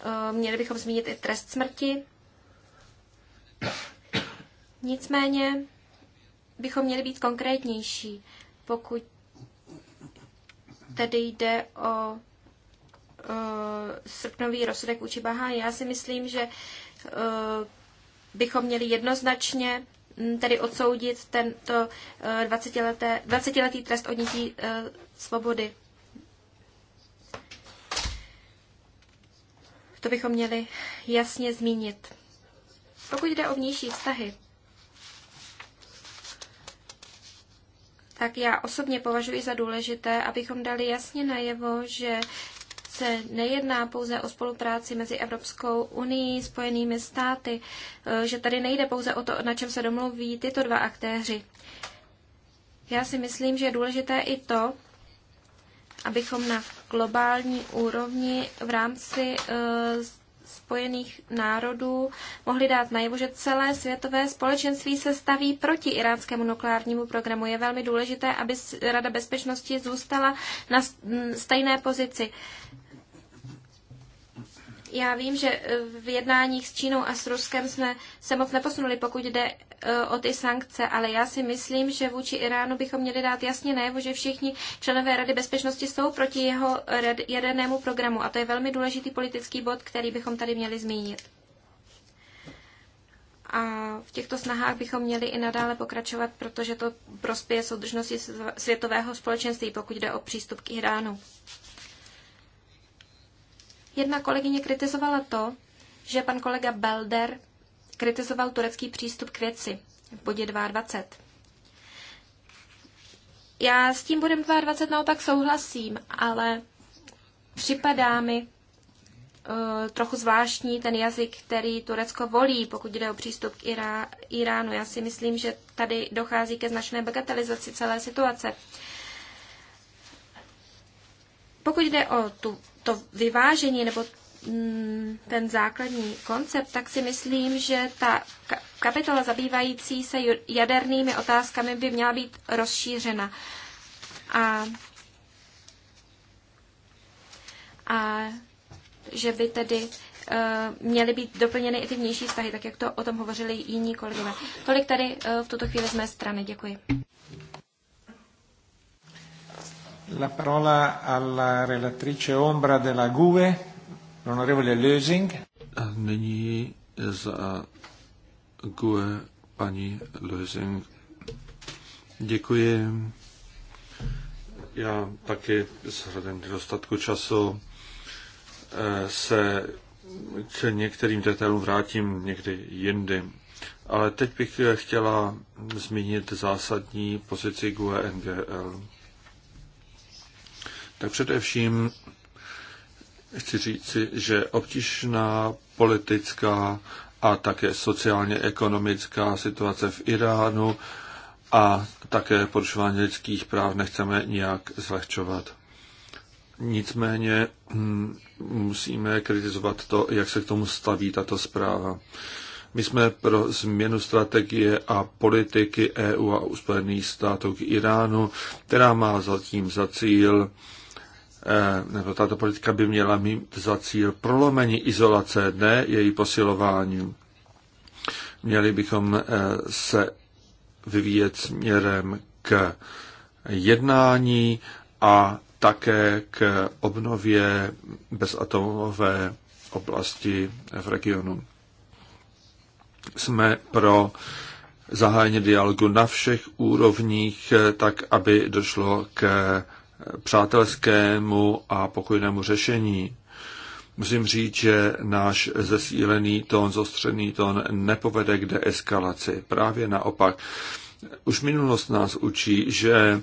Eh, měli bychom zmínit i trest smrti. Nicméně bychom měli být konkrétnější, pokud tedy jde o eh, srpnový rozsudek uči Bahá. Já si myslím, že eh, bychom měli jednoznačně tedy odsoudit tento 20 letý 20 trest odnětí eh, svobody. To bychom měli jasně zmínit. Pokud jde o vnější vztahy, tak já osobně považuji za důležité, abychom dali jasně najevo, že se nejedná pouze o spolupráci mezi Evropskou unii, spojenými státy, eh, že tady nejde pouze o to, na čem se domluví tyto dva aktéři. Já si myslím, že je důležité i to, abychom na globální úrovni v rámci eh, Spojených národů mohli dát najevo, že celé světové společenství se staví proti iránskému nukleárnímu programu. Je velmi důležité, aby Rada bezpečnosti zůstala na stejné pozici. Já vím, že eh, v jednáních s Čínou a s Ruskem jsme se moc neposunuli, pokud jde eh, o ty sankce, ale já si myslím, že vůči Iránu bychom měli dát jasně najevo, že všichni členové Rady bezpečnosti jsou proti jeho jadernému programu a to je velmi důležitý politický bod, který bychom tady měli zmínit. A v těchto snahách bychom měli i nadále pokračovat, protože to prospěje soudržnosti světového společenství, pokud jde o přístup k Iránu. Jedna kolegyně kritizovala to, že pan kolega Belder kritizoval turecký přístup k věci v bodě 22. Já s tím bodem 22 naopak souhlasím, ale připadá mi uh, trochu zvláštní ten jazyk, který Turecko volí, pokud jde o přístup k Irá, Iránu. Já si myslím, že tady dochází ke značné bagatelizaci celé situace. Pokud jde o tu to vyvážení nebo mm, ten základní koncept, tak si myslím, že ta kapitola zabývající se jadernými otázkami by měla být rozšířena. A, a že by tedy e, měly být doplněny i ty vnější vztahy, tak jak to o tom hovořili jiní kolegové. Tolik tady e, v tuto chvíli z mé strany. Děkuji la parola alla relatrice ombra della GUE, l'onorevole Lösing. Nyní za GUE paní Lösing. Děkuji. Já taky vzhledem k dostatku času eh, se k některým detailům vrátím někdy jindy. Ale teď bych chtěla zmínit zásadní pozici GUE NGL. Tak především chci říci, že obtížná politická a také sociálně-ekonomická situace v Iránu a také porušování lidských práv nechceme nijak zlehčovat. Nicméně hm, musíme kritizovat to, jak se k tomu staví tato zpráva. My jsme pro změnu strategie a politiky EU a Spojených států k Iránu, která má zatím za cíl Eh, nebo tato politika by měla mít za cíl prolomení izolace, ne její posilování. Měli bychom eh, se vyvíjet směrem k jednání a také k obnově bezatomové oblasti v regionu. Jsme pro zahájení dialogu na všech úrovních, eh, tak aby došlo k přátelskému a pokojnému řešení. Musím říct, že náš zesílený tón, zostřený tón nepovede k deeskalaci. Právě naopak. Už minulost nás učí, že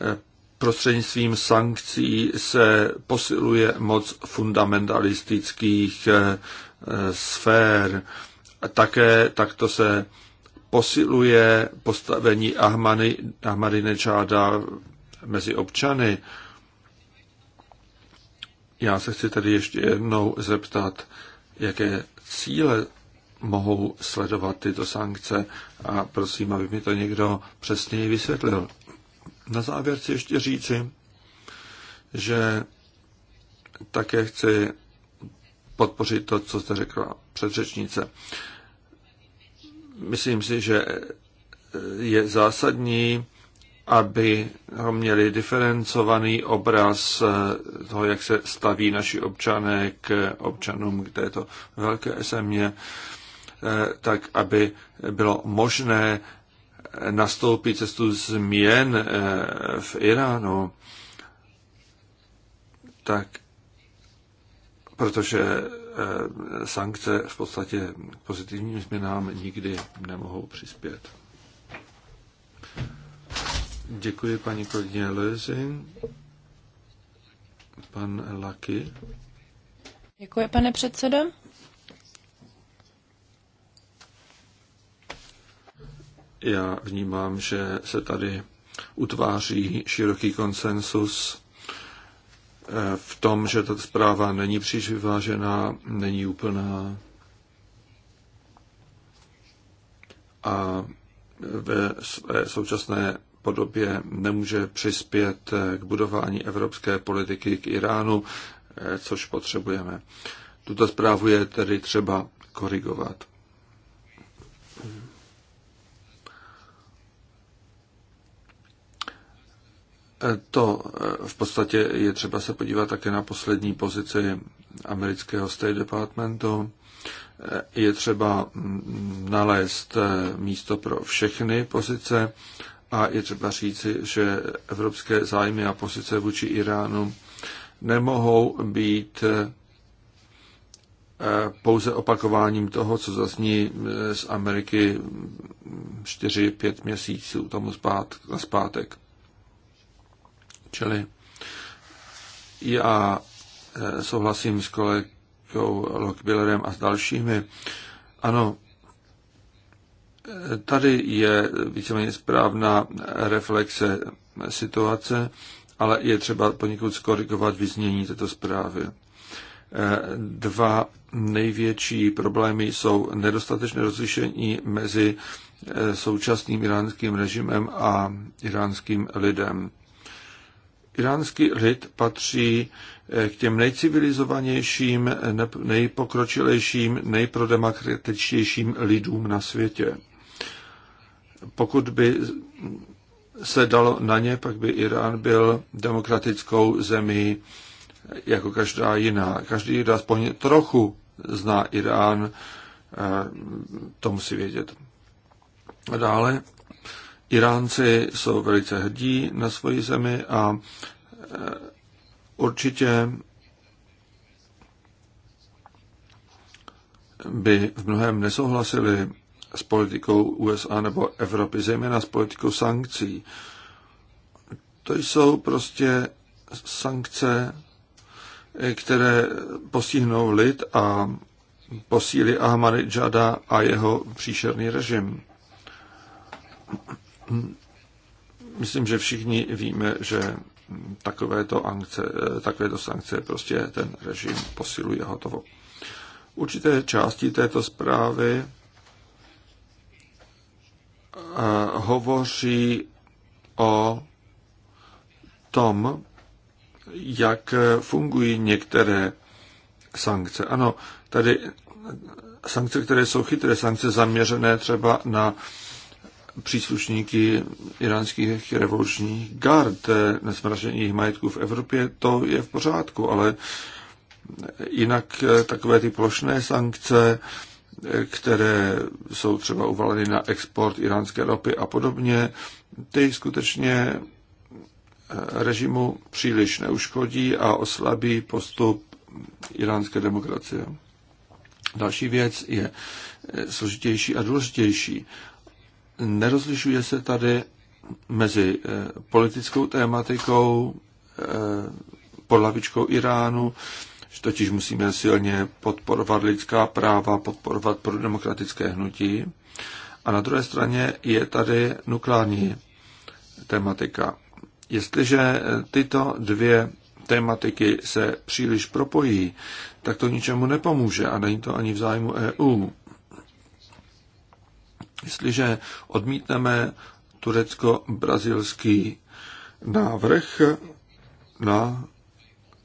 eh, prostřednictvím sankcí se posiluje moc fundamentalistických eh, eh, sfér. Také takto se posiluje postavení Ahmadinečáda mezi občany. Já se chci tady ještě jednou zeptat, jaké cíle mohou sledovat tyto sankce a prosím, aby mi to někdo přesněji vysvětlil. Na závěr chci ještě říci, že také chci podpořit to, co jste řekla předřečnice. Myslím si, že je zásadní aby měli diferencovaný obraz toho, jak se staví naši občané k občanům k této velké země, eh, tak aby bylo možné nastoupit cestu změn eh, v Iránu, tak protože eh, sankce v podstatě k pozitivním změnám nikdy nemohou přispět. Děkuji paní kolegyně Lezin. Pan Laky. Děkuji, pane předsedo. Já vnímám, že se tady utváří široký konsensus eh, v tom, že ta zpráva není příliš vyvážená, není úplná a ve své současné podobě nemůže přispět k budování evropské politiky k Iránu, eh, což potřebujeme. Tuto zprávu je tedy třeba korigovat. Eh, to eh, v podstatě je třeba se podívat také na poslední pozici amerického State Departmentu. Je třeba mm, nalézt místo pro všechny pozice a je třeba říci, že evropské zájmy a pozice vůči Iránu nemohou být eh, pouze opakováním toho, co zazní eh, z Ameriky 4-5 měsíců tomu zpátek. Čili já eh, souhlasím s kolegou Lockbillerem a s dalšími. Ano, Tady je víceméně správná reflexe situace, ale je třeba poněkud skorigovat vyznění této zprávy. E, dva největší problémy jsou nedostatečné rozlišení mezi e, současným iránským režimem a iránským lidem. Iránský lid patří e, k těm nejcivilizovanějším, nejpokročilejším, nejprodemokratičtějším lidům na světě pokud by se dalo na ně, pak by Irán byl demokratickou zemí jako každá jiná. Každý, kdo aspoň trochu zná Irán, eh, to musí vědět. A dále, Iránci jsou velice hrdí na svoji zemi a eh, určitě by v mnohem nesouhlasili s politikou USA nebo Evropy, zejména s politikou sankcí. To jsou prostě sankce, které postihnou lid a posílí Ahmadinejada a jeho příšerný režim. Myslím, že všichni víme, že takovéto, ankce, takovéto sankce prostě ten režim posiluje hotovo. Určité části této zprávy Eh, hovoří o tom, jak fungují některé sankce. Ano, tady sankce, které jsou chytré, sankce zaměřené třeba na příslušníky iránských revolučních gard, nesmražení jejich majetků v Evropě, to je v pořádku, ale jinak eh, takové ty plošné sankce, které jsou třeba uvaleny na export iránské ropy a podobně, ty skutečně eh, režimu příliš neuškodí a oslabí postup iránské demokracie. Další věc je eh, složitější a důležitější. Nerozlišuje se tady mezi eh, politickou tématikou, podlavičkou Iránu, že totiž musíme silně podporovat lidská práva, podporovat prodemokratické hnutí. A na druhé straně je tady nukleární tematika. Jestliže tyto dvě tematiky se příliš propojí, tak to ničemu nepomůže a není to ani v zájmu EU. Jestliže odmítneme turecko-brazilský návrh na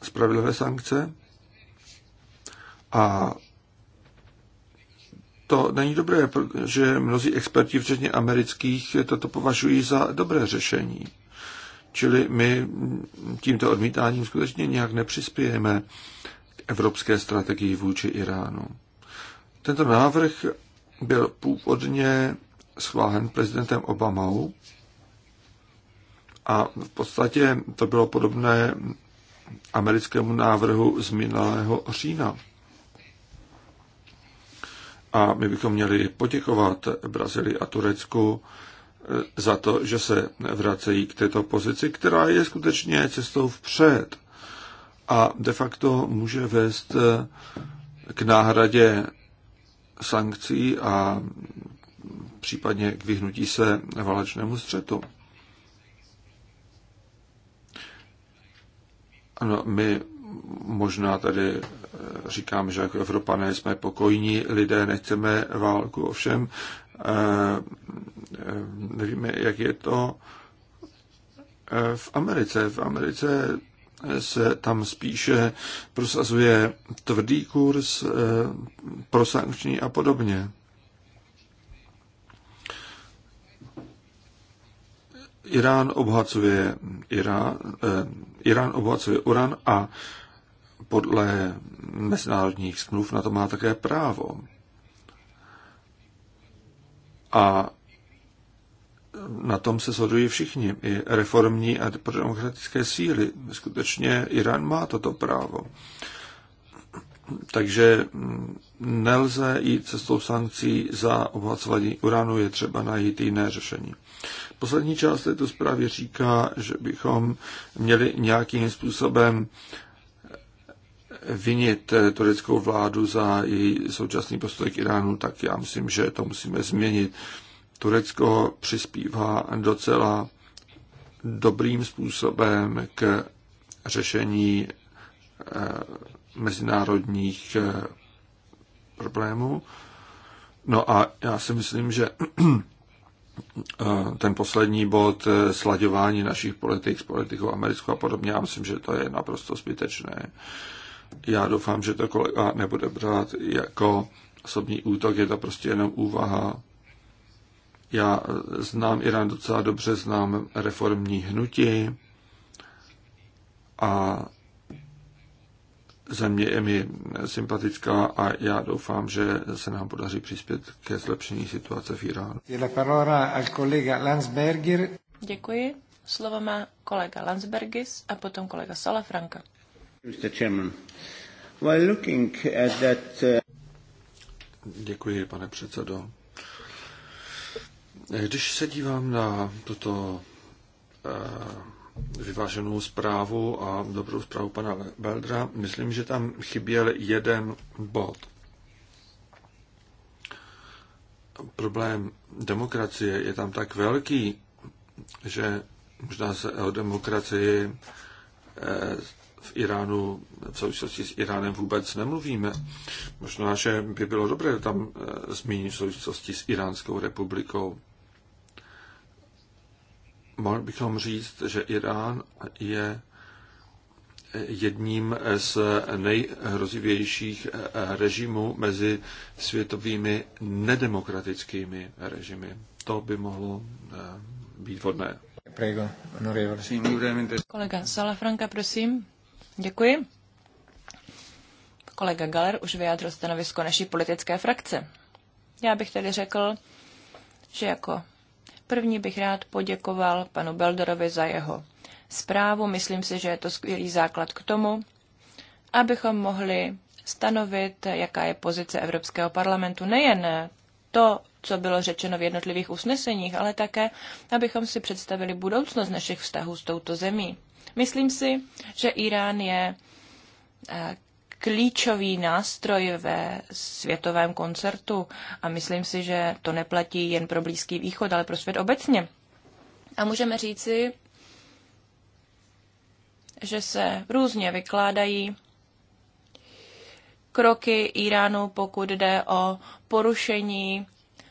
spravedlivé sankce, a to není dobré, že mnozí experti, včetně amerických, toto považují za dobré řešení. Čili my tímto odmítáním skutečně nějak nepřispějeme k evropské strategii vůči Iránu. Tento návrh byl původně schválen prezidentem Obamou a v podstatě to bylo podobné americkému návrhu z minulého října. A my bychom měli poděkovat Brazílii a Turecku eh, za to, že se vracejí k této pozici, která je skutečně cestou vpřed a de facto může vést eh, k náhradě sankcí a případně k vyhnutí se válečnému střetu. Ano, my možná tady říkám, že jako Evropané jsme pokojní lidé, nechceme válku, ovšem eh, eh, nevíme, jak je to eh, v Americe. V Americe se tam spíše prosazuje tvrdý kurz, sankční a podobně. Irán obohacuje, Irán, eh, Irán obohacuje uran a podle mezinárodních smluv na to má také právo. A na tom se shodují všichni, i reformní a prodemokratické síly. Skutečně Irán má toto právo. Takže nelze jít cestou sankcí za obohacování uranu, je třeba najít jiné řešení. Poslední část této zprávy říká, že bychom měli nějakým způsobem vinit eh, tureckou vládu za její současný postoj k Iránu, tak já myslím, že to musíme změnit. Turecko přispívá docela dobrým způsobem k řešení eh, mezinárodních eh, problémů. No a já si myslím, že ten poslední bod slaďování našich politik s politikou americkou a podobně, já myslím, že to je naprosto zbytečné. Uh, já doufám, že to kolega nebude brát jako osobní útok, je to prostě jenom úvaha. Já znám Irán docela dobře, znám reformní hnutí a země je mi sympatická a já doufám, že se nám podaří přispět ke zlepšení situace v Iránu. Děkuji. Slovo má kolega Landsbergis a potom kolega Salafranka. Uh, Děkuji, pane předsedo. Když se dívám na tuto eh, vyváženou zprávu a dobrou zprávu pana Beldra, myslím, že tam chyběl jeden bod. Problém demokracie je tam tak velký, že možná se o demokracii eh, v Iránu, v souvislosti s Iránem vůbec nemluvíme. Možná, že by bylo dobré tam eh, zmínit v souvislosti s Iránskou republikou. Mohl bychom říct, že Irán je eh, jedním z nejhrozivějších eh, režimů mezi světovými nedemokratickými režimy. To by mohlo být vhodné. Kolega Salafranka, prosím. Děkuji. Kolega Galer už vyjádřil stanovisko naší politické frakce. Já bych tedy řekl, že jako první bych rád poděkoval panu Belderovi za jeho zprávu. Myslím si, že je to skvělý základ k tomu, abychom mohli stanovit, jaká je pozice Evropského parlamentu. Nejen to, co bylo řečeno v jednotlivých usneseních, ale také, abychom si představili budoucnost našich vztahů s touto zemí. Myslím si, že Irán je eh, klíčový nástroj ve světovém koncertu a myslím si, že to neplatí jen pro Blízký východ, ale pro svět obecně. A můžeme říci, že se různě vykládají kroky Iránu, pokud jde o porušení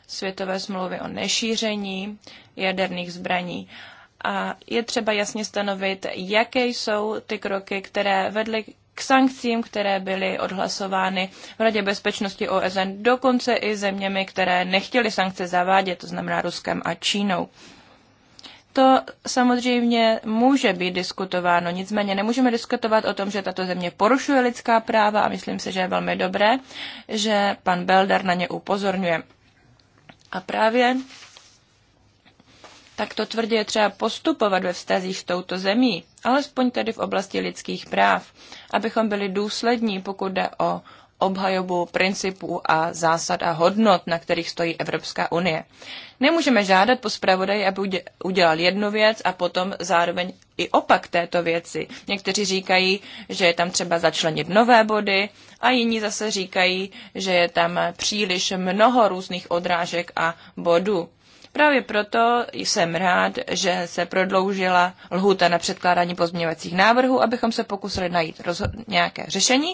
světové smlouvy o nešíření jaderných zbraní a je třeba jasně stanovit, jaké jsou ty kroky, které vedly k sankcím, které byly odhlasovány v Radě bezpečnosti OSN, dokonce i zeměmi, které nechtěly sankce zavádět, to znamená Ruskem a Čínou. To samozřejmě může být diskutováno, nicméně nemůžeme diskutovat o tom, že tato země porušuje lidská práva a myslím si, že je velmi dobré, že pan Belder na ně upozorňuje. A právě takto tvrdě je třeba postupovat ve vztazích s touto zemí, alespoň tedy v oblasti lidských práv, abychom byli důslední, pokud jde o obhajobu principů a zásad a hodnot, na kterých stojí Evropská unie. Nemůžeme žádat po zpravodaji, aby udělal jednu věc a potom zároveň i opak této věci. Někteří říkají, že je tam třeba začlenit nové body a jiní zase říkají, že je tam příliš mnoho různých odrážek a bodů. Právě proto jsem rád, že se prodloužila lhůta na předkládání pozměňovacích návrhů, abychom se pokusili najít nějaké řešení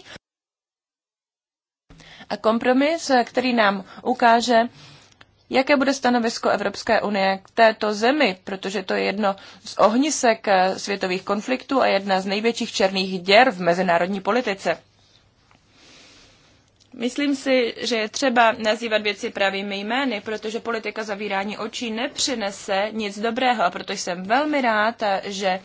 a kompromis, který nám ukáže, jaké bude stanovisko Evropské unie k této zemi, protože to je jedno z ohnisek světových konfliktů a jedna z největších černých děr v mezinárodní politice. Myslím si, že je třeba nazývat věci pravými jmény, protože politika zavírání očí nepřinese nic dobrého a proto jsem velmi rád, že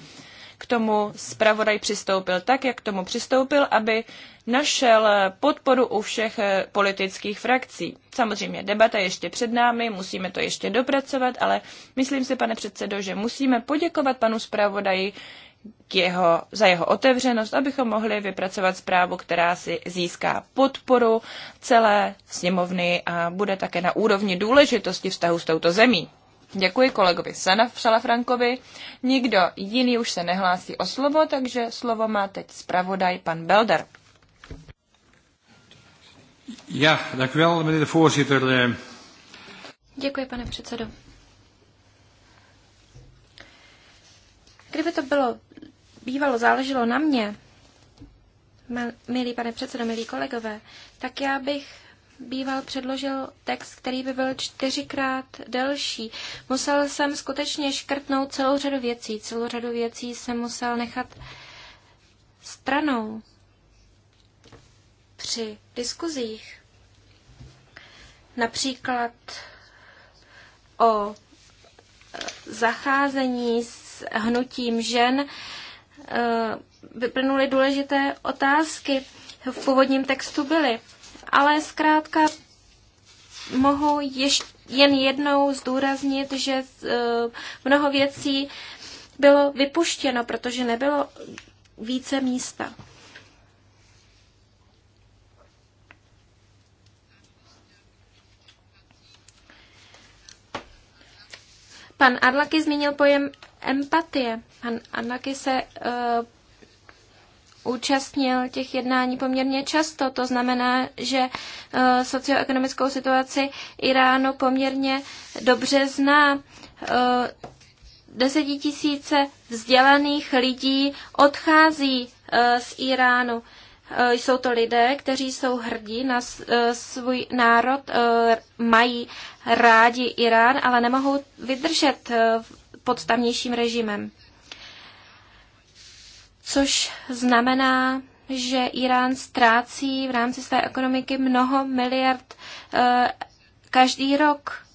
k tomu zpravodaj přistoupil tak, jak k tomu přistoupil, aby našel podporu u všech politických frakcí. Samozřejmě debata je ještě před námi, musíme to ještě dopracovat, ale myslím si, pane předsedo, že musíme poděkovat panu zpravodaji jeho, za jeho otevřenost, abychom mohli vypracovat zprávu, která si získá podporu celé sněmovny a bude také na úrovni důležitosti vztahu s touto zemí. Děkuji kolegovi Salafrankovi. Nikdo jiný už se nehlásí o slovo, takže slovo má teď zpravodaj pan Belder. Ja, tak vel, eh, Děkuji, pane předsedo. Kdyby to bylo bývalo záleželo na mě, milý pane předsedo, milí kolegové, tak já bych býval předložil text, který by byl čtyřikrát delší. Musel jsem skutečně škrtnout celou řadu věcí. Celou řadu věcí jsem musel nechat stranou při diskuzích. Například o zacházení s hnutím žen Eh, vyplnuly důležité otázky, v původním textu byly. Ale zkrátka mohu ještě jen jednou zdůraznit, že eh, mnoho věcí bylo vypuštěno, protože nebylo více místa. Pan Adlaky zmínil pojem empatie. Pan Anaky se eh, účastnil těch jednání poměrně často. To znamená, že eh, socioekonomickou situaci Iránu poměrně dobře zná. Eh, desetitisíce vzdělaných lidí odchází z Iránu. Jsou to lidé, kteří jsou hrdí na svůj národ, mají rádi Irán, ale nemohou vydržet pod tamnějším režimem. Což znamená, že Irán ztrácí v rámci své ekonomiky mnoho miliard e, každý rok.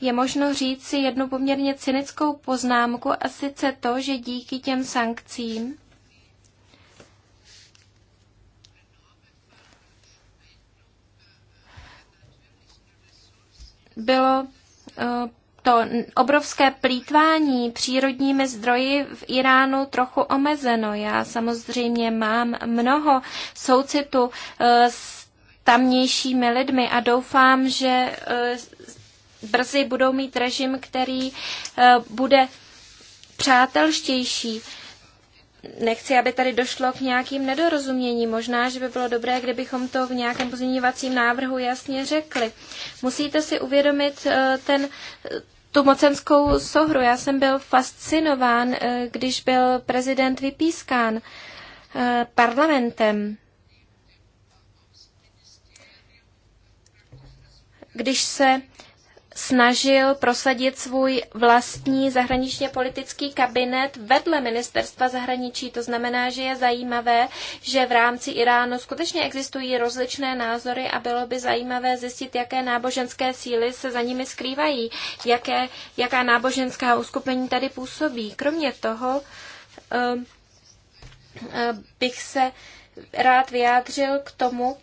Je možno říct si jednu poměrně cynickou poznámku, a sice to, že díky těm sankcím bylo eh, to obrovské plítvání přírodními zdroji v Iránu trochu omezeno. Já samozřejmě mám mnoho soucitu eh, s tamnějšími lidmi a doufám, že eh, brzy budou mít režim, který bude přátelštější nechci, aby tady došlo k nějakým nedorozumění. Možná, že by bylo dobré, kdybychom to v nějakém pozměňovacím návrhu jasně řekli. Musíte si uvědomit eh, ten, eh, tu mocenskou sohru. Já jsem byl fascinován, eh, když byl prezident vypískán parlamentem. Když se snažil prosadit svůj vlastní zahraničně politický kabinet vedle ministerstva zahraničí. To znamená, že je zajímavé, že v rámci Iránu skutečně existují rozličné názory a bylo by zajímavé zjistit, jaké náboženské síly se za nimi skrývají, jaké, jaká náboženská uskupení tady působí. Kromě toho eh, eh, bych se rád vyjádřil k tomu,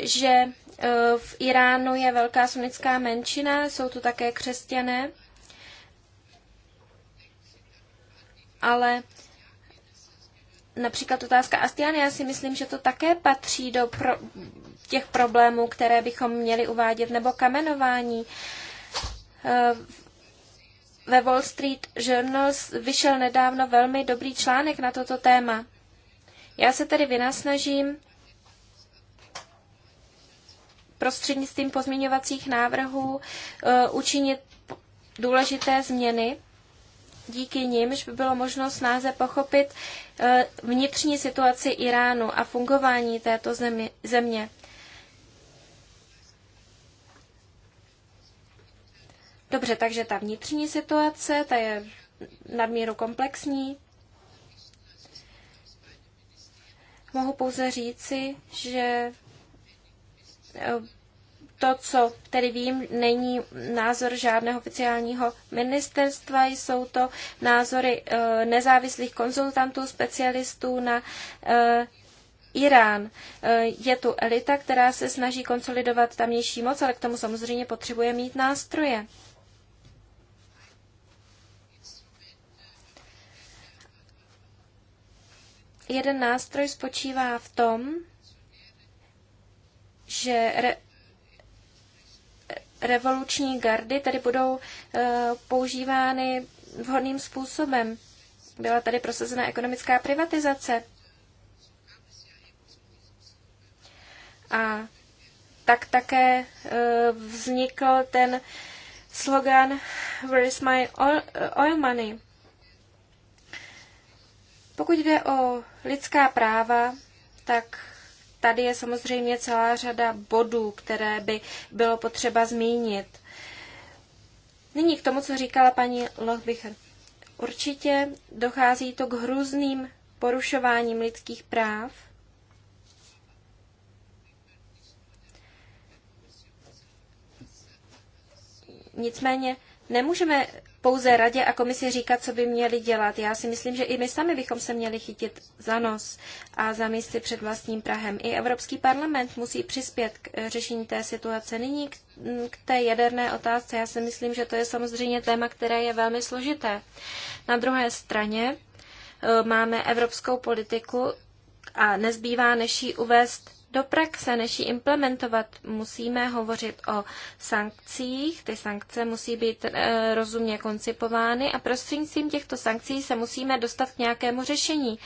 že Eh, v Iránu je velká sunnická menšina, jsou tu také křesťané, ale například otázka Astiany, já si myslím, že to také patří do pro, těch problémů, které bychom měli uvádět, nebo kamenování. Eh, ve Wall Street Journal vyšel nedávno velmi dobrý článek na toto téma. Já se tedy vynasnažím prostřednictvím pozměňovacích návrhů eh, učinit důležité změny. Díky nimž by bylo možno snáze pochopit eh, vnitřní situaci Iránu a fungování této země. Dobře, takže ta vnitřní situace, ta je nadmíru komplexní. Mohu pouze říci, že to, co tedy vím, není názor žádného oficiálního ministerstva, jsou to názory eh, nezávislých konzultantů, specialistů na eh, Irán. Eh, je tu elita, která se snaží konsolidovat tamnější moc, ale k tomu samozřejmě potřebuje mít nástroje. Jeden nástroj spočívá v tom, že re, revoluční gardy tady budou e, používány vhodným způsobem. Byla tady prosazena ekonomická privatizace. A tak také e, vznikl ten slogan Where is my oil money? Pokud jde o lidská práva, tak tady je samozřejmě celá řada bodů, které by bylo potřeba zmínit. Nyní k tomu, co říkala paní Lochbicher. Určitě dochází to k hrůzným porušováním lidských práv. Nicméně nemůžeme pouze radě a komisi říkat, co by měli dělat. Já si myslím, že i my sami bychom se měli chytit za nos a za si před vlastním Prahem. I Evropský parlament musí přispět k eh, řešení té situace. Nyní mm, k té jaderné otázce. Já si myslím, že to je samozřejmě téma, které je velmi složité. Na druhé straně eh, máme evropskou politiku a nezbývá, než ji uvést do praxe, než ji implementovat, musíme hovořit o sankcích. Ty sankce musí být e, rozumně koncipovány a prostřednictvím těchto sankcí se musíme dostat k nějakému řešení.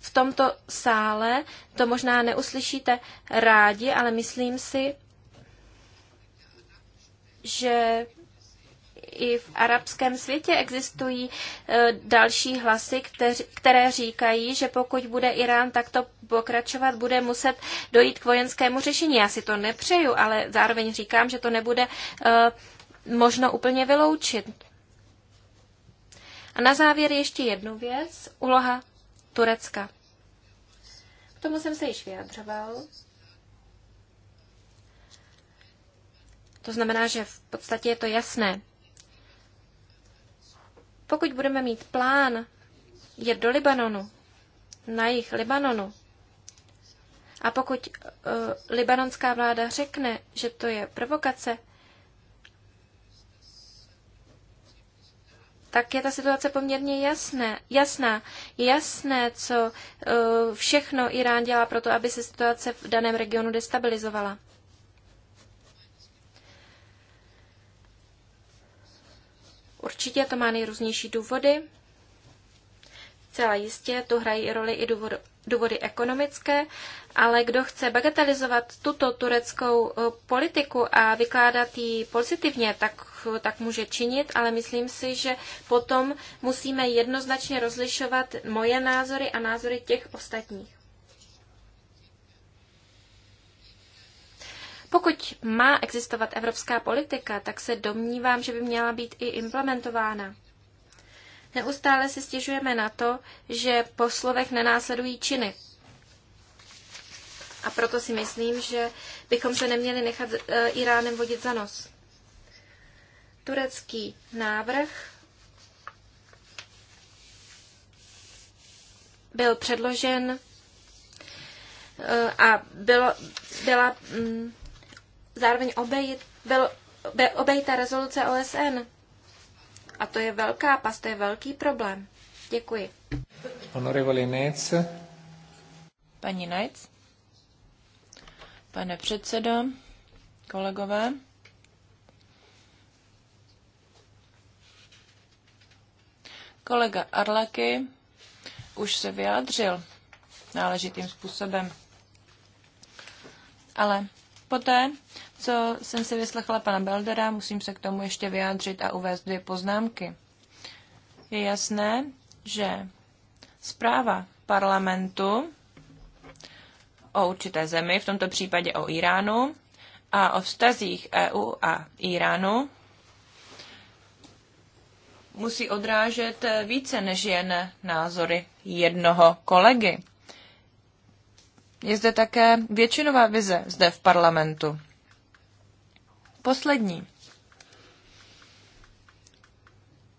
V tomto sále to možná neuslyšíte rádi, ale myslím si, že i v arabském světě existují e, další hlasy, které říkají, že pokud bude Irán takto pokračovat, bude muset dojít k vojenskému řešení. Já si to nepřeju, ale zároveň říkám, že to nebude e, možno úplně vyloučit. A na závěr ještě jednu věc. Úloha Turecka. K tomu jsem se již vyjadřoval. To znamená, že v podstatě je to jasné. Pokud budeme mít plán jet do Libanonu, na jich Libanonu, a pokud uh, libanonská vláda řekne, že to je provokace, tak je ta situace poměrně jasné, jasná. Je jasné, co uh, všechno Irán dělá pro to, aby se situace v daném regionu destabilizovala. Určitě to má nejrůznější důvody. Celá jistě to hrají roli i důvod, důvody ekonomické, ale kdo chce bagatelizovat tuto tureckou e, politiku a vykládat ji pozitivně, tak, tak může činit, ale myslím si, že potom musíme jednoznačně rozlišovat moje názory a názory těch ostatních. Pokud má existovat evropská politika, tak se domnívám, že by měla být i implementována. Neustále si stěžujeme na to, že po slovech nenásledují činy. A proto si myslím, že bychom se neměli nechat e, Iránem vodit za nos. Turecký návrh byl předložen e, a bylo, byla mm, zároveň obejít, byl, be, ta rezoluce OSN. A to je velká past, to je velký problém. Děkuji. Honorevole Nec. Paní Nec. Pane předsedo, kolegové. Kolega Arlaky už se vyjádřil náležitým způsobem. Ale poté, co jsem si vyslechla pana Beldera, musím se k tomu ještě vyjádřit a uvést dvě poznámky. Je jasné, že zpráva parlamentu o určité zemi, v tomto případě o Iránu, a o vztazích EU a Iránu musí odrážet více než jen názory jednoho kolegy. Je zde také většinová vize zde v parlamentu poslední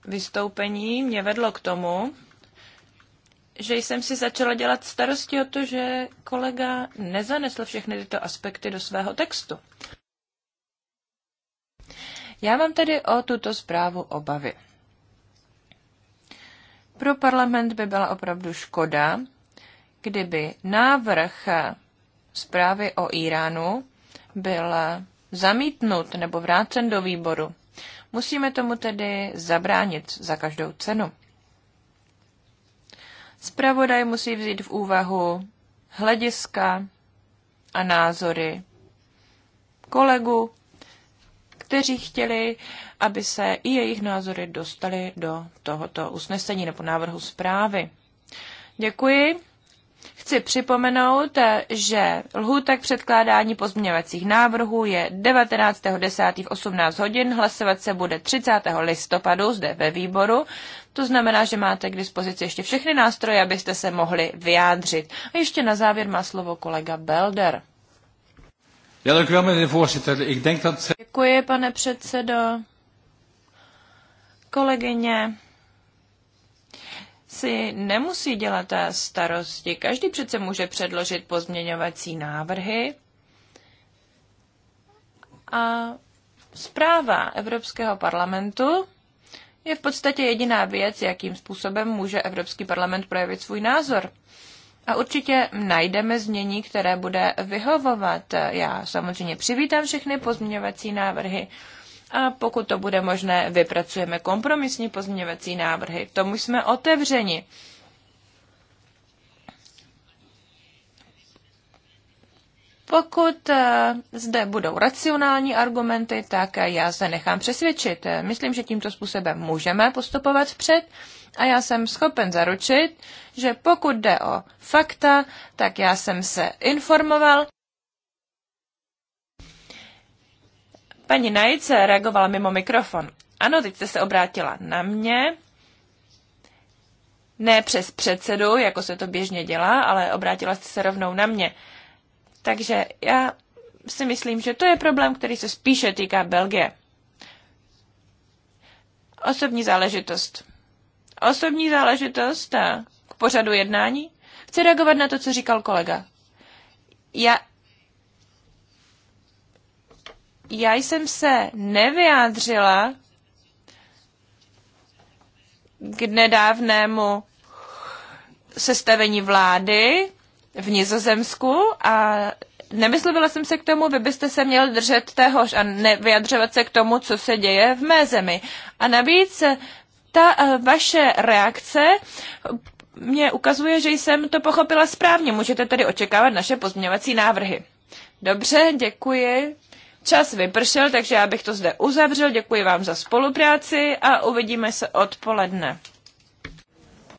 vystoupení mě vedlo k tomu, že jsem si začala dělat starosti o to, že kolega nezanesl všechny tyto aspekty do svého textu. Já mám tedy o tuto zprávu obavy. Pro parlament by byla opravdu škoda, kdyby návrh zprávy o Iránu byl zamítnut nebo vrácen do výboru. Musíme tomu tedy zabránit za každou cenu. Spravodaj musí vzít v úvahu hlediska a názory kolegu, kteří chtěli, aby se i jejich názory dostaly do tohoto usnesení nebo návrhu zprávy. Děkuji chci připomenout, že lhůta k předkládání pozměňovacích návrhů je 19.10. v 18 hodin. Hlasovat se bude 30. listopadu zde ve výboru. To znamená, že máte k dispozici ještě všechny nástroje, abyste se mohli vyjádřit. A ještě na závěr má slovo kolega Belder. Děkuji, pane předsedo. Kolegyně, poslanci nemusí dělat starosti. Každý přece může předložit pozměňovací návrhy. A zpráva Evropského parlamentu je v podstatě jediná věc, jakým způsobem může Evropský parlament projevit svůj názor. A určitě najdeme změní, které bude vyhovovat. Já samozřejmě přivítám všechny pozměňovací návrhy a pokud to bude možné, vypracujeme kompromisní pozměňovací návrhy. Tomu jsme otevřeni. Pokud eh, zde budou racionální argumenty, tak eh, já se nechám přesvědčit. Eh, myslím, že tímto způsobem můžeme postupovat vpřed a já jsem schopen zaručit, že pokud jde o fakta, tak já jsem se informoval Paní Najice reagovala mimo mikrofon. Ano, teď jste se obrátila na mě. Ne přes předsedu, jako se to běžně dělá, ale obrátila jste se rovnou na mě. Takže já si myslím, že to je problém, který se spíše týká Belgie. Osobní záležitost. Osobní záležitost a k pořadu jednání? Chci reagovat na to, co říkal kolega. Já já jsem se nevyjádřila k nedávnému sestavení vlády v Nizozemsku a nemyslela jsem se k tomu, vy byste se měl držet téhož a nevyjadřovat se k tomu, co se děje v mé zemi. A navíc eh, ta eh, vaše reakce mě ukazuje, že jsem to pochopila správně. Můžete tedy očekávat naše pozměňovací návrhy. Dobře, děkuji. Čas vypršel, takže já bych to zde uzavřel. Děkuji vám za spolupráci a uvidíme se odpoledne.